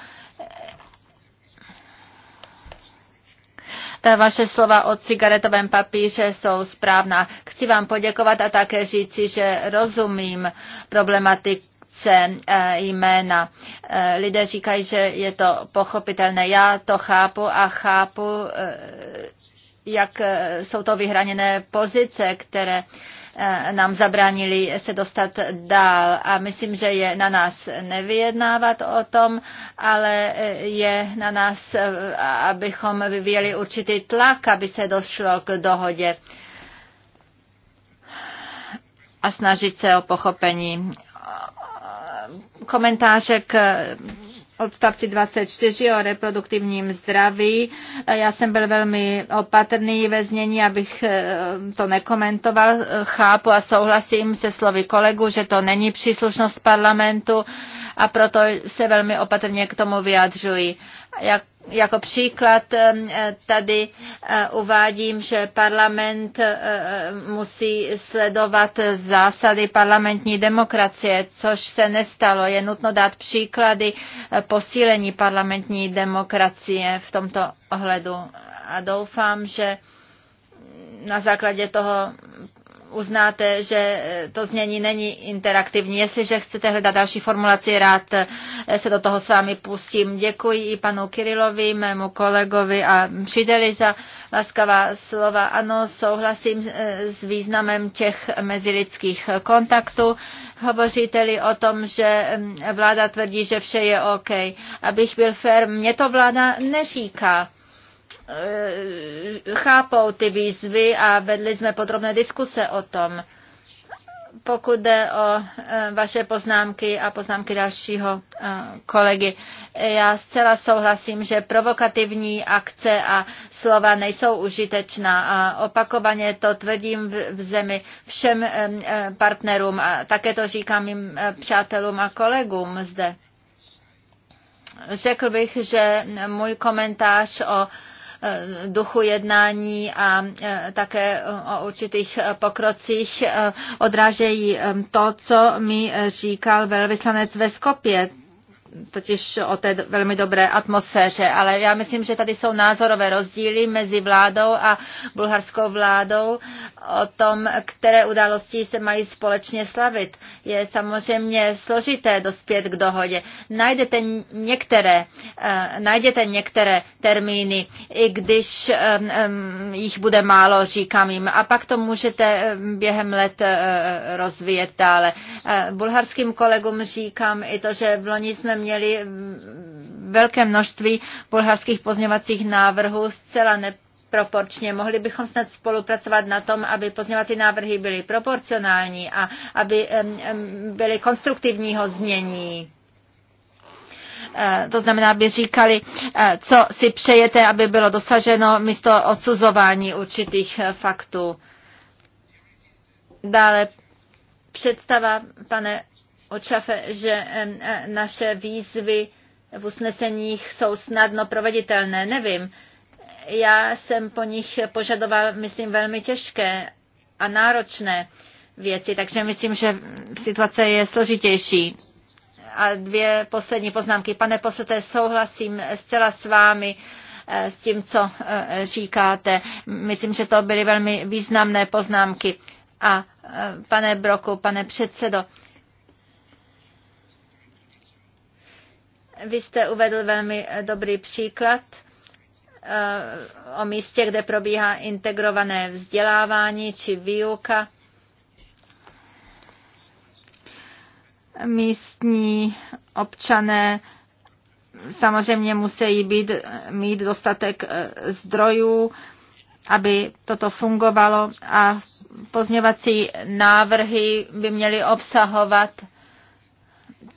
Ta vaše slova o cigaretovém papíře jsou správná. Chci vám poděkovat a také říci, že rozumím problematiku více eh, jména. Eh, lidé říkají, že je to pochopitelné. Já to chápu a chápu, eh, jak jsou to vyhraněné pozice, které nám zabránili se dostat dál. A myslím, že je na nás nevyjednávat o tom, ale je na nás, abychom vyvíjeli určitý tlak, aby se došlo k dohodě a snažit se o pochopení komentáře k eh, odstavci 24 o reproduktivním zdraví. Eh, já jsem byl velmi opatrný ve znění, abych eh, to nekomentoval. Chápu a souhlasím se slovy kolegu, že to není příslušnost parlamentu a proto se velmi opatrně k tomu vyjadřuji. Jak jako příklad e, tady e, uvádím, že parlament e, musí sledovat zásady parlamentní demokracie, což se nestalo. Je nutno dát příklady posílení parlamentní demokracie v tomto ohledu. A doufám, že na základě toho uznáte, že eh, to znění není interaktivní. Jestliže chcete hledat další formulaci, rád eh, se do toho s vámi pustím. Děkuji i panu Kirilovi, mému kolegovi a příteli za laskavá slova. Ano, souhlasím eh, s významem těch mezilidských kontaktů. Hovoříte-li o tom, že mm, vláda tvrdí, že vše je OK. Abych byl fér, mě to vláda neříká Eh, chápou ty výzvy a vedli jsme podrobné diskuse o tom. Pokud jde o eh, vaše poznámky a poznámky dalšího eh, kolegy, já zcela souhlasím, že provokativní akce a slova nejsou užitečná a opakovaně to tvrdím v zemi všem partnerům a také to říkám mým přátelům a kolegům zde. Řekl bych, že můj komentář o Eh, duchu jednání a eh, také eh, o určitých pokrocích odrážejí to, co mi říkal velvyslanec ve Skopě totiž o té velmi dobré atmosféře, ale já myslím, že tady jsou názorové rozdíly mezi vládou a bulharskou vládou o tom, které události se mají společně slavit. Je samozřejmě složité dospět k dohodě. Najdete některé, eh, najdete některé termíny, i když eh, eh, jich bude málo, říkám jim, a pak to můžete během let rozvíjet dále. Bulharským kolegům říkám i to, že v loni jsme měli měli velké množství bulharských pozměvacích návrhů zcela ne proporčně. Mohli bychom snad spolupracovat na tom, aby pozněvací návrhy byly proporcionální a aby byly konstruktivního znění eh, to znamená, aby říkali, eh, co si přejete, aby bylo dosaženo místo odsuzování určitých eh, faktů. Dále představa, pane Šafe, že e, naše výzvy v usneseních jsou snadno proveditelné. Nevím, já jsem po nich požadoval, myslím, velmi těžké a náročné věci, takže myslím, že situace je složitější. A dvě poslední poznámky. Pane poslete, souhlasím zcela s vámi e, s tím, co e, říkáte. Myslím, že to byly velmi významné poznámky. A pane Broku, pane předsedo, Vy jste uvedl velmi eh, dobrý příklad eh, o místě, kde probíhá integrované vzdělávání či výuka. Místní občané samozřejmě musí být, mít dostatek eh, zdrojů, aby toto fungovalo a pozněvací návrhy by měly obsahovat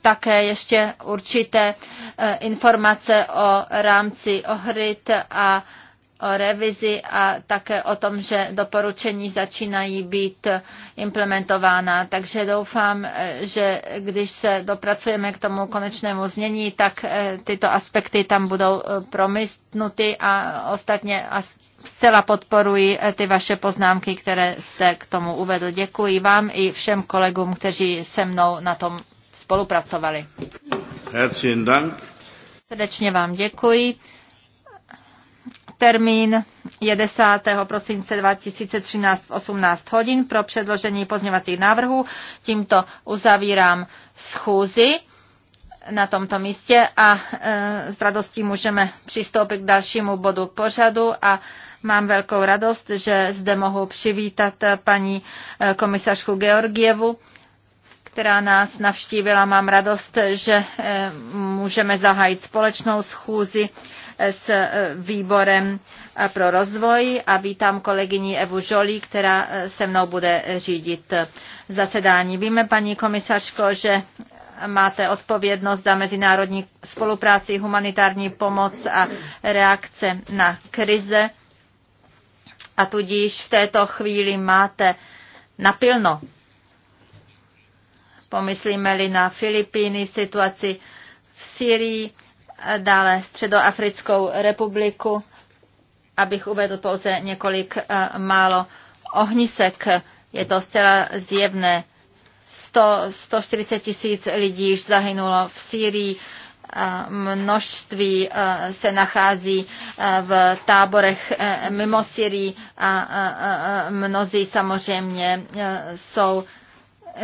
také ještě určité eh, informace o rámci OHRID a o revizi a také o tom, že doporučení začínají být implementována. Takže doufám, eh, že když se dopracujeme k tomu konečnému znění, tak eh, tyto aspekty tam budou promysnuty a ostatně zcela podporuji ty vaše poznámky, které jste k tomu uvedl. Děkuji vám i všem kolegům, kteří se mnou na tom spolupracovali. Herzlichen Dank. Srdečně vám děkuji. Termín je 10. prosince 2013 v 18 hodin pro předložení pozměvacích návrhů. Tímto uzavírám schůzi na tomto místě a e, s radostí můžeme přistoupit k dalšímu bodu pořadu a mám velkou radost, že zde mohu přivítat paní e, komisařku Georgievu která nás navštívila. Mám radost, že eh, můžeme zahájit společnou schůzi eh, s eh, výborem pro rozvoj a vítám kolegyni Evu Žolí, která se mnou bude řídit zasedání. Víme, paní komisařko, že máte odpovědnost za mezinárodní spolupráci, humanitární pomoc a reakce na krize a tudíž v této chvíli máte napilno Pomyslíme-li na Filipíny, situaci v Syrii, dále Středoafrickou republiku, abych uvedl pouze několik eh, málo ohnisek. Je to zcela zjevné. 100, 140 tisíc lidí již zahynulo v Syrii, eh, množství eh, se nachází v táborech mimo Syrii a mnozí samozřejmě jsou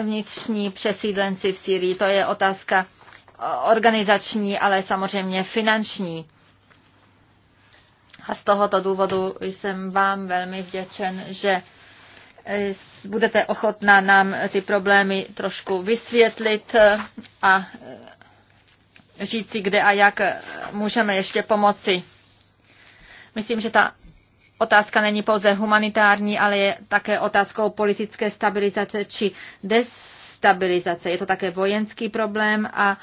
vnitřní přesídlenci v Syrii. To je otázka organizační, ale samozřejmě finanční. A z tohoto důvodu jsem vám velmi vděčen, že eh, budete ochotná nám ty problémy trošku vysvětlit eh, a eh, říci, kde a jak můžeme ještě pomoci. Myslím, že ta otázka není pouze humanitární, ale je také otázkou politické stabilizace či destabilizace. Je to také vojenský problém a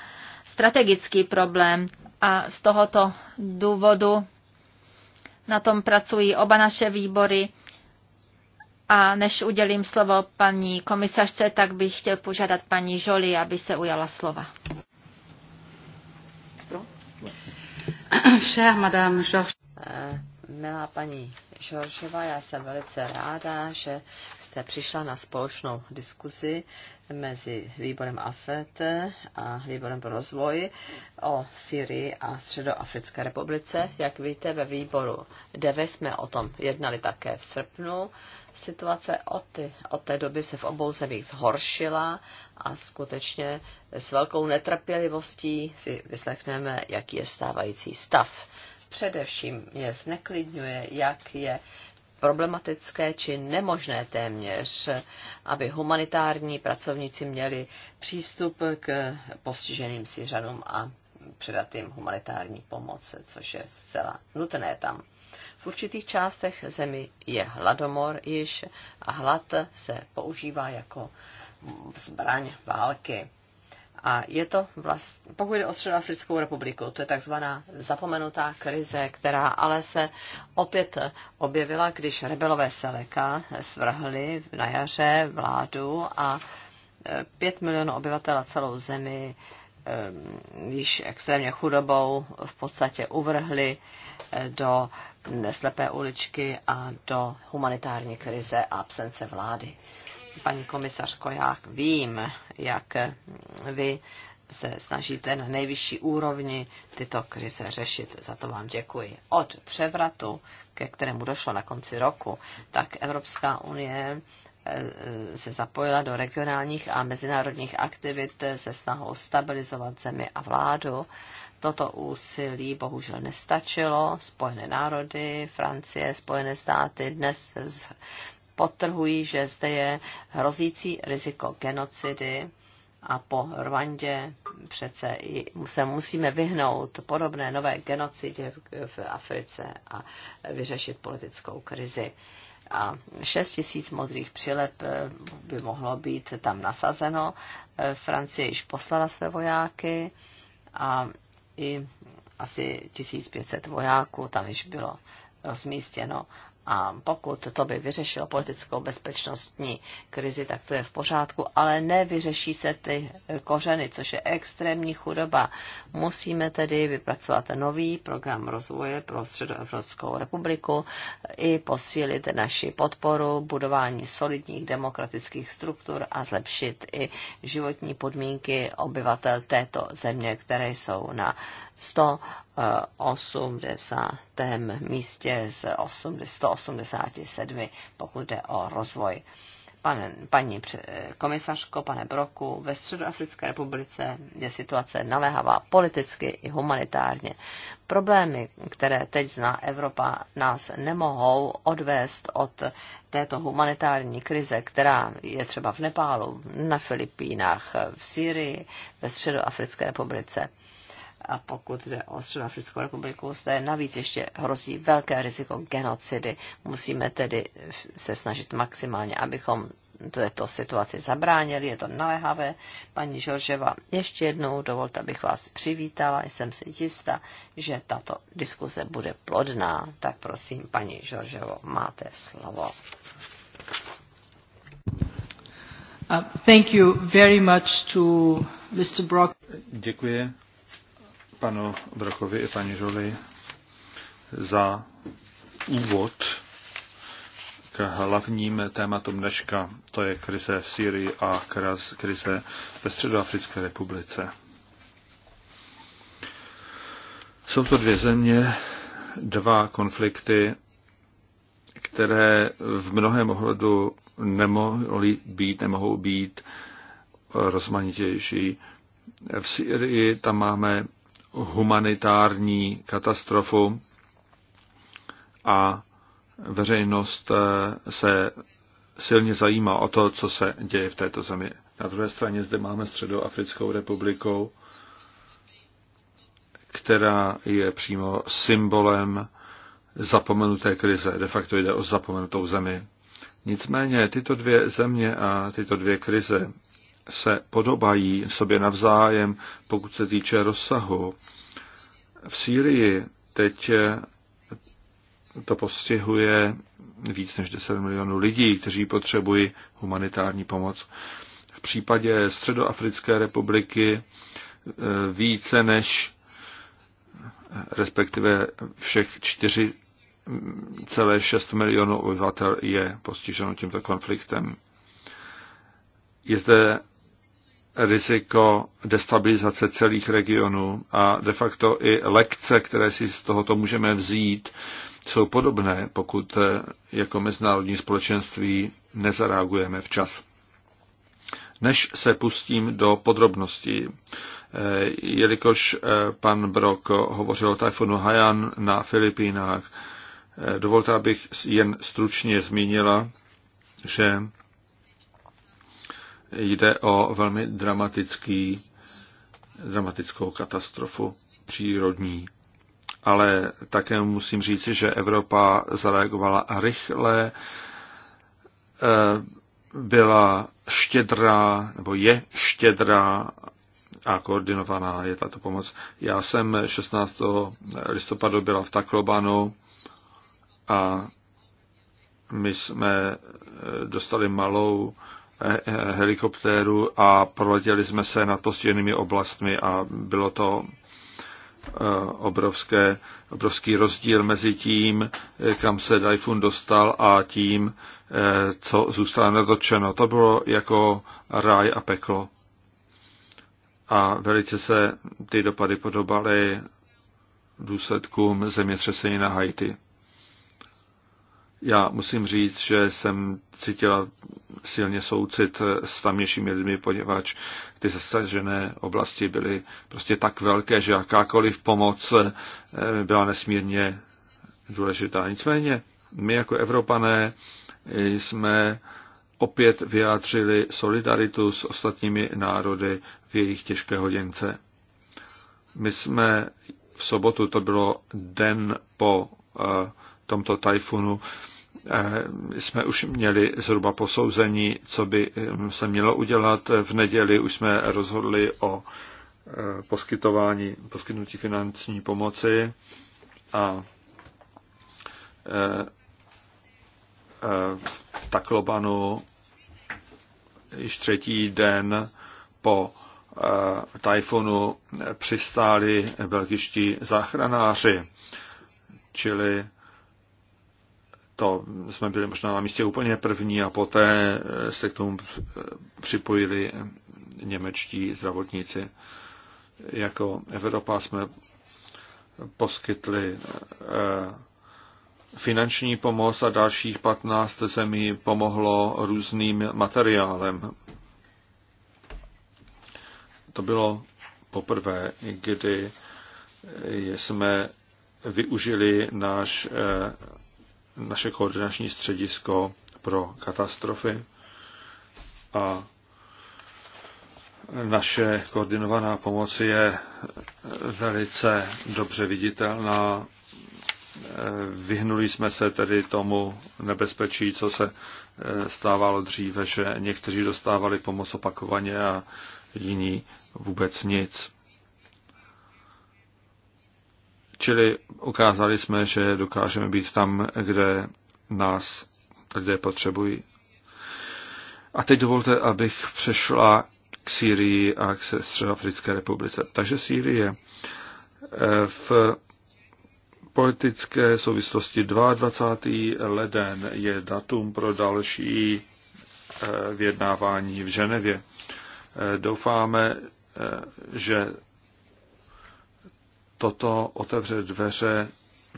strategický problém. A z tohoto důvodu na tom pracují oba naše výbory. A než udělím slovo paní komisařce, tak bych chtěl požádat paní Žoli, aby se ujala slova. Eh, milá paní Žoržova, já jsem velice ráda, že jste přišla na společnou diskuzi mezi výborem AFET a výborem pro rozvoj o Syrii a Středoafrické republice. Jak víte, ve výboru DEVE jsme o tom jednali také v srpnu. Situace od, ty, od té doby se v obou zemích zhoršila a skutečně s velkou netrpělivostí si vyslechneme, jaký je stávající stav. Především mě zneklidňuje, jak je problematické či nemožné téměř, aby humanitární pracovníci měli přístup k postiženým Syřanům a předat jim humanitární pomoc, což je zcela nutné tam. V určitých částech zemi je hladomor již a hlad se používá jako zbraň války. A je to vlastně, pokud jde o Středoafrickou republiku, to je takzvaná zapomenutá krize, která ale se opět objevila, když rebelové Seleka svrhli na jaře vládu a eh, pět milionů obyvatel celou zemi eh, již extrémně chudobou v podstatě uvrhli eh, do slepé uličky a do humanitární krize a absence vlády paní komisařko, já vím, jak vy se snažíte na nejvyšší úrovni tyto krize řešit. Za to vám děkuji. Od převratu, ke kterému došlo na konci roku, tak Evropská unie eh, eh, se zapojila do regionálních a mezinárodních aktivit se snahou stabilizovat zemi a vládu. Toto úsilí bohužel nestačilo. Spojené národy, Francie, Spojené státy dnes potrhují, že zde je hrozící riziko genocidy a po Rwandě přece se musíme vyhnout podobné nové genocidě v Africe a vyřešit politickou krizi. A 6 tisíc modrých přilep eh, by mohlo být tam nasazeno. Eh, Francie již poslala své vojáky a i asi 1500 vojáků tam již bylo rozmístěno a pokud to by vyřešilo politickou bezpečnostní krizi, tak to je v pořádku, ale nevyřeší se ty kořeny, což je extrémní chudoba. Musíme tedy vypracovat nový program rozvoje pro Středoevropskou republiku i posílit naši podporu, budování solidních demokratických struktur a zlepšit i životní podmínky obyvatel této země, které jsou na 180. místě z 187, pokud jde o rozvoj. Pane, paní komisařko, pane Broku, ve Středoafrické republice je situace naléhavá politicky i humanitárně. Problémy, které teď zná Evropa, nás nemohou odvést od této humanitární krize, která je třeba v Nepálu, na Filipínách, v Sýrii, ve Středoafrické republice a pokud jde o Středoafrickou republiku, zde navíc ještě hrozí velké riziko genocidy. Musíme tedy se snažit maximálně, abychom této situaci zabránili, je to naléhavé. Paní Žorževa, ještě jednou dovolte, abych vás přivítala, jsem si jistá, že tato diskuze bude plodná, tak prosím, paní Žorževo, máte slovo. Uh, thank you very much to Mr. Brock. Děkuji panu Brokovi i paní Žoli za úvod k hlavním tématům dneška. To je krize v Syrii a krize ve Středoafrické republice. Jsou to dvě země, dva konflikty, které v mnohém ohledu nemohly být, nemohou být rozmanitější. V Syrii tam máme humanitární katastrofu a veřejnost eh, se silně zajímá o to, co se děje v této zemi. Na druhé straně zde máme Středoafrickou republikou, která je přímo symbolem zapomenuté krize. De facto jde o zapomenutou zemi. Nicméně tyto dvě země a tyto dvě krize se podobají sobě navzájem, pokud se týče rozsahu. V Sýrii teď to postihuje víc než 10 milionů lidí, kteří potřebují humanitární pomoc. V případě Středoafrické republiky eh, více než eh, respektive všech 4,6 mm, milionů obyvatel je postiženo tímto konfliktem. Je zde riziko destabilizace celých regionů a de facto i lekce, které si z tohoto můžeme vzít, jsou podobné, pokud eh, jako mezinárodní společenství nezareagujeme včas. Než se pustím do podrobností, eh, jelikož eh, pan Brok hovořil o tajfunu Haiyan na Filipínách, dovolte, abych jen stručně zmínila, že jde o velmi dramatický, dramatickou katastrofu přírodní. Ale také musím říci, že Evropa zareagovala rychle, e, byla štědrá, nebo je štědrá a koordinovaná je tato pomoc. Já jsem 16. listopadu byla v Taklobanu a my jsme e, dostali malou Eh, eh, helikoptéru a proletěli jsme se nad postiženými oblastmi a bylo to eh, obrovské, obrovský rozdíl mezi tím, kam se Dajfun dostal a tím, co zůstalo nedotčeno. To bylo jako ráj a peklo. A velice se ty dopady podobaly důsledkům zemětřesení na Haiti. Já musím říct, že jsem cítila silně soucit s tamnějšími lidmi, poněvadž ty zasažené oblasti byly prostě tak velké, že jakákoliv pomoc eh, byla nesmírně důležitá. Nicméně my jako Evropané jsme opět vyjádřili solidaritu s ostatními národy v jejich těžké hodince. My jsme v sobotu, to bylo den po uh, tomto tajfunu eh, jsme už měli zhruba posouzení, co by eh, se mělo udělat. V neděli už jsme rozhodli o eh, poskytování, poskytnutí finanční pomoci a v Taklobanu již třetí den po tajfunu přistáli belgičtí záchranáři, čili to jsme byli možná na místě úplně první a poté eh, se k tomu eh, připojili němečtí zdravotníci. Jako Evropa jsme poskytli eh, finanční pomoc a dalších 15 zemí pomohlo různým materiálem. To bylo poprvé, kdy jsme využili náš naše koordinační středisko pro katastrofy a naše koordinovaná pomoc je velice dobře viditelná. Vyhnuli jsme se tedy tomu nebezpečí, co se eh, stávalo dříve, že někteří dostávali pomoc opakovaně a jiní vůbec nic. Čili ukázali jsme, že dokážeme být tam, kde nás lidé potřebují. A teď dovolte, abych přešla k Sýrii a k Středoafrické republice. Takže Sýrie eh, v politické souvislosti 22. leden je datum pro další eh, vyjednávání v Ženevě. Eh, doufáme, že toto otevře dveře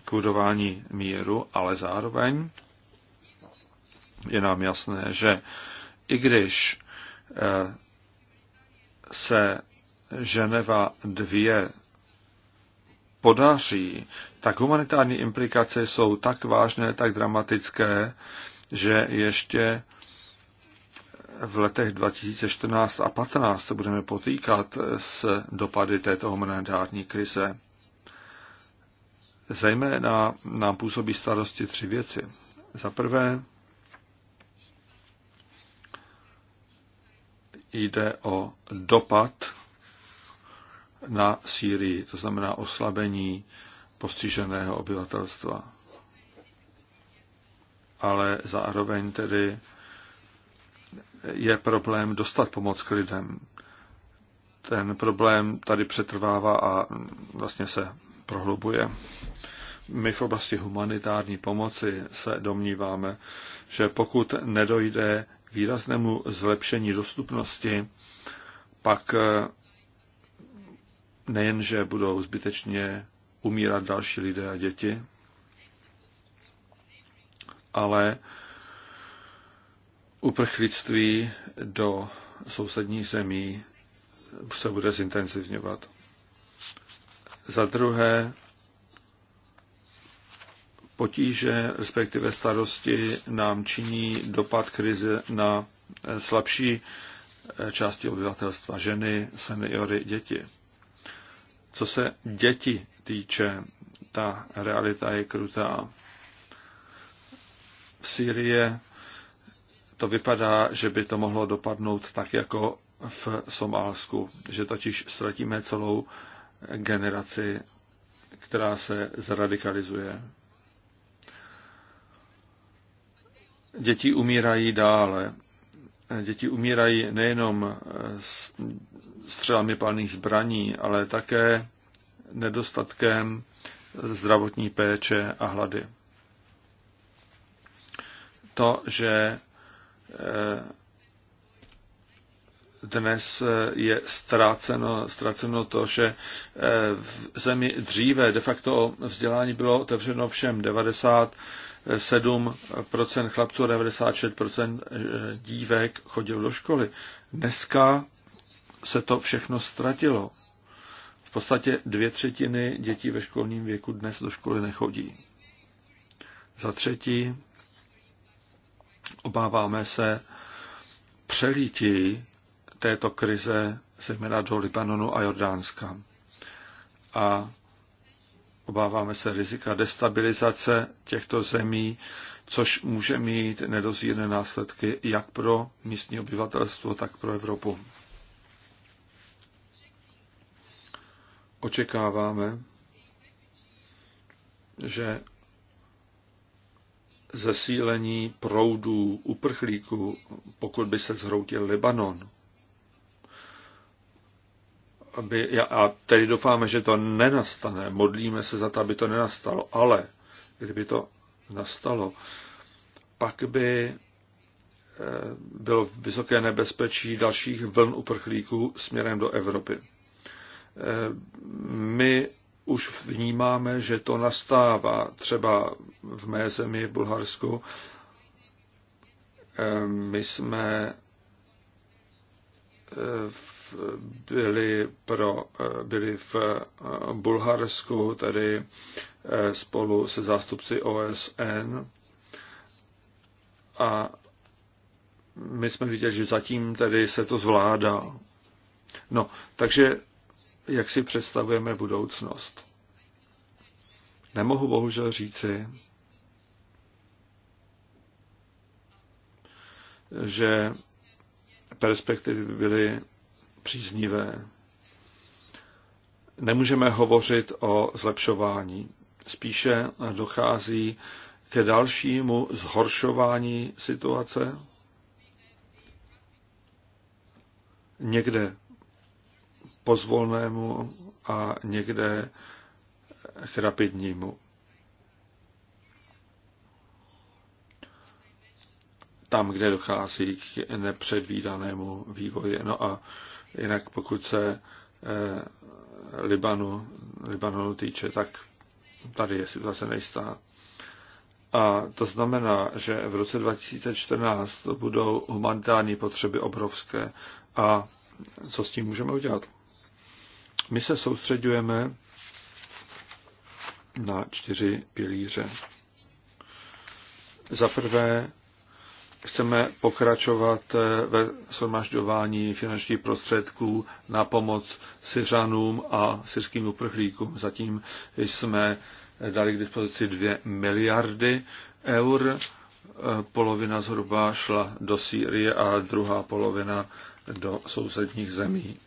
k budování míru, ale zároveň je nám jasné, že i když eh, se Ženeva 2 podaří, tak humanitární implikace jsou tak vážné, tak dramatické, že ještě v letech 2014 a 2015 se budeme potýkat s dopady této humanitární krize. Zejména nám působí starosti tři věci. Za prvé jde o dopad na Sýrii, to znamená oslabení postiženého obyvatelstva. Ale zároveň tedy je problém dostat pomoc k lidem. Ten problém tady přetrvává a vlastně se prohlubuje. My v oblasti humanitární pomoci se domníváme, že pokud nedojde k výraznému zlepšení dostupnosti, pak eh, nejenže budou zbytečně umírat další lidé a děti, ale uprchlictví do sousedních zemí se bude zintenzivňovat. Za druhé, potíže, respektive starosti nám činí dopad krize na eh, slabší eh, části obyvatelstva, ženy, seniory, děti. Co se děti týče, ta realita je krutá. V Sýrii to vypadá, že by to mohlo dopadnout tak jako v Somálsku, že totiž ztratíme celou generaci, která se zradikalizuje. Děti umírají dále. Děti umírají nejenom s střelami palných zbraní, ale také nedostatkem zdravotní péče a hlady. To, že eh, dnes eh, je ztráceno, ztráceno to, že eh, v zemi dříve de facto vzdělání bylo otevřeno všem 90 7% chlapců a 96% eh, dívek chodil do školy. Dneska se to všechno ztratilo. V podstatě dvě třetiny dětí ve školním věku dnes do školy nechodí. Za třetí, obáváme se přelítí této krize, zejména do Libanonu a Jordánska. A obáváme se rizika destabilizace těchto zemí, což může mít nedozírné následky jak pro místní obyvatelstvo, tak pro Evropu. Očekáváme, že zesílení proudů uprchlíků, pokud by se zhroutil Libanon, aby, a tedy doufáme, že to nenastane, modlíme se za to, aby to nenastalo, ale kdyby to nastalo, pak by eh, bylo vysoké nebezpečí dalších vln uprchlíků směrem do Evropy. Eh, my už vnímáme, že to nastává třeba v mé zemi, v Bulharsku. Eh, my jsme v byli, pro, byli v Bulharsku, tedy eh, spolu se zástupci OSN. A my jsme viděli, že zatím tedy se to zvládá. No, takže jak si představujeme budoucnost? Nemohu bohužel říci, že perspektivy by byly příznivé. Nemůžeme hovořit o zlepšování. Spíše dochází ke dalšímu zhoršování situace. Někde pozvolnému a někde k rapidnímu. Tam, kde dochází k nepředvídanému vývoji. No a Jinak pokud se eh, Libanu, Libanonu týče, tak tady je situace nejistá. A to znamená, že v roce 2014 budou humanitární potřeby obrovské. A co s tím můžeme udělat? My se soustředujeme na čtyři pilíře. Za prvé chceme pokračovat eh, ve shromažďování finančních prostředků na pomoc Syřanům a syrským uprchlíkům. Zatím jsme eh, dali k dispozici 2 miliardy eur. Eh, polovina zhruba šla do Sýrie a druhá polovina do sousedních zemí.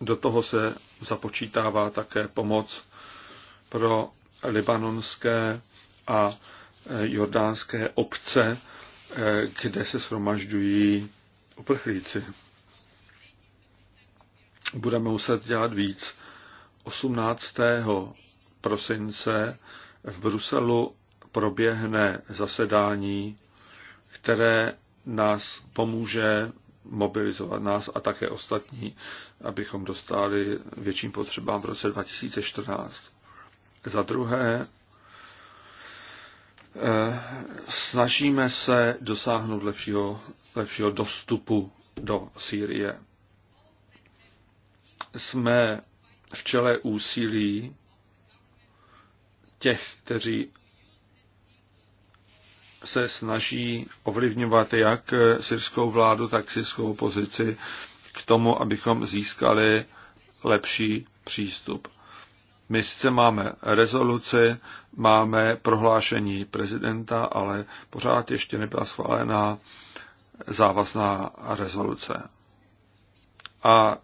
Do toho se započítává také pomoc pro libanonské a jordánské obce, eh, kde se shromažďují uprchlíci. Budeme muset dělat víc. 18. prosince v Bruselu proběhne zasedání, které nás pomůže mobilizovat nás a také ostatní, abychom dostali větším potřebám v roce 2014. Za druhé, Eh, snažíme se dosáhnout lepšího, lepšího dostupu do Sýrie. Jsme v čele úsilí těch, kteří se snaží ovlivňovat jak eh, syrskou vládu, tak syrskou opozici k tomu, abychom získali lepší přístup. My sice máme rezoluci, máme prohlášení prezidenta, ale pořád ještě nebyla schválená závazná rezoluce. A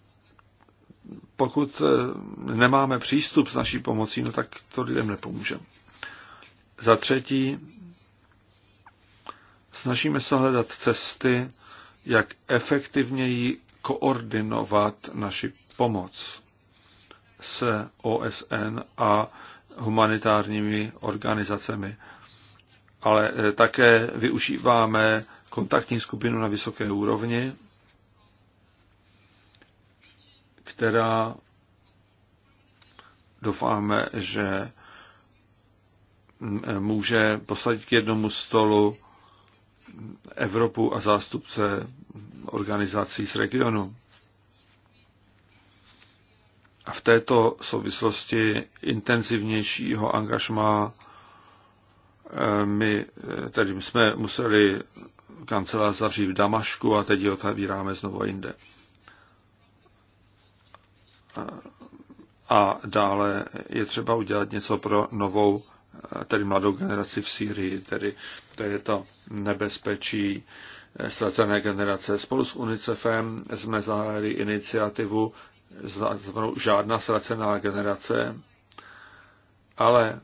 pokud eh, nemáme přístup s naší pomocí, no tak to lidem nepomůže. Za třetí, snažíme se hledat cesty, jak efektivněji koordinovat naši pomoc s OSN a humanitárními organizacemi. Ale eh, také využíváme kontaktní skupinu na vysoké úrovni, která doufáme, že mm, eh, může posadit k jednomu stolu Evropu a zástupce organizací z regionu a v této souvislosti intenzivnějšího angažma eh, my, eh, tedy my jsme museli kancelář zavřít v Damašku a teď ji otevíráme znovu jinde. A dále je třeba udělat něco pro novou, eh, tedy mladou generaci v Sýrii, tedy to je to nebezpečí ztracené generace. Spolu s UNICEFem jsme zahájili iniciativu žádná ztracená generace, ale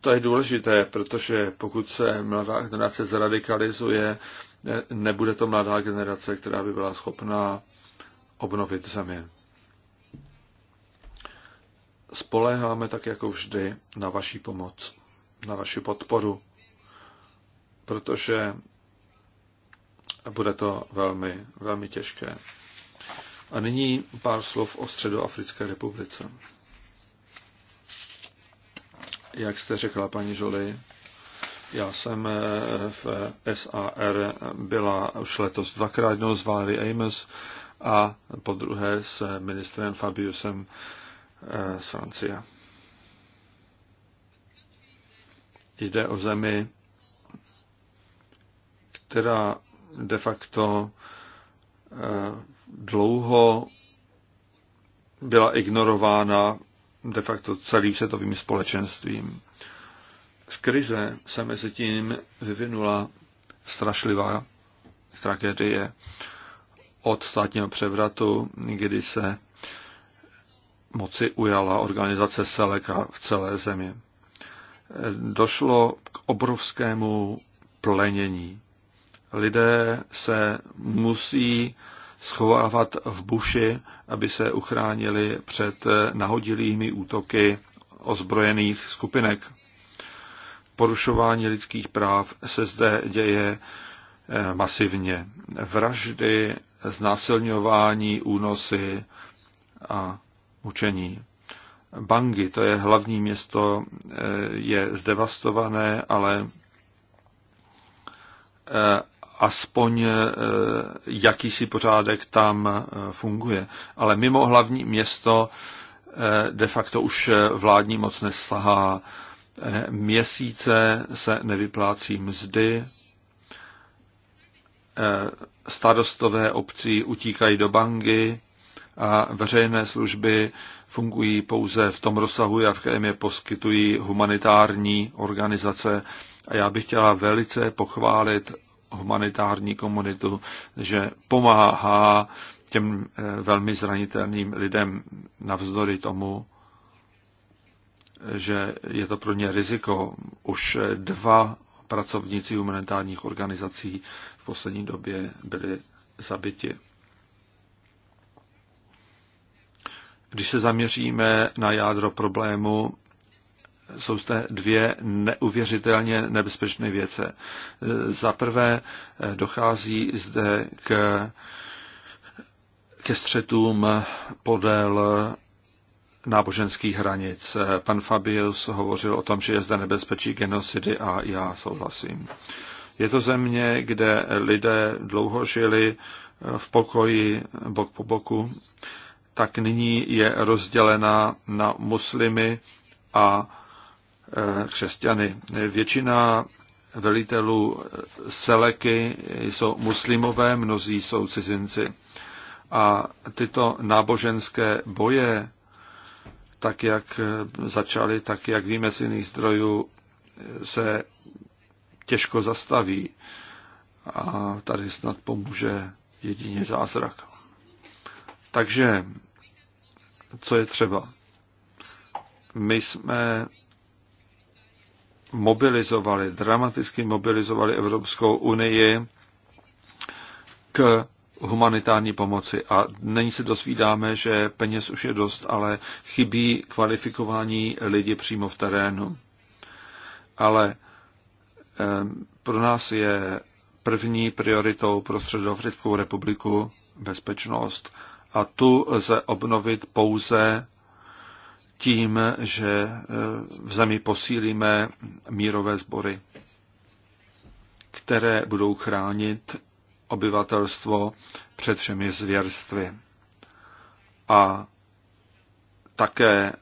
to je důležité, protože pokud se mladá generace zradikalizuje, nebude to mladá generace, která by byla schopná obnovit země. Spoléháme tak jako vždy na vaši pomoc, na vaši podporu, protože a bude to velmi, velmi těžké. A nyní pár slov o Středoafrické republice. Jak jste řekla, paní Žoli, já jsem eh, v SAR byla už letos dvakrát, jednou s Valerie Amos a po druhé s ministrem Fabiusem eh, z Francie. Jde o zemi, která de facto eh, dlouho byla ignorována de facto celým světovým společenstvím. Z krize se mezi tím vyvinula strašlivá tragédie od státního převratu, kdy se moci ujala organizace Seleka v celé zemi. Došlo k obrovskému plenění lidé se musí schovávat v buši, aby se uchránili před nahodilými útoky ozbrojených skupinek. Porušování lidských práv se zde děje eh, masivně. Vraždy, znásilňování, únosy a mučení. Bangi, to je hlavní město, eh, je zdevastované, ale eh, aspoň eh, jakýsi pořádek tam eh, funguje. Ale mimo hlavní město eh, de facto už vládní moc nesahá. Měsíce se nevyplácí mzdy, starostové obcí utíkají do banky a veřejné služby fungují pouze v tom rozsahu, jakém je poskytují humanitární organizace. A já bych chtěla velice pochválit humanitární komunitu, že pomáhá těm eh, velmi zranitelným lidem navzdory tomu, že je to pro ně riziko. Už eh, dva pracovníci humanitárních organizací v poslední době byli zabiti. Když se zaměříme na jádro problému, jsou zde dvě neuvěřitelně nebezpečné věce. Za prvé dochází zde k, ke střetům podél náboženských hranic. Pan Fabius hovořil o tom, že je zde nebezpečí genocidy a já souhlasím. Je to země, kde lidé dlouho žili v pokoji bok po boku, tak nyní je rozdělena na muslimy a Eh, křesťany. Většina velitelů Seleky jsou muslimové, mnozí jsou cizinci. A tyto náboženské boje, tak jak začaly, tak jak víme z jiných zdrojů, se těžko zastaví. A tady snad pomůže jedině zázrak. Takže, co je třeba? My jsme mobilizovali, dramaticky mobilizovali Evropskou unii k humanitární pomoci. A není se dosvídáme, že peněz už je dost, ale chybí kvalifikování lidi přímo v terénu. Ale pro nás je první prioritou pro Středoafrickou republiku bezpečnost a tu lze obnovit pouze tím, že e, v zemi posílíme mírové sbory, které budou chránit obyvatelstvo před všemi zvěrstvy. A také e,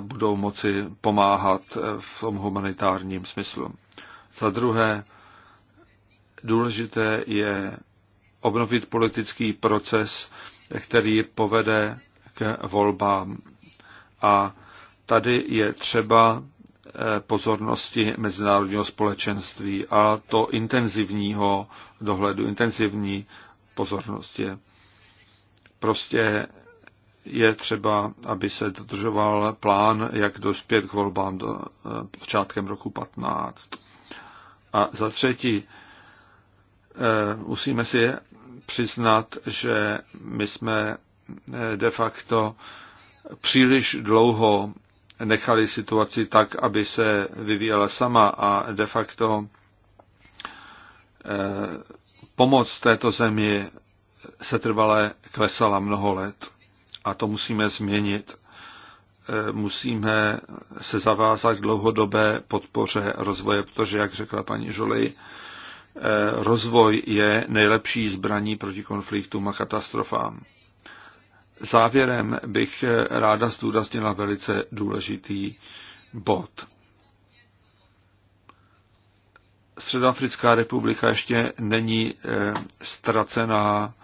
budou moci pomáhat v tom humanitárním smyslu. Za druhé, důležité je obnovit politický proces, který povede k volbám a tady je třeba eh, pozornosti mezinárodního společenství a to intenzivního dohledu, intenzivní pozornosti. Prostě je třeba, aby se dodržoval plán, jak dospět k volbám do, eh, počátkem roku 15. A za třetí, eh, musíme si přiznat, že my jsme de facto příliš dlouho nechali situaci tak, aby se vyvíjela sama a de facto eh, pomoc této zemi trvale klesala mnoho let a to musíme změnit. Eh, musíme se zavázat k dlouhodobé podpoře rozvoje, protože, jak řekla paní Žoli, eh, rozvoj je nejlepší zbraní proti konfliktům a katastrofám. Závěrem bych ráda zdůraznila velice důležitý bod. Středoafrická republika ještě není eh, ztracená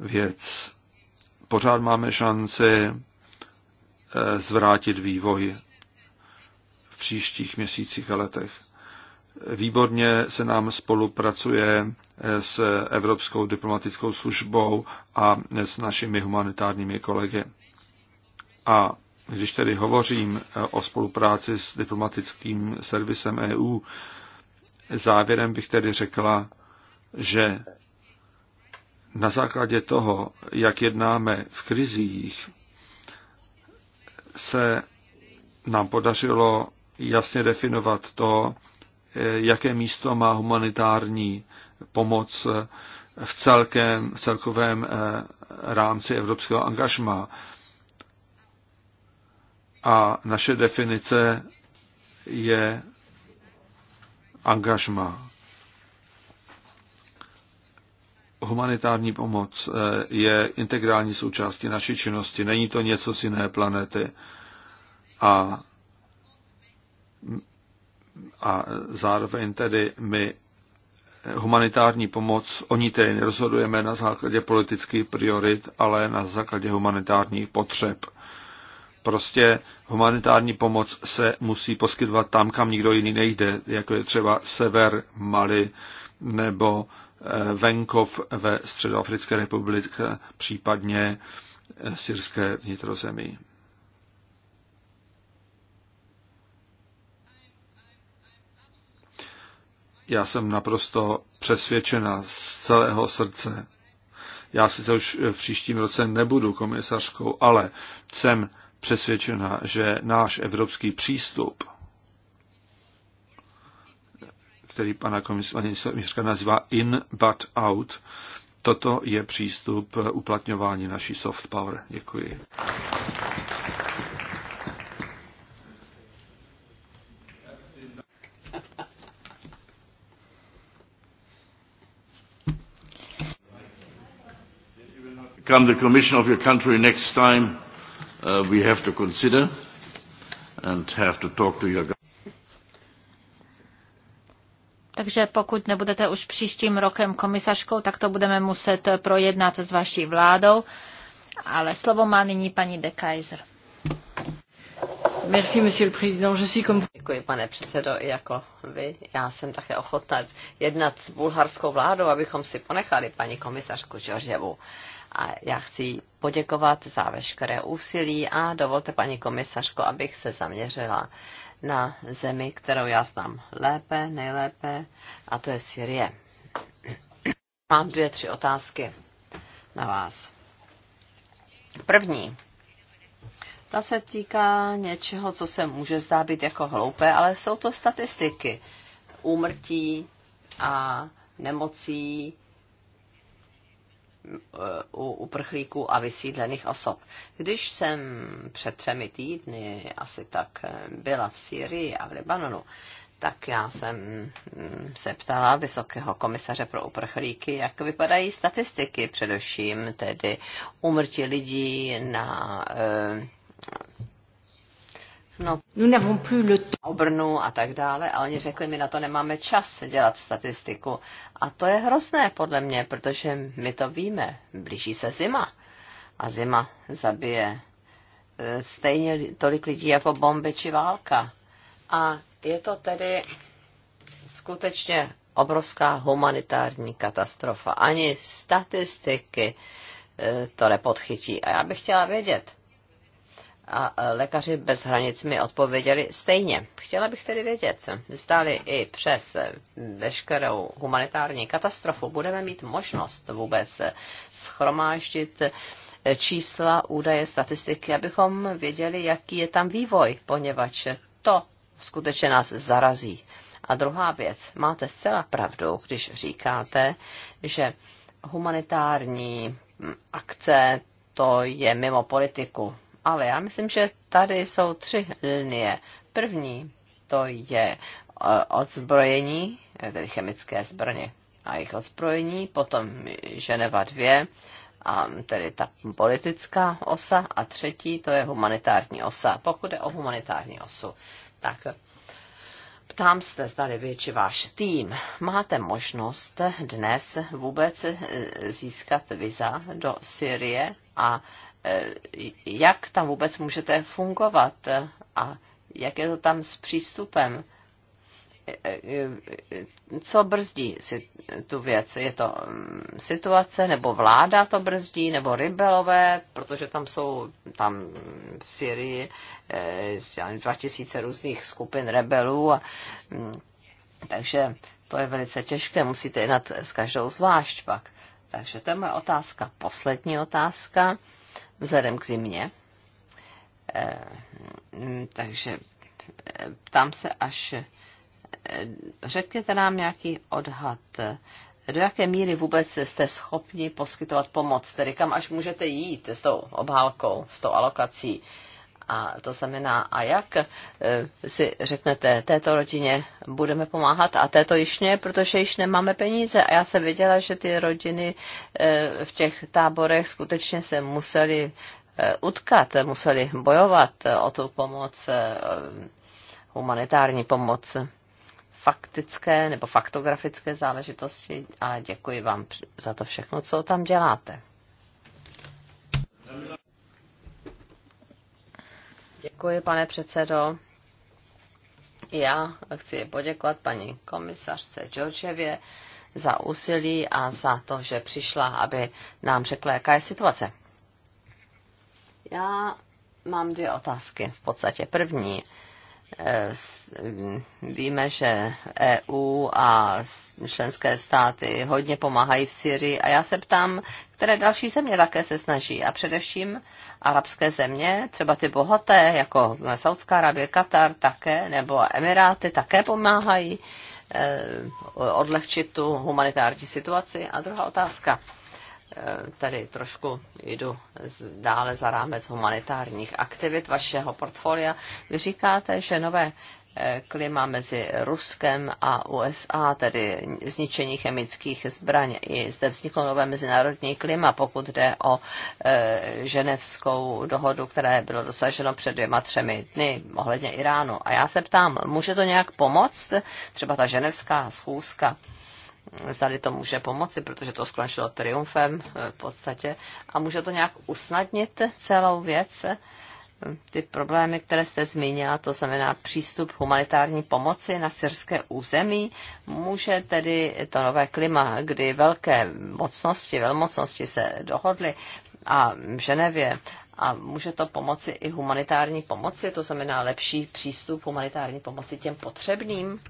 věc. Pořád máme šanci eh, zvrátit vývoj v příštích měsících a letech. Výborně se nám spolupracuje eh, s Evropskou diplomatickou službou a s našimi humanitárními kolegy. A když tedy hovořím eh, o spolupráci s diplomatickým servisem EU, závěrem bych tedy řekla, že na základě toho, jak jednáme v krizích, se nám podařilo jasně definovat to, Eh, jaké místo má humanitární pomoc eh, v, celkem, v celkovém eh, rámci evropského angažma. A naše definice je angažma. Humanitární pomoc je integrální součástí naší činnosti. Není to něco z jiné planety. A a zároveň tedy my eh, humanitární pomoc, o ní tedy nerozhodujeme na základě politických priorit, ale na základě humanitárních potřeb. Prostě humanitární pomoc se musí poskytovat tam, kam nikdo jiný nejde, jako je třeba sever Mali nebo eh, venkov ve Středoafrické republice, případně eh, syrské vnitrozemí. já jsem naprosto přesvědčena z celého srdce. Já sice už v příštím roce nebudu komisařkou, ale jsem přesvědčena, že náš evropský přístup, který pana komisařka nazývá in but out, toto je přístup uplatňování naší soft power. Děkuji. come the commission of your country next time, uh, we have to consider and have to talk to your takže pokud nebudete už příštím rokem komisařkou, tak to budeme muset projednat s vaší vládou. Ale slovo má nyní paní de Kaiser. Merci, monsieur le président. Je suis comme... Děkuji, pane předsedo, i jako vy. Já jsem také ochotná jednat s bulharskou vládou, abychom si ponechali paní komisařku Georgievu a já chci poděkovat za veškeré úsilí a dovolte paní komisařko, abych se zaměřila na zemi, kterou já znám lépe, nejlépe, a to je Syrie. Mám dvě, tři otázky na vás. První. Ta se týká něčeho, co se může zdá být jako hloupé, ale jsou to statistiky. Úmrtí a nemocí u uprchlíků a vysídlených osob. Když jsem před třemi týdny asi tak eh, byla v Syrii a v Libanonu, tak já jsem mm, se ptala Vysokého komisaře pro uprchlíky, jak vypadají statistiky, především tedy umrtí lidí na eh, no, nous n'avons plus le Obrnu a tak dále. A oni řekli, my na to nemáme čas dělat statistiku. A to je hrozné podle mě, protože my to víme. Blíží se zima. A zima zabije e, stejně tolik lidí jako bomby či válka. A je to tedy skutečně obrovská humanitární katastrofa. Ani statistiky e, to nepodchytí. A já bych chtěla vědět, a lékaři bez hranic mi odpověděli stejně. Chtěla bych tedy vědět, zdali i přes veškerou humanitární katastrofu budeme mít možnost vůbec schromáždit čísla, údaje, statistiky, abychom věděli, jaký je tam vývoj, poněvadž to skutečně nás zarazí. A druhá věc, máte zcela pravdu, když říkáte, že humanitární akce to je mimo politiku. Ale já myslím, že tady jsou tři linie. První to je e, odzbrojení, e, tedy chemické zbraně a jejich odzbrojení, potom Ženeva 2, a tedy ta politická osa a třetí to je humanitární osa. Pokud je o humanitární osu, tak Ptám se, zdali vy či váš tým máte možnost dnes vůbec e, získat viza do Syrie a Eh, jak tam vůbec můžete fungovat a jak je to tam s přístupem. Eh, eh, co brzdí si tu věc? Je to mm, situace, nebo vláda to brzdí, nebo rybelové, protože tam jsou, tam v Syrii 2000 různých skupin rebelů. A, mm, takže to je velice těžké, musíte jednat s každou zvlášť pak. Takže to je moje otázka. Poslední otázka vzhledem k zimě. Eh, hm, takže eh, ptám se až, eh, řekněte nám nějaký odhad, do jaké míry vůbec jste schopni poskytovat pomoc, tedy kam až můžete jít s tou obhálkou, s tou alokací a to znamená, a jak e, si řeknete, této rodině budeme pomáhat a této již ne, protože již nemáme peníze. A já jsem viděla, že ty rodiny e, v těch táborech skutečně se museli e, utkat, museli bojovat o tu pomoc, humanitární pomoc faktické nebo faktografické záležitosti, ale děkuji vám za to všechno, co tam děláte. Děkuji, pane předsedo. Já chci poděkovat paní komisařce Georgievě za úsilí a za to, že přišla, aby nám řekla, jaká je situace. Já mám dvě otázky v podstatě. První Eh, víme, že EU a členské státy hodně pomáhají v Syrii a já se ptám, které další země také se snaží a především arabské země, třeba ty bohaté, jako Saudská Arabie, Katar také, nebo Emiráty také pomáhají eh, odlehčit tu humanitární situaci. A druhá otázka tady trošku jdu dále za rámec humanitárních aktivit vašeho portfolia. Vy říkáte, že nové eh, klima mezi Ruskem a USA, tedy zničení chemických zbraň. I zde vzniklo nové mezinárodní klima, pokud jde o e, ženevskou dohodu, které bylo dosaženo před dvěma, třemi dny ohledně Iránu. A já se ptám, může to nějak pomoct? Třeba ta ženevská schůzka zdali to může pomoci, protože to skončilo triumfem e, v podstatě a může to nějak usnadnit celou věc, e, ty problémy, které jste zmínila, to znamená přístup humanitární pomoci na syrské území, může tedy to nové klima, kdy velké mocnosti, velmocnosti se dohodly a v Ženevě a může to pomoci i humanitární pomoci, to znamená lepší přístup humanitární pomoci těm potřebným?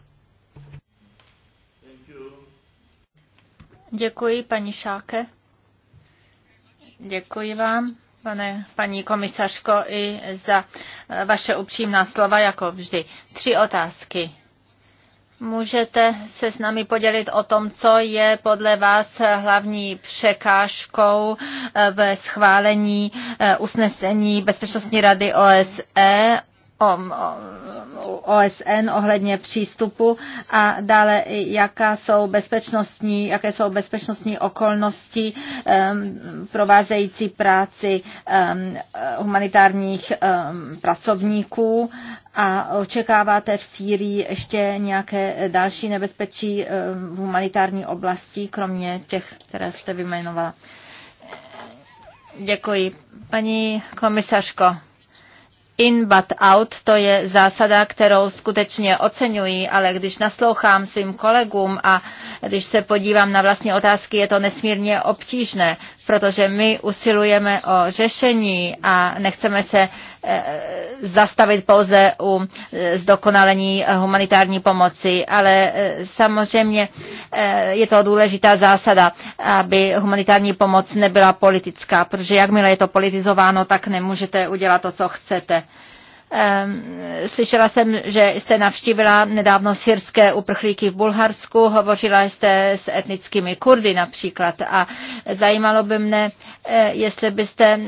Děkuji, paní Šáke. Děkuji vám, pane, paní komisařko, i za eh, vaše upřímná slova, jako vždy. Tři otázky. Můžete se s námi podělit o tom, co je podle vás hlavní překážkou eh, ve schválení eh, usnesení Bezpečnostní rady OSE OSN ohledně přístupu a dále jaká jsou bezpečnostní, jaké jsou bezpečnostní okolnosti um, provázející práci um, humanitárních um, pracovníků a očekáváte v Sýrii ještě nějaké další nebezpečí um, v humanitární oblasti, kromě těch, které jste vyjmenovala. Děkuji. Paní komisařko in but out, to je zásada, kterou skutečně oceňuji, ale když naslouchám svým kolegům a když se podívám na vlastní otázky, je to nesmírně obtížné protože my usilujeme o řešení a nechceme se eh, zastavit pouze u eh, zdokonalení humanitární pomoci, ale eh, samozřejmě je to důležitá zásada, aby humanitární pomoc nebyla politická, protože jakmile je to politizováno, tak nemůžete udělat to, co chcete. Slyšela jsem, že jste navštívila nedávno syrské uprchlíky v Bulharsku, hovořila jste s etnickými Kurdy například a zajímalo by mne, eh, jestli byste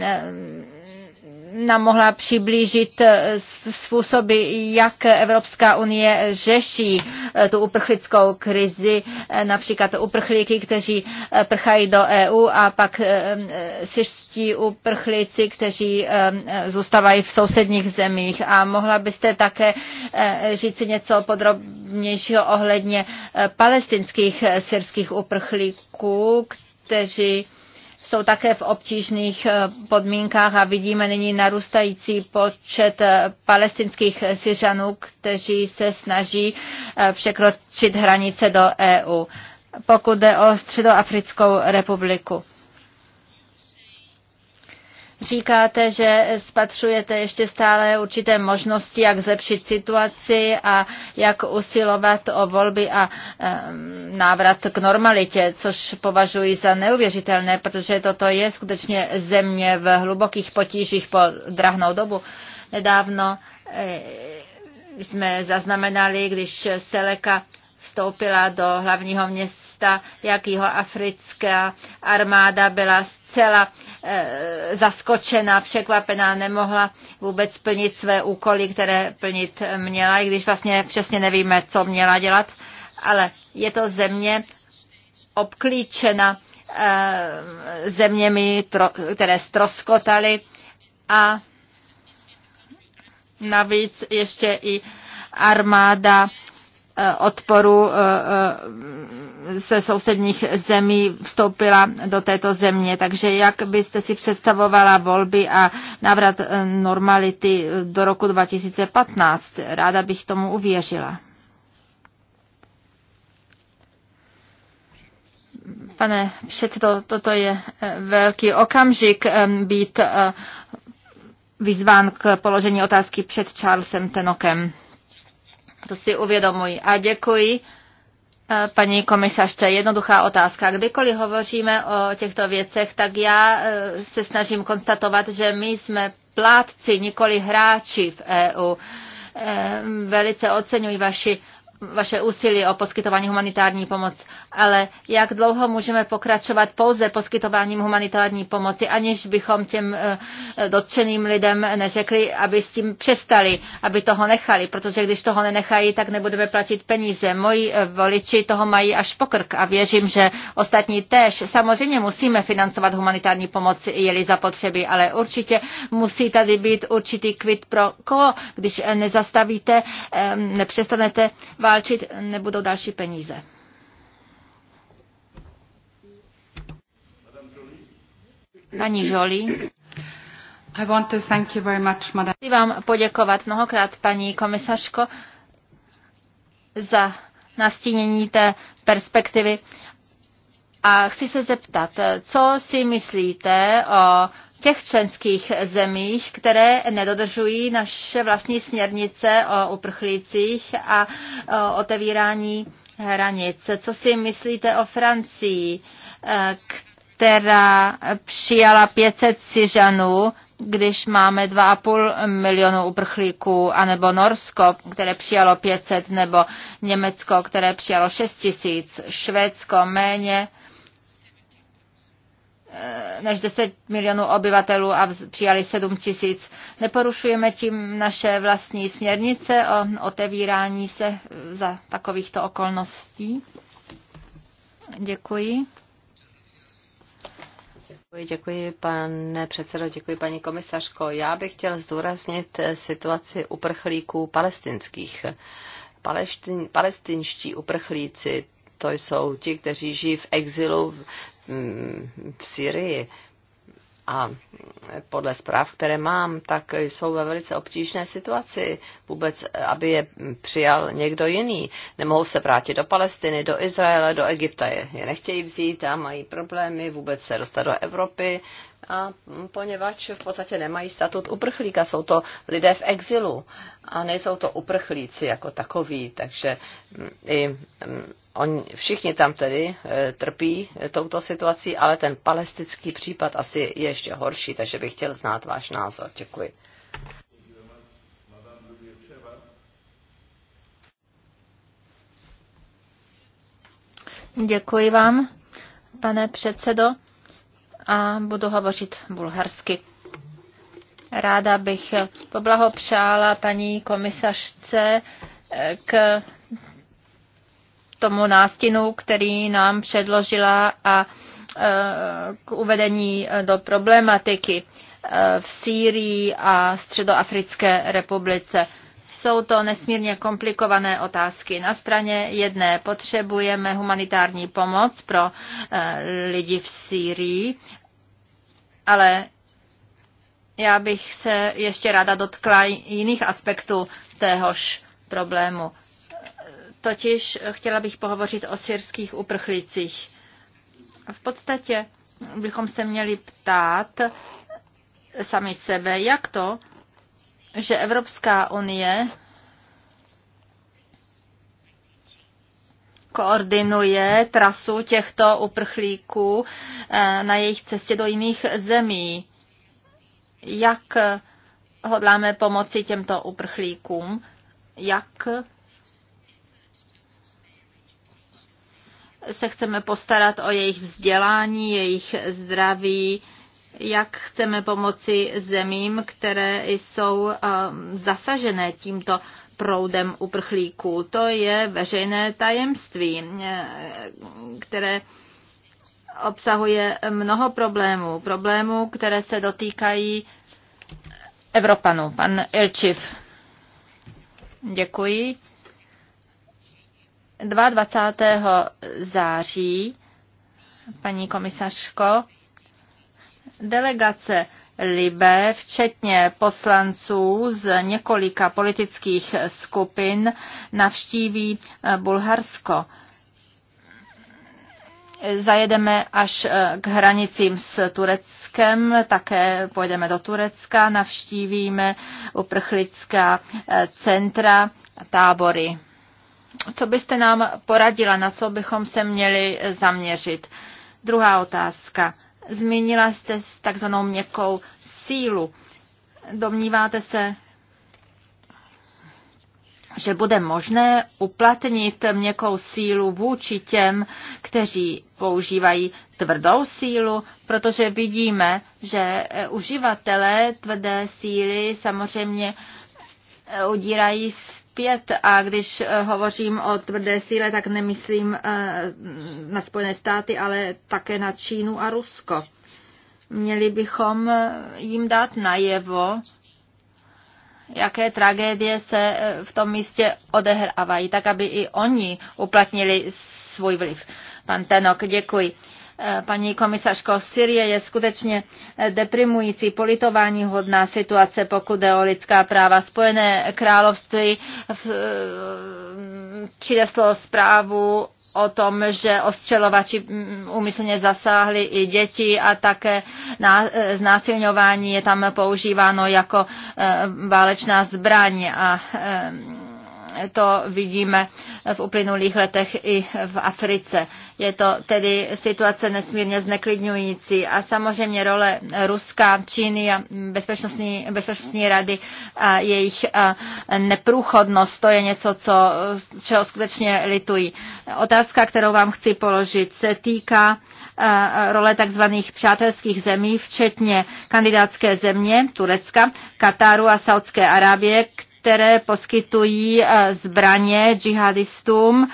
nám mohla přiblížit eh, způsoby, jak Evropská unie řeší eh, tu uprchlickou krizi, eh, například uprchlíky, kteří prchají do EU a pak syřští uprchlíci, kteří zůstávají v sousedních zemích. A mohla byste také říct něco podrobnějšího ohledně palestinských syrských uprchlíků, kteří jsou také v obtížných eh, podmínkách a vidíme nyní narůstající počet eh, palestinských Syřanů, kteří se snaží eh, překročit hranice do EU. Pokud jde o Středoafrickou republiku. Říkáte, že spatřujete ještě stále určité možnosti, jak zlepšit situaci a jak usilovat o volby a návrat k normalitě, což považuji za neuvěřitelné, protože toto je skutečně země v hlubokých potížích po drahnou dobu. Nedávno eh, jsme zaznamenali, když Seleka vstoupila do hlavního města místa, jak jeho africká armáda byla zcela e, zaskočena, překvapená, nemohla vůbec plnit své úkoly, které plnit měla, i když vlastně přesně nevíme, co měla dělat, ale je to země obklíčena e, zeměmi, tro, které stroskotaly a navíc ještě i armáda eh, odporu ze sousedních zemí vstoupila do této země. Takže jak byste si představovala volby a návrat eh, normality eh, do roku 2015? Ráda bych tomu uvěřila. Pane předsedo, toto je eh, velký okamžik být vyzván k položení otázky před Charlesem Tenokem. To si uvědomuji a děkuji Paní komisařce, jednoduchá otázka. Kdykoliv hovoříme o těchto věcech, tak já e, se snažím konstatovat, že my jsme plátci, nikoli hráči v EU. E, velice oceňuji vaši vaše úsilí o poskytování humanitární pomoc, ale jak dlouho můžeme pokračovat pouze poskytováním humanitární pomoci, aniž bychom těm eh, dotčeným lidem neřekli, aby s tím přestali, aby toho nechali, protože když toho nenechají, tak nebudeme platit peníze. Moji eh, voliči toho mají až pokrk a věřím, že ostatní též. Samozřejmě musíme financovat humanitární pomoc, je-li zapotřebí, ale určitě musí tady být určitý kvit pro ko, když nezastavíte, eh, nepřestanete válčit nebudou další peníze. Paní Žolí. I want to thank you very much, madam. Chci vám poděkovat mnohokrát, paní komisařko, za nastínění té perspektivy. A chci se zeptat, co si myslíte o těch členských zemích, které nedodržují naše vlastní směrnice o uprchlících a o e, otevírání hranic. Co si myslíte o Francii, e, která přijala 500 Syřanů, když máme 2,5 milionu uprchlíků, anebo Norsko, které přijalo 500, nebo Německo, které přijalo 6 tisíc, Švédsko méně, Eh, než 10 milionů obyvatelů a přijali 7 tisíc. Neporušujeme tím naše vlastní směrnice o otevírání se za takovýchto okolností. Děkuji. Děkuji, děkuji, pane předsedo, děkuji, paní komisařko. Já bych chtěl zdůraznit eh, situaci uprchlíků palestinských. Palestin, palestinští uprchlíci, to jsou ti, kteří žijí v exilu Mm, v Syrii a podle zpráv, které mám, tak jsou ve velice obtížné situaci vůbec, aby je přijal někdo jiný. Nemohou se vrátit do Palestiny, do Izraele, do Egypta. Je, nechtějí vzít a mají problémy vůbec se dostat do Evropy, a poněvadž v podstatě nemají statut uprchlíka, jsou to lidé v exilu a nejsou to uprchlíci jako takoví, takže mm, i mm, oni, všichni tam tedy e, trpí touto situací, ale ten palestický případ asi je ještě horší, takže bych chtěl znát váš názor. Děkuji. Děkuji vám, pane předsedo a budu hovořit bulharsky. Ráda bych poblahopřála paní komisařce eh, k tomu nástinu, který nám předložila a eh, k uvedení eh, do problematiky v Sýrii a Středoafrické republice. Jsou to nesmírně komplikované otázky. Na straně jedné potřebujeme humanitární pomoc pro lidi v Sýrii ale já bych se ještě ráda dotkla jiných aspektů téhož problému. Totiž chtěla bych pohovořit o syrských uprchlících. V podstatě bychom se měli ptát sami sebe, jak to, že Evropská unie koordinuje trasu těchto uprchlíků eh, na jejich cestě do jiných zemí. Jak hodláme pomoci těmto uprchlíkům? Jak se chceme postarat o jejich vzdělání, jejich zdraví, jak chceme pomoci zemím, které jsou eh, zasažené tímto proudem uprchlíků. To je veřejné tajemství, eh, které obsahuje mnoho problémů. Problémů, které se dotýkají Evropanů. Pan Ilčiv. Děkuji. 22. září, paní komisařko, delegace Libe, včetně poslanců z několika politických skupin, navštíví eh, Bulharsko. Zajedeme až eh, k hranicím s Tureckem, také pojedeme do Turecka, navštívíme uprchlická eh, centra, tábory. Co byste nám poradila, na co bychom se měli zaměřit? Druhá otázka. Zmínila jste takzvanou měkkou sílu. Domníváte se, že bude možné uplatnit měkkou sílu vůči těm, kteří používají tvrdou sílu, protože vidíme, že eh, uživatelé tvrdé síly samozřejmě udírají eh, zpět a když eh, hovořím o tvrdé síle, tak nemyslím eh, na Spojené státy, ale také na Čínu a Rusko. Měli bychom eh, jim dát najevo, jaké tragédie se v tom místě odehrávají, tak aby i oni uplatnili svůj vliv. Pan Tenok, děkuji paní komisařko, Syrie je skutečně eh, deprimující, politování hodná situace, pokud jde o lidská práva. Spojené království eh, eh, přineslo zprávu o tom, že ostřelovači mm, úmyslně zasáhli i děti a také znásilňování je tam používáno jako válečná zbraň a to vidíme v uplynulých letech i v Africe. Je to tedy situace nesmírně zneklidňující a samozřejmě role Ruska, Číny a bezpečnostní, bezpečnostní rady a jejich neprůchodnost, to je něco, co, čeho skutečně litují. Otázka, kterou vám chci položit, se týká role tzv. přátelských zemí, včetně kandidátské země Turecka, Kataru a Saudské Arábie, které poskytují eh, zbraně džihadistům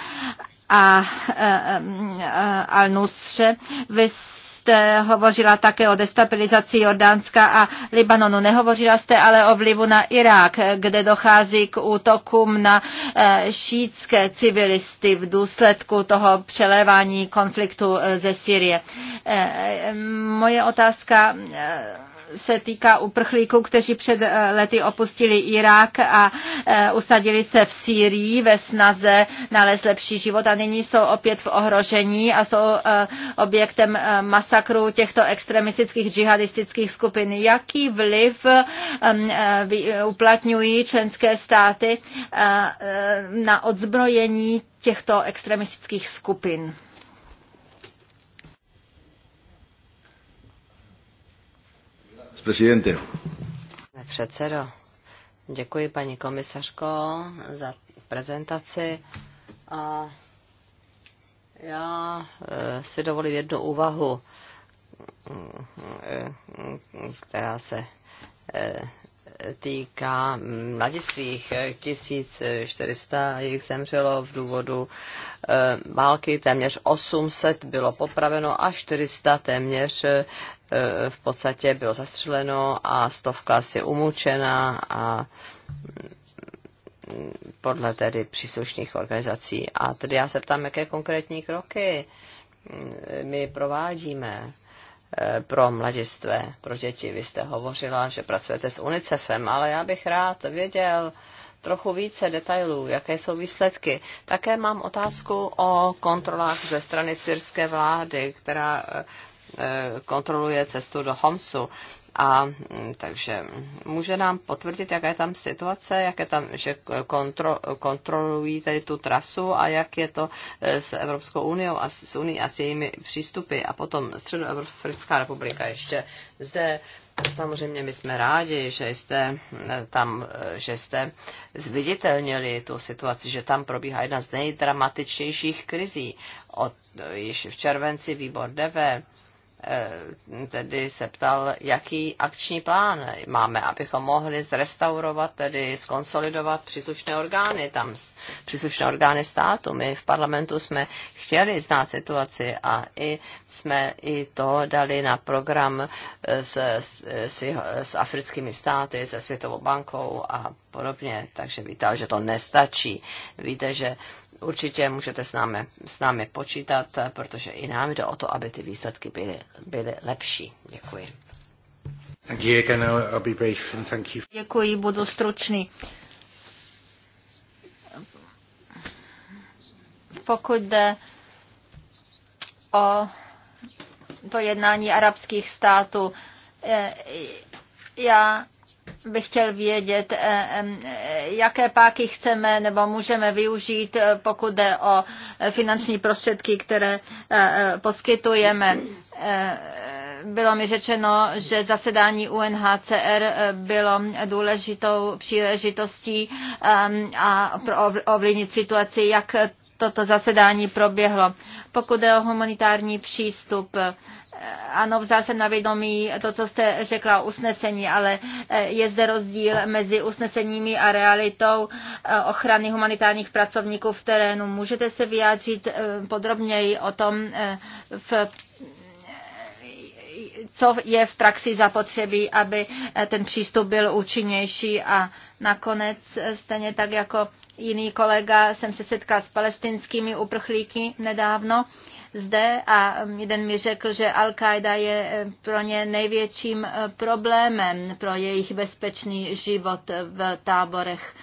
a eh, eh, Al-Nusře. Vy jste hovořila také o destabilizaci Jordánska a Libanonu. Nehovořila jste ale o vlivu na Irák, kde dochází k útokům na šítské civilisty v důsledku toho přelévání konfliktu ze Syrie. Moje otázka se týká uprchlíků, kteří před eh, lety opustili Irák a eh, usadili se v Sýrii ve snaze nalézt lepší život a nyní jsou opět v ohrožení a jsou eh, objektem masakru těchto extremistických džihadistických skupin. Jaký vliv uplatňují členské státy na odzbrojení těchto extremistických skupin? presidente. Předsedo, děkuji paní komisařko za prezentaci a já e, si dovolím jednu úvahu, e, e, která se týká mladistvých. 1400 eh, jich zemřelo v důvodu eh, války, téměř 800 bylo popraveno a 400 téměř eh, v podstatě bylo zastřeleno a stovka si umučena a mm, podle tedy příslušných organizací. A tedy já se ptám, jaké konkrétní kroky mm, my provádíme pro mladistvé, pro děti. Vy jste hovořila, že pracujete s UNICEFem, ale já bych rád věděl trochu více detailů, jaké jsou výsledky. Také mám otázku o kontrolách ze strany syrské vlády, která eh, eh, kontroluje cestu do Homsu. A mm, takže může nám potvrdit, jaká je tam situace, jak je tam, že kontro, kontrolují tady tu trasu a jak je to e, s Evropskou uniou a s unii a s jejími přístupy. A potom Středoevropská republika ještě zde. Samozřejmě my jsme rádi, že jste e, tam, e, že jste zviditelnili tu situaci, že tam probíhá jedna z nejdramatičtějších krizí. Od, již v červenci výbor DV Eh, tedy se ptal, jaký akční plán máme, abychom mohli zrestaurovat, tedy skonsolidovat příslušné orgány, tam příslušné orgány státu. My v parlamentu jsme chtěli znát situaci a i jsme i to dali na program eh, s, s, s africkými státy, se Světovou bankou a podobně, takže víte, že to nestačí. Víte, že určitě můžete s námi, s námi počítat, protože i nám jde o to, aby ty výsledky byly, byly lepší. Děkuji. Děkuji, budu stručný. Pokud jde o to jednání arabských států, eh, já bych chtěl vědět, eh, eh, jaké páky chceme nebo můžeme využít, eh, pokud jde o finanční prostředky, které poskytujeme. Bylo mi řečeno, že zasedání UNHCR bylo důležitou příležitostí a ovlivnit situaci, jak toto zasedání proběhlo. Pokud jde o humanitární přístup, ano, vzal jsem na vědomí to, co jste řekla o usnesení, ale e, je zde rozdíl mezi usneseními a realitou e, ochrany humanitárních pracovníků v terénu. Můžete se vyjádřit e, podrobněji o tom, v co je v praxi zapotřebí, aby ten přístup byl účinnější a nakonec stejně tak jako jiný kolega jsem se setkal s palestinskými uprchlíky nedávno zde a um, jeden mi řekl, že Al-Qaida je eh, pro ně největším eh, problémem pro jejich bezpečný život v táborech.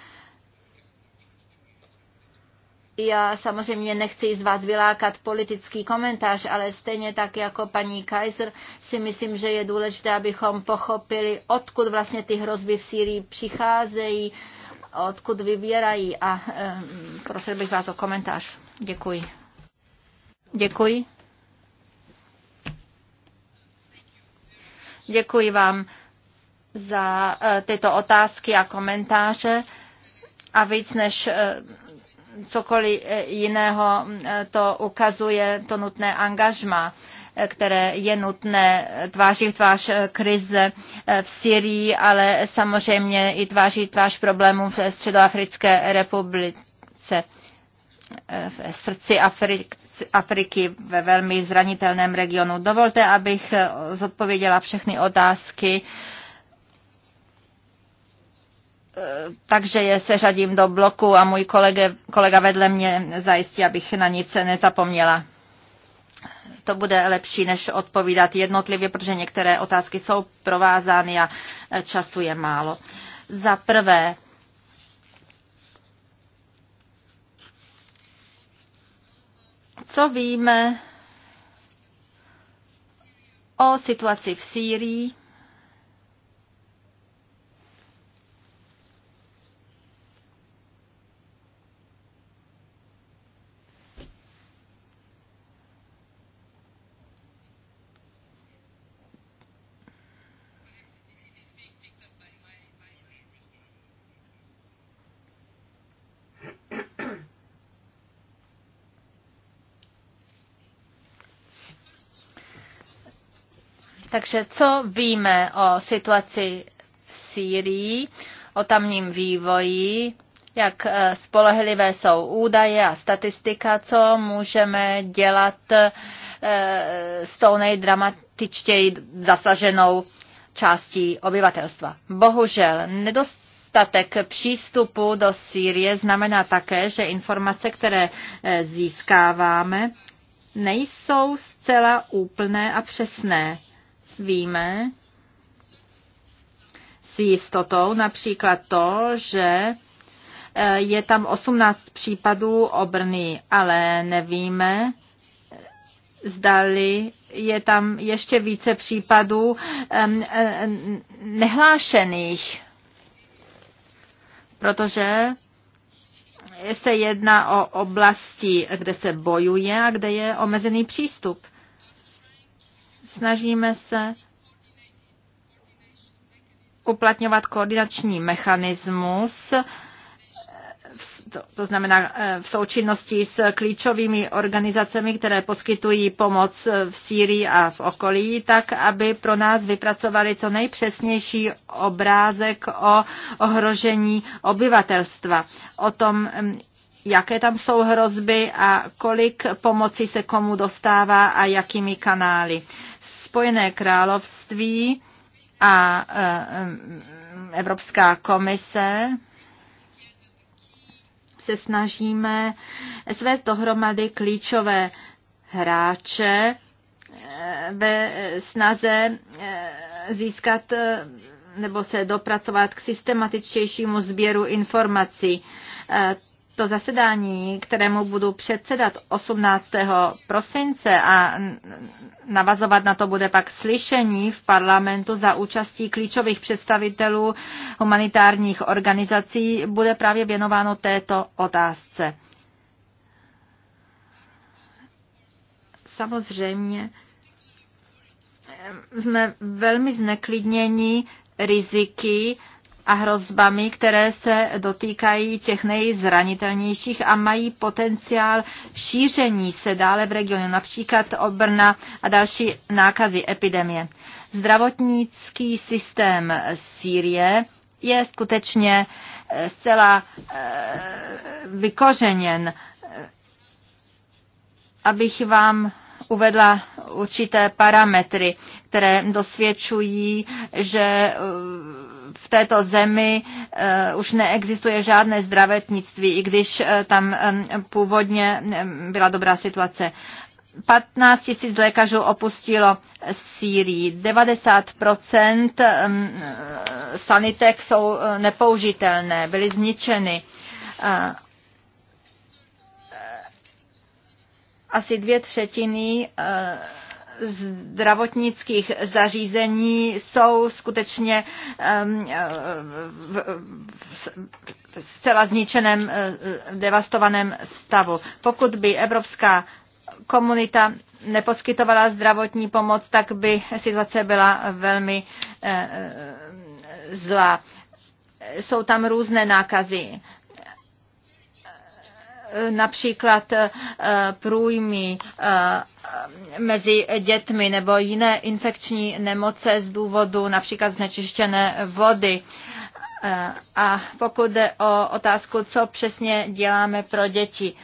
Já samozřejmě nechci z vás vylákat politický komentář, ale stejně tak jako paní Kaiser si myslím, že je důležité, abychom pochopili, odkud vlastně ty hrozby v Sýrii přicházejí, odkud vybírají a e, prosil bych vás o komentář. Děkuji. Děkuji. Děkuji vám za eh, tyto otázky a komentáře a víc než eh, cokoliv eh, jiného mm, to ukazuje to nutné angažma, které je nutné tváří v tvář krize v Syrii, ale samozřejmě i tváří v tvář problémů v Středoafrické republice v srdci Afriky. Afriky ve velmi zranitelném regionu. Dovolte, abych zodpověděla všechny otázky, takže je seřadím do bloku a můj kolege, kolega vedle mě zajistí, abych na nic nezapomněla. To bude lepší, než odpovídat jednotlivě, protože některé otázky jsou provázány a času je málo. Za prvé, Co víme o situaci v Sýrii? Takže co víme o situaci v Sýrii, o tamním vývoji, jak eh, spolehlivé jsou údaje a statistika, co můžeme dělat eh, s tou nejdramatičtěji zasaženou částí obyvatelstva. Bohužel nedostatek přístupu do Sýrie znamená také, že informace, které eh, získáváme, nejsou zcela úplné a přesné víme s jistotou například to, že e, je tam 18 případů obrny, ale nevíme, zdali je tam ještě více případů e, nehlášených, protože se jedná o oblasti, kde se bojuje a kde je omezený přístup. Snažíme se uplatňovat koordinační mechanismus, to znamená eh, v součinnosti s klíčovými organizacemi, které poskytují pomoc v Sýrii a v okolí, tak aby pro nás vypracovali co nejpřesnější obrázek o ohrožení obyvatelstva, o tom, mm, jaké tam jsou hrozby a kolik pomoci se komu dostává a jakými kanály. Spojené království a eh, Evropská komise se snažíme svést dohromady klíčové hráče eh, ve snaze eh, získat nebo se dopracovat k systematičtějšímu sběru informací to zasedání, kterému budu předsedat 18. prosince a navazovat na to bude pak slyšení v parlamentu za účastí klíčových představitelů humanitárních organizací, bude právě věnováno této otázce. Samozřejmě ehm, jsme velmi zneklidněni riziky a hrozbami, které se dotýkají těch nejzranitelnějších a mají potenciál šíření se dále v regionu, například obrna a další nákazy epidemie. Zdravotnický systém Sýrie je skutečně eh, zcela eh, vykořeněn. Abych vám uvedla určité parametry, které dosvědčují, že eh, v této zemi eh, už neexistuje žádné zdravotnictví, i když eh, tam původně byla dobrá situace. 15 tisíc lékařů opustilo Sýrii. 90% ehm, sanitek jsou nepoužitelné, byly zničeny asi dvě třetiny eh, zdravotnických zařízení jsou skutečně eh, v zcela zničeném, eh, devastovaném stavu. Pokud by Evropská komunita neposkytovala zdravotní pomoc, tak by situace byla velmi zlá. Jsou tam různé nákazy například eh, průjmy eh, mezi dětmi nebo jiné infekční nemoce z důvodu například znečištěné vody. Eh, a pokud jde o otázku, co přesně děláme pro děti,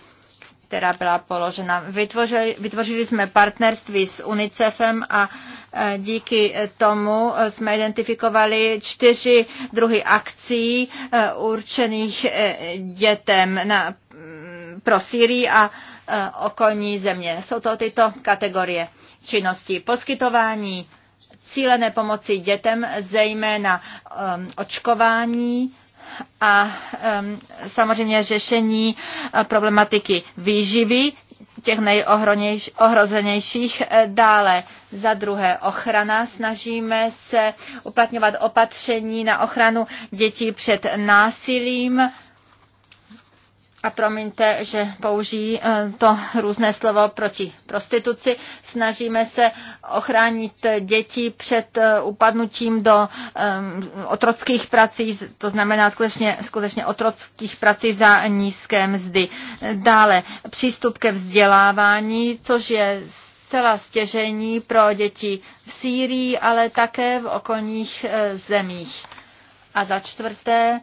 která byla položena. Vytvořili, vytvořili jsme partnerství s UNICEFem a díky tomu jsme identifikovali čtyři druhy akcí určených dětem na pro Syrii a e, okolní země. Jsou to tyto kategorie činností. Poskytování cílené pomoci dětem, zejména um, očkování a um, samozřejmě řešení e, problematiky výživy těch nejohrozenějších. E, dále za druhé ochrana. Snažíme se uplatňovat opatření na ochranu dětí před násilím a promiňte, že použijí eh, to různé slovo proti prostituci. Snažíme se ochránit děti před eh, upadnutím do eh, otrockých prací, to znamená skutečně, skutečně otrockých prací za nízké mzdy. Dále přístup ke vzdělávání, což je celá stěžení pro děti v Sýrii, ale také v okolních zemích. A za čtvrté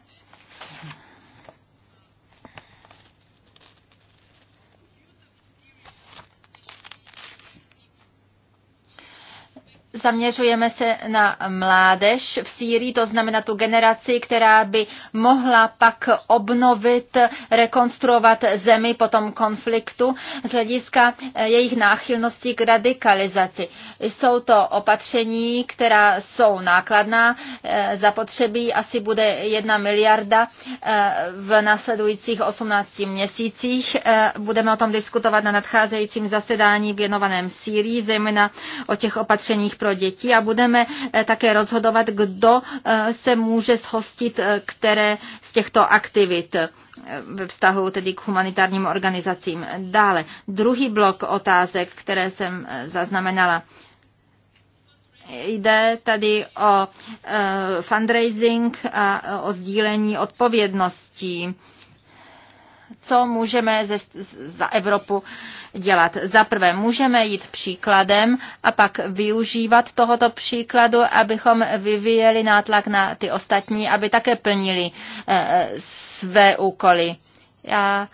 Zaměřujeme se na mládež v Sýrii, to znamená tu generaci, která by mohla pak obnovit, rekonstruovat zemi po tom konfliktu z hlediska eh, jejich náchylnosti k radikalizaci. Jsou to opatření, která jsou nákladná, eh, zapotřebí asi bude jedna miliarda eh, v následujících 18 měsících. Budeme o tom diskutovat na nadcházejícím zasedání věnovaném Sýrii, zejména o těch opatřeních pro děti a budeme eh, také rozhodovat, kdo eh, se může zhostit eh, které z těchto aktivit ve vztahu tedy k humanitárním organizacím. Dále, druhý blok otázek, které jsem zaznamenala. Jde tady o fundraising a o sdílení odpovědností co můžeme ze, za Evropu dělat. Za prvé, můžeme jít příkladem a pak využívat tohoto příkladu, abychom vyvíjeli nátlak na ty ostatní, aby také plnili e, své úkoly. Já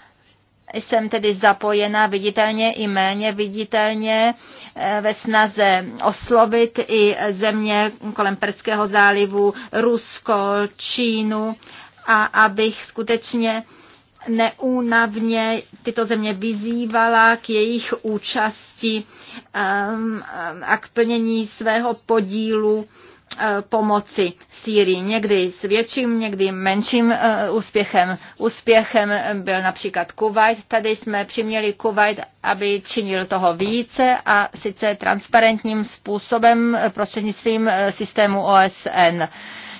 jsem tedy zapojena viditelně i méně viditelně eh, ve snaze oslovit i země kolem Perského zálivu, Rusko, Čínu a abych skutečně neúnavně tyto země vyzývala k jejich účasti um, a k plnění svého podílu uh, pomoci Sýrii. Někdy s větším, někdy menším uh, úspěchem. Úspěchem byl například Kuwait. Tady jsme přiměli Kuwait, aby činil toho více a sice transparentním způsobem prostřednictvím uh, systému OSN.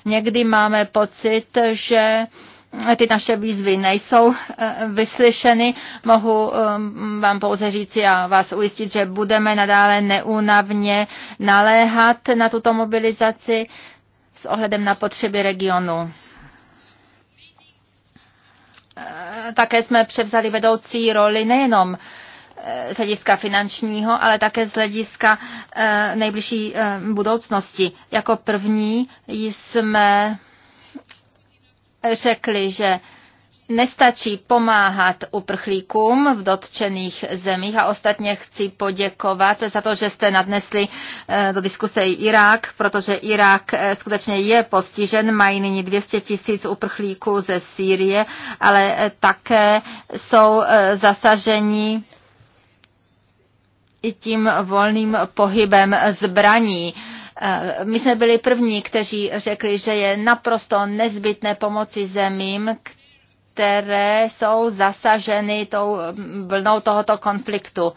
Někdy máme pocit, že uh, ty naše výzvy nejsou eh, vyslyšeny. Mohu ehm, vám pouze říci a vás ujistit, že budeme nadále neúnavně naléhat na tuto mobilizaci s ohledem na potřeby regionu. Eh, také jsme převzali vedoucí roli nejenom eh, z hlediska finančního, ale také z hlediska nejbližší budoucnosti. Jako první jsme řekli, že nestačí pomáhat uprchlíkům v dotčených zemích a ostatně chci poděkovat za to, že jste nadnesli eh, do diskuse Irák, protože Irák eh, skutečně je postižen, mají nyní 200 tisíc uprchlíků ze Sýrie, ale eh, také jsou zasaženi i tím volným pohybem zbraní Eh, my jsme byli první, kteří řekli, že je naprosto nezbytné pomoci zemím, které jsou zasaženy tou mm, vlnou tohoto konfliktu.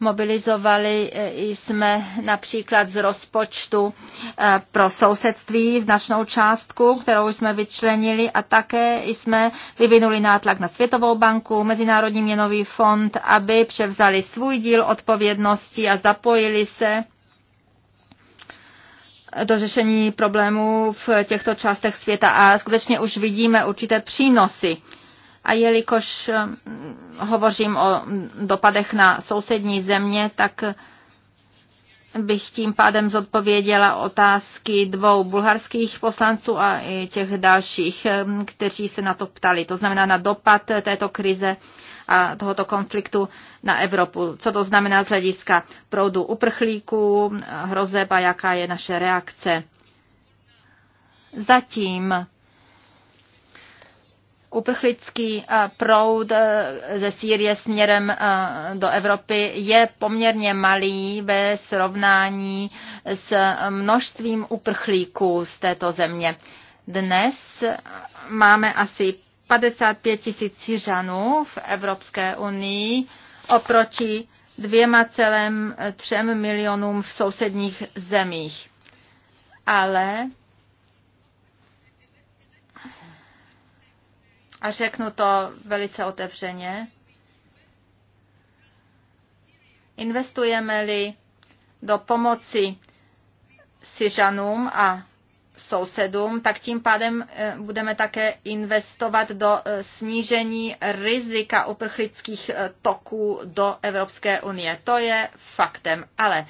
Mobilizovali eh, jsme například z rozpočtu eh, pro sousedství značnou částku, kterou jsme vyčlenili a také jsme vyvinuli nátlak na Světovou banku, Mezinárodní měnový fond, aby převzali svůj díl odpovědnosti a zapojili se do řešení problémů v těchto částech světa a skutečně už vidíme určité přínosy. A jelikož mm, hovořím o dopadech na sousední země, tak bych tím pádem zodpověděla otázky dvou bulharských poslanců a i těch dalších, mm, kteří se na to ptali. To znamená na dopad této krize a tohoto konfliktu na Evropu. Co to znamená z hlediska proudu uprchlíků, hrozeb a jaká je naše reakce. Zatím uprchlický eh, proud eh, ze Sýrie směrem eh, do Evropy je poměrně malý ve srovnání s množstvím uprchlíků z této země. Dnes máme asi 55 tisíc Syřanů v Evropské unii oproti dvěma třem milionům v sousedních zemích. Ale a řeknu to velice otevřeně, investujeme-li do pomoci Syřanům a sousedům, tak tím pádem eh, budeme také investovat do eh, snížení rizika uprchlických eh, toků do Evropské unie. To je faktem. Ale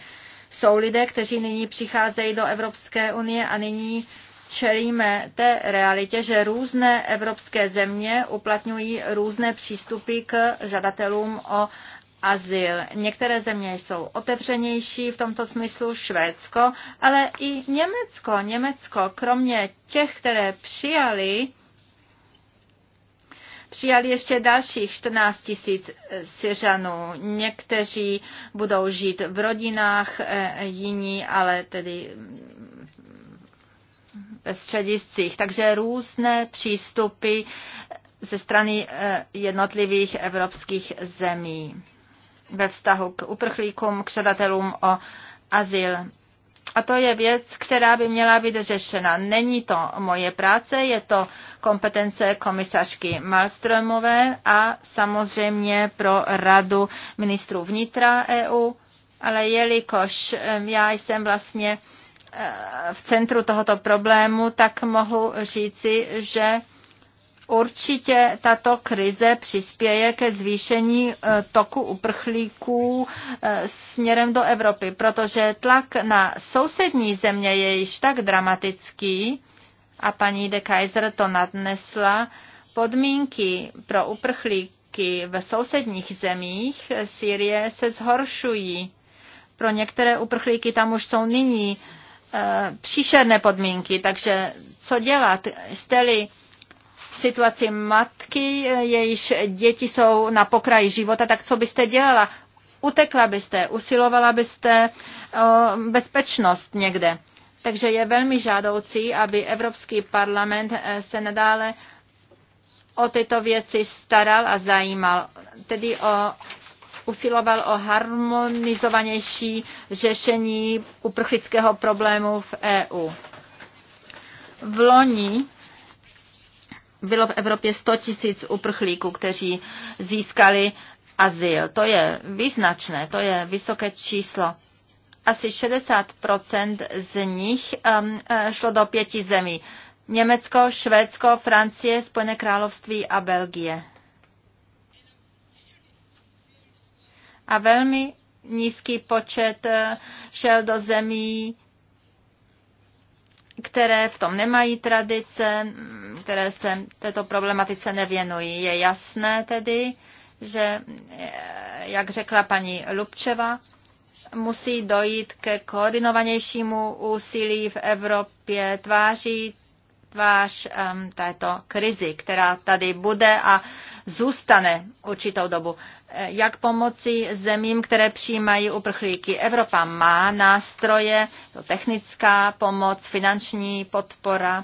jsou lidé, kteří nyní přicházejí do Evropské unie a nyní čelíme té realitě, že různé evropské země uplatňují různé přístupy k žadatelům o azyl. Některé země jsou otevřenější v tomto smyslu, Švédsko, ale i Německo. Německo, kromě těch, které přijali, přijali ještě dalších 14 tisíc eh, Syřanů. Někteří budou žít v rodinách, eh, jiní, ale tedy mm, ve střediscích. Takže různé přístupy eh, ze strany jednotlivých evropských zemí ve vztahu k uprchlíkům, k žadatelům o azyl. A to je věc, která by měla být řešena. Není to moje práce, je to kompetence komisařky Malstromové a samozřejmě pro radu ministrů vnitra EU, ale jelikož já jsem vlastně eh, v centru tohoto problému, tak mohu říci, že Určitě tato krize přispěje ke zvýšení e, toku uprchlíků e, směrem do Evropy, protože tlak na sousední země je již tak dramatický, a paní de Kaiser to nadnesla, podmínky pro uprchlíky v sousedních zemích Sýrie se zhoršují. Pro některé uprchlíky tam už jsou nyní e, příšerné podmínky, takže co dělat? Jste-li situaci matky, jejíž děti jsou na pokraji života, tak co byste dělala? Utekla byste, usilovala byste o bezpečnost někde. Takže je velmi žádoucí, aby Evropský parlament eh, se nadále o tyto věci staral a zajímal, tedy o, usiloval o harmonizovanější řešení uprchlického problému v EU. V loni bylo v Evropě 100 tisíc uprchlíků, kteří získali azyl. To je význačné, to je vysoké číslo. Asi 60 z nich um, eh, šlo do pěti zemí. Německo, Švédsko, Francie, Spojené království a Belgie. A velmi nízký počet eh, šel do zemí které v tom nemají tradice, které se této problematice nevěnují. Je jasné tedy, že, eh, jak řekla paní Lubčeva, musí dojít ke koordinovanějšímu úsilí v Evropě tváří tvář um, této krizi, která tady bude a zůstane určitou dobu. Jak pomoci zemím, které přijímají uprchlíky? Evropa má nástroje, to technická pomoc, finanční podpora,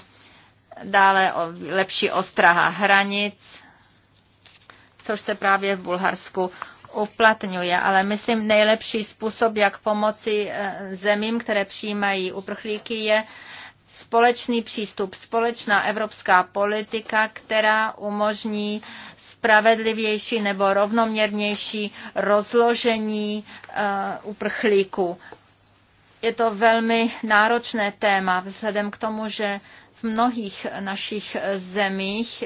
dále lepší ostraha hranic, což se právě v Bulharsku uplatňuje, ale myslím nejlepší způsob, jak pomoci eh, zemím, které přijímají uprchlíky, je společný přístup, společná evropská politika, která umožní spravedlivější nebo rovnoměrnější rozložení eh, uprchlíků. Je to velmi náročné téma, vzhledem k tomu, že v mnohých našich zemích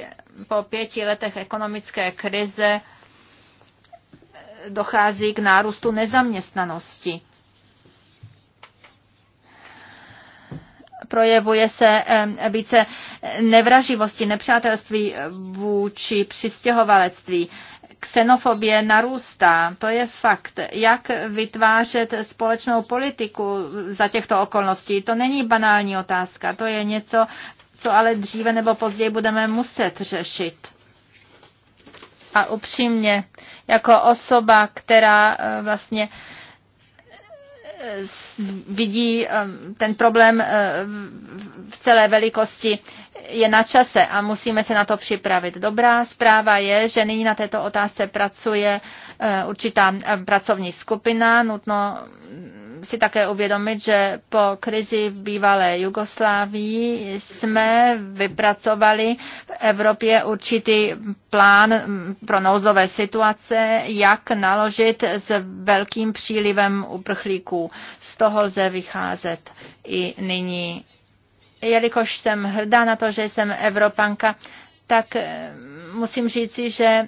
po pěti letech ekonomické krize dochází k nárůstu nezaměstnanosti. projevuje se více nevraživosti, nepřátelství vůči přistěhovalectví ksenofobie narůstá. To je fakt. Jak vytvářet společnou politiku za těchto okolností? To není banální otázka. To je něco, co ale dříve nebo později budeme muset řešit. A upřímně, jako osoba, která eh, vlastně uh, vidí eh, ten problém eh, v celé velikosti, je na čase a musíme se na to připravit. Dobrá zpráva je, že nyní na této otázce pracuje eh, určitá pracovní skupina. Nutno si také uvědomit, že po krizi v bývalé Jugoslávii jsme vypracovali v Evropě určitý plán mm, pro nouzové situace, jak naložit s velkým přílivem uprchlíků. Z toho lze vycházet i nyní. Jelikož jsem hrdá na to, že jsem Evropanka, tak eh, musím říci, že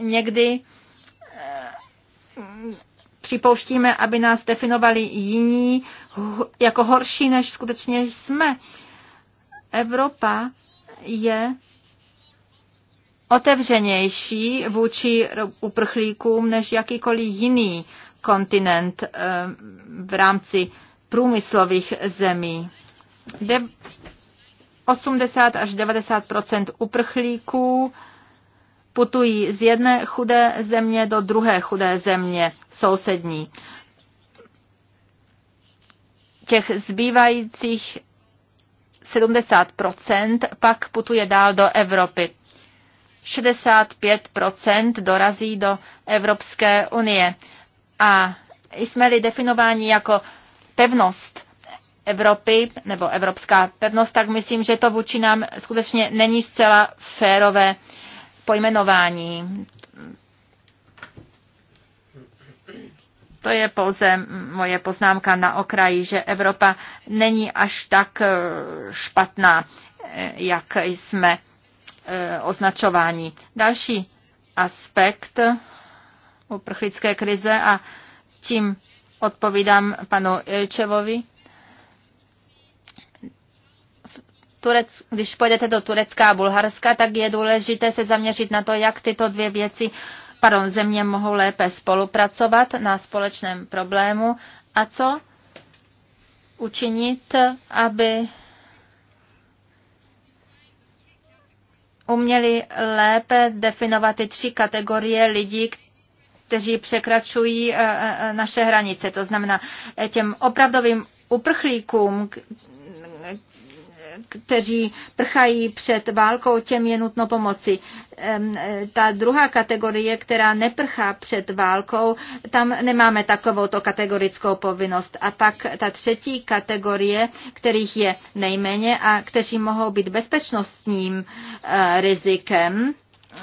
někdy eh, připouštíme, aby nás definovali jiní jako horší, než skutečně jsme. Evropa je otevřenější vůči uprchlíkům než jakýkoliv jiný kontinent eh, v rámci průmyslových zemí. 80 až 90 uprchlíků putují z jedné chudé země do druhé chudé země sousední. Těch zbývajících 70 pak putuje dál do Evropy. 65 dorazí do Evropské unie. A jsme-li definováni jako pevnost Evropy nebo evropská pevnost, tak myslím, že to vůči nám skutečně není zcela férové uh, pojmenování. To je pouze moje poznámka na okraji, že Evropa není až tak eh, špatná, eh, jak jsme eh, označováni. Další aspekt uprchlické krize a tím odpovídám panu Ilčevovi Turec, když pojedete do Turecka a Bulharska, tak je důležité se zaměřit na to, jak tyto dvě věci, pardon, země mohou lépe spolupracovat na společném problému a co učinit, aby uměli lépe definovat ty tři kategorie lidí, kteří překračují eh, eh, naše hranice. To znamená eh, těm opravdovým uprchlíkům, kteří prchají před válkou, těm je nutno pomoci. E, ta druhá kategorie, která neprchá před válkou, tam nemáme to kategorickou povinnost. A pak ta třetí kategorie, kterých je nejméně a kteří mohou být bezpečnostním e, rizikem,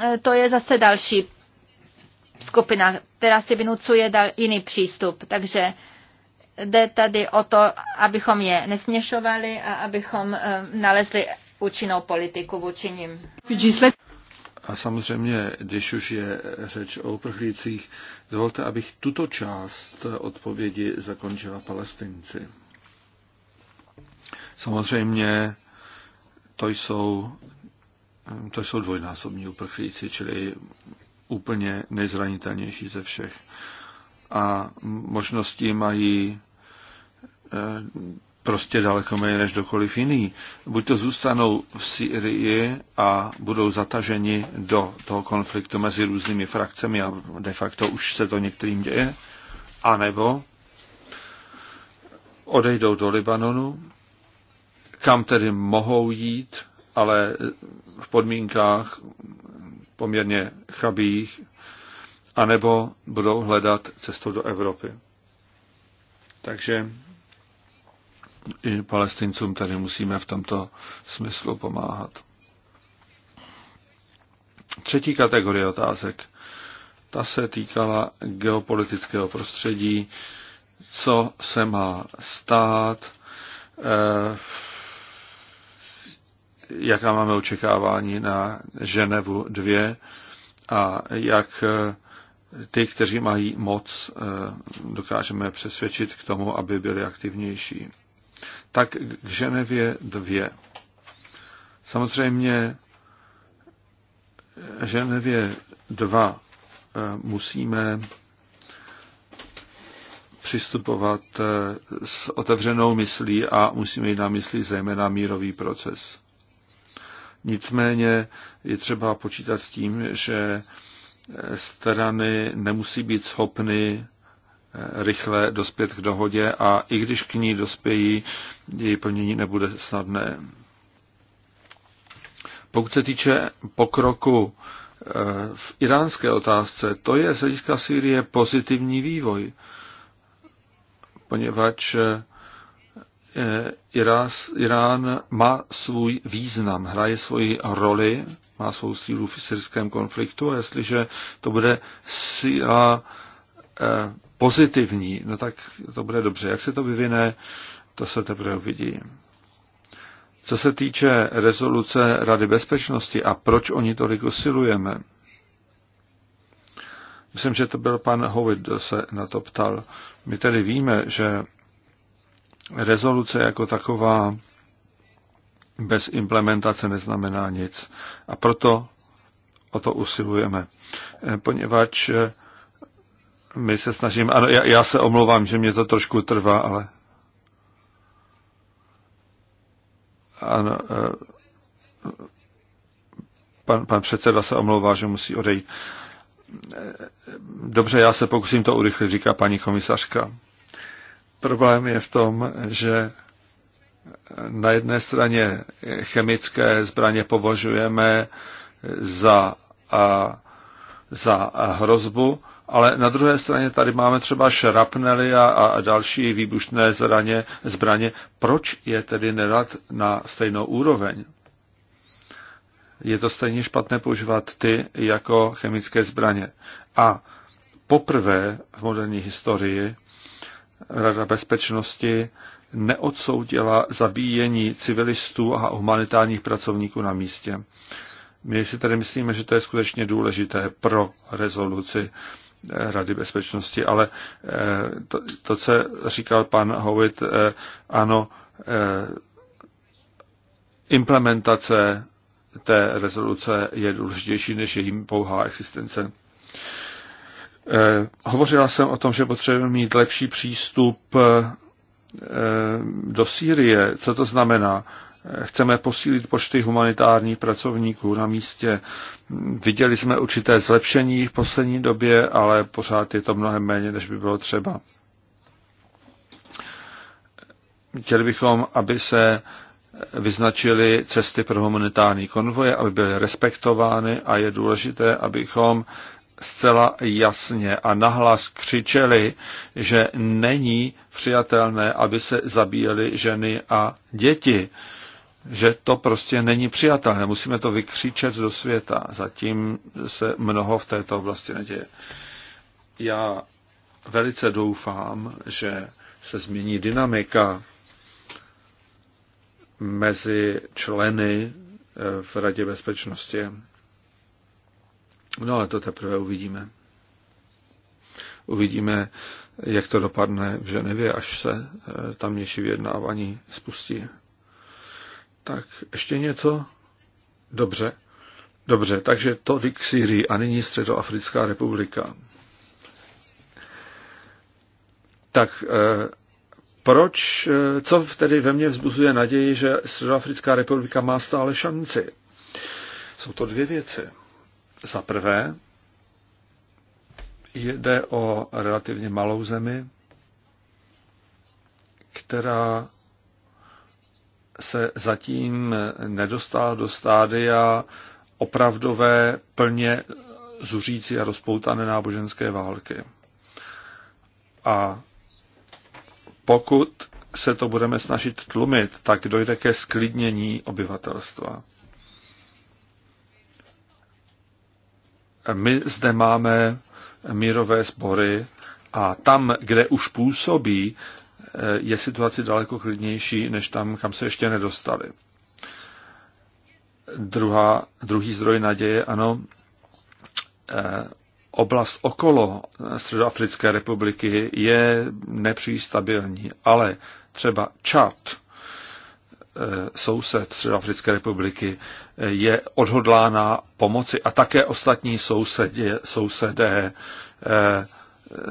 e, to je zase další skupina, která si vynucuje jiný přístup. Takže Jde tady o to, abychom je nesměšovali a abychom eh, nalezli účinnou politiku vůči nim. A samozřejmě, když už je řeč o uprchlících, dovolte, abych tuto část odpovědi zakončila palestinci. Samozřejmě to jsou, to jsou dvojnásobní uprchlíci, čili úplně nejzranitelnější ze všech. A možnosti mají Eh, prostě daleko méně než dokoliv jiný. Buď to zůstanou v Syrii a budou zataženi do toho konfliktu mezi různými frakcemi a de facto už se to některým děje, anebo odejdou do Libanonu, kam tedy mohou jít, ale v podmínkách poměrně chabých, anebo budou hledat cestu do Evropy. Takže i palestincům tady musíme v tomto smyslu pomáhat. Třetí kategorie otázek. Ta se týkala geopolitického prostředí, co se má stát, eh, jaká máme očekávání na Ženevu 2 a jak eh, ty, kteří mají moc, eh, dokážeme přesvědčit k tomu, aby byli aktivnější tak k Ženevě 2. Samozřejmě eh, Ženevě 2 eh, musíme přistupovat eh, s otevřenou myslí a musíme jít na mysli zejména mírový proces. Nicméně je třeba počítat s tím, že strany nemusí být schopny rychle dospět k dohodě a i když k ní dospějí, její plnění nebude snadné. Pokud se týče pokroku eh, v iránské otázce, to je z hlediska Sýrie pozitivní vývoj, poněvadž eh, Irán má svůj význam, hraje svoji roli, má svou sílu v syrském konfliktu a jestliže to bude síla eh, pozitivní, no tak to bude dobře. Jak se to vyvine, to se teprve uvidí. Co se týče rezoluce Rady bezpečnosti a proč o ní tolik usilujeme, myslím, že to byl pan Howitt, kdo se na to ptal. My tedy víme, že rezoluce jako taková bez implementace neznamená nic. A proto o to usilujeme, poněvadž my se snažíme, ano, já, já se omlouvám, že mě to trošku trvá, ale... Ano, eh, pan, pan předseda se omlouvá, že musí odejít. Eh, dobře, já se pokusím to urychlit, říká paní komisařka. Problém je v tom, že na jedné straně chemické zbraně považujeme za, a, za hrozbu, ale na druhé straně tady máme třeba šrapnely a, a další výbušné zraně, zbraně. Proč je tedy nerad na stejnou úroveň? Je to stejně špatné používat ty jako chemické zbraně. A poprvé v moderní historii Rada bezpečnosti neodsoudila zabíjení civilistů a humanitárních pracovníků na místě. My si tedy myslíme, že to je skutečně důležité pro rezoluci. Rady bezpečnosti, ale eh, to, to co říkal pan Howitt, eh, ano, eh, implementace té rezoluce je důležitější než její pouhá existence. Hovořila jsem o tom, že potřebujeme mít lepší přístup do Sýrie. Co to znamená? Chceme posílit počty humanitárních pracovníků na místě. Viděli jsme určité zlepšení v poslední době, ale pořád je to mnohem méně, než by bylo třeba. Chtěli bychom, aby se vyznačili cesty pro humanitární konvoje, aby byly respektovány a je důležité, abychom zcela jasně a nahlas křičeli, že není přijatelné, aby se zabíjely ženy a děti že to prostě není přijatelné. Musíme to vykřičet do světa. Zatím se mnoho v této oblasti neděje. Já velice doufám, že se změní dynamika mezi členy eh, v Radě bezpečnosti. No ale to teprve uvidíme. Uvidíme, jak to dopadne v Ženevě, až se eh, tamnější vyjednávání spustí. Tak ještě něco? Dobře. Dobře, takže to k Syrii a nyní Středoafrická republika. Tak eh, proč, eh, co tedy ve mně vzbuzuje naději, že Středoafrická republika má stále šanci? Jsou to dvě věci. Za prvé, jde o relativně malou zemi, která se zatím nedostala do stádia opravdové, plně zuřící a rozpoutané náboženské války. A pokud se to budeme snažit tlumit, tak dojde ke sklidnění obyvatelstva. My zde máme mírové sbory a tam, kde už působí Eh, je situace daleko klidnější, než tam, kam se ještě nedostali. Druhá, druhý zdroj naděje, ano, eh, oblast okolo eh, Středoafrické republiky je nepřístabilní, ale třeba Čad, soused Středoafrické republiky, je odhodlána pomoci a také ostatní sousedě, sousedé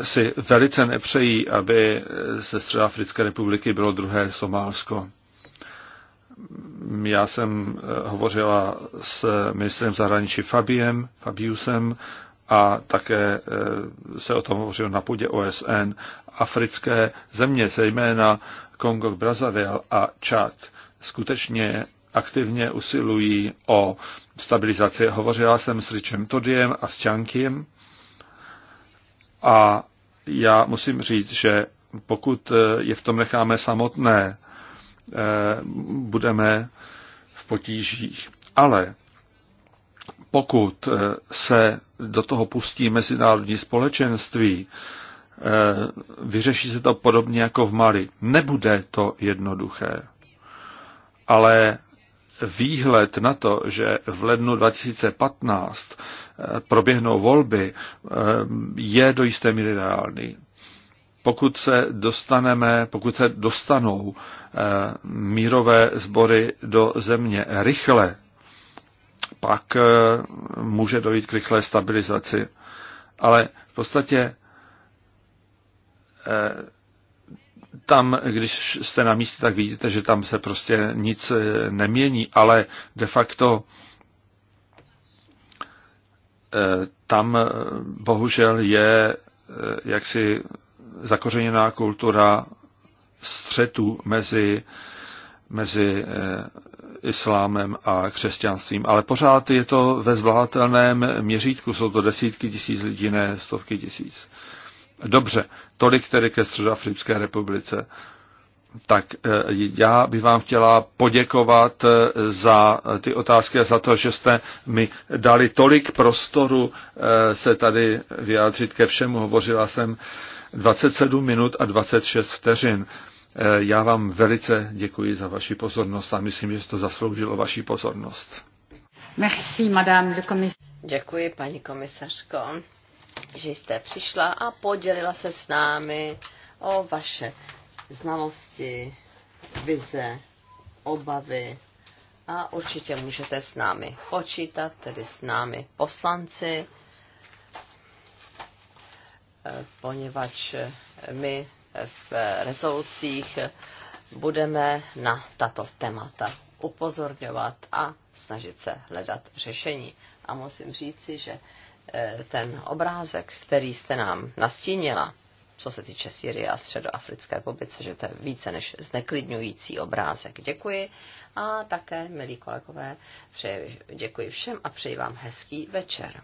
si velice nepřejí, aby ze Středoafrické republiky bylo druhé Somálsko. Já jsem eh, hovořila s ministrem zahraničí Fabiem, Fabiusem a také eh, se o tom hovořil na půdě OSN. Africké země, zejména Kongo, Brazzaville a Čad, skutečně aktivně usilují o stabilizaci. Hovořila jsem s Richem Todiem a s Čankiem a já musím říct, že pokud eh, je v tom necháme samotné, eh, budeme v potížích. Ale pokud eh, se do toho pustí mezinárodní společenství, vyřeší se to podobně jako v Mali. Nebude to jednoduché, ale výhled na to, že v lednu 2015 eh, proběhnou volby, eh, je do jisté míry reálný. Pokud se dostaneme, pokud se dostanou eh, mírové sbory do země rychle, pak může dojít k rychlé stabilizaci. Ale v podstatě tam, když jste na místě, tak vidíte, že tam se prostě nic eh, nemění, ale de facto eh, tam eh, bohužel je jaksi zakořeněná kultura střetu mezi, mezi islámem a křesťanstvím. Ale pořád je to ve zvládatelném měřítku. Jsou to desítky tisíc lidí, ne stovky tisíc. Dobře, tolik tedy ke Středoafrické republice. Tak eh, já bych vám chtěla poděkovat eh, za ty otázky a za to, že jste mi dali tolik prostoru eh, se tady vyjádřit ke všemu. Hovořila jsem 27 minut a 26 vteřin. Já vám velice děkuji za vaši pozornost a myslím, že to zasloužilo vaši pozornost. Merci, madame le Děkuji, paní komisařko že jste přišla a podělila se s námi o vaše znalosti, vize, obavy a určitě můžete s námi počítat, tedy s námi poslanci, poněvadž my v rezolucích budeme na tato témata upozorňovat a snažit se hledat řešení. A musím říci, že Eh, ten obrázek, který jste nám nastínila, co se týče Syrie a Středoafrické republice, že to je více než zneklidňující obrázek. Děkuji a také, milí kolegové, přeji, děkuji všem a přeji vám hezký večer.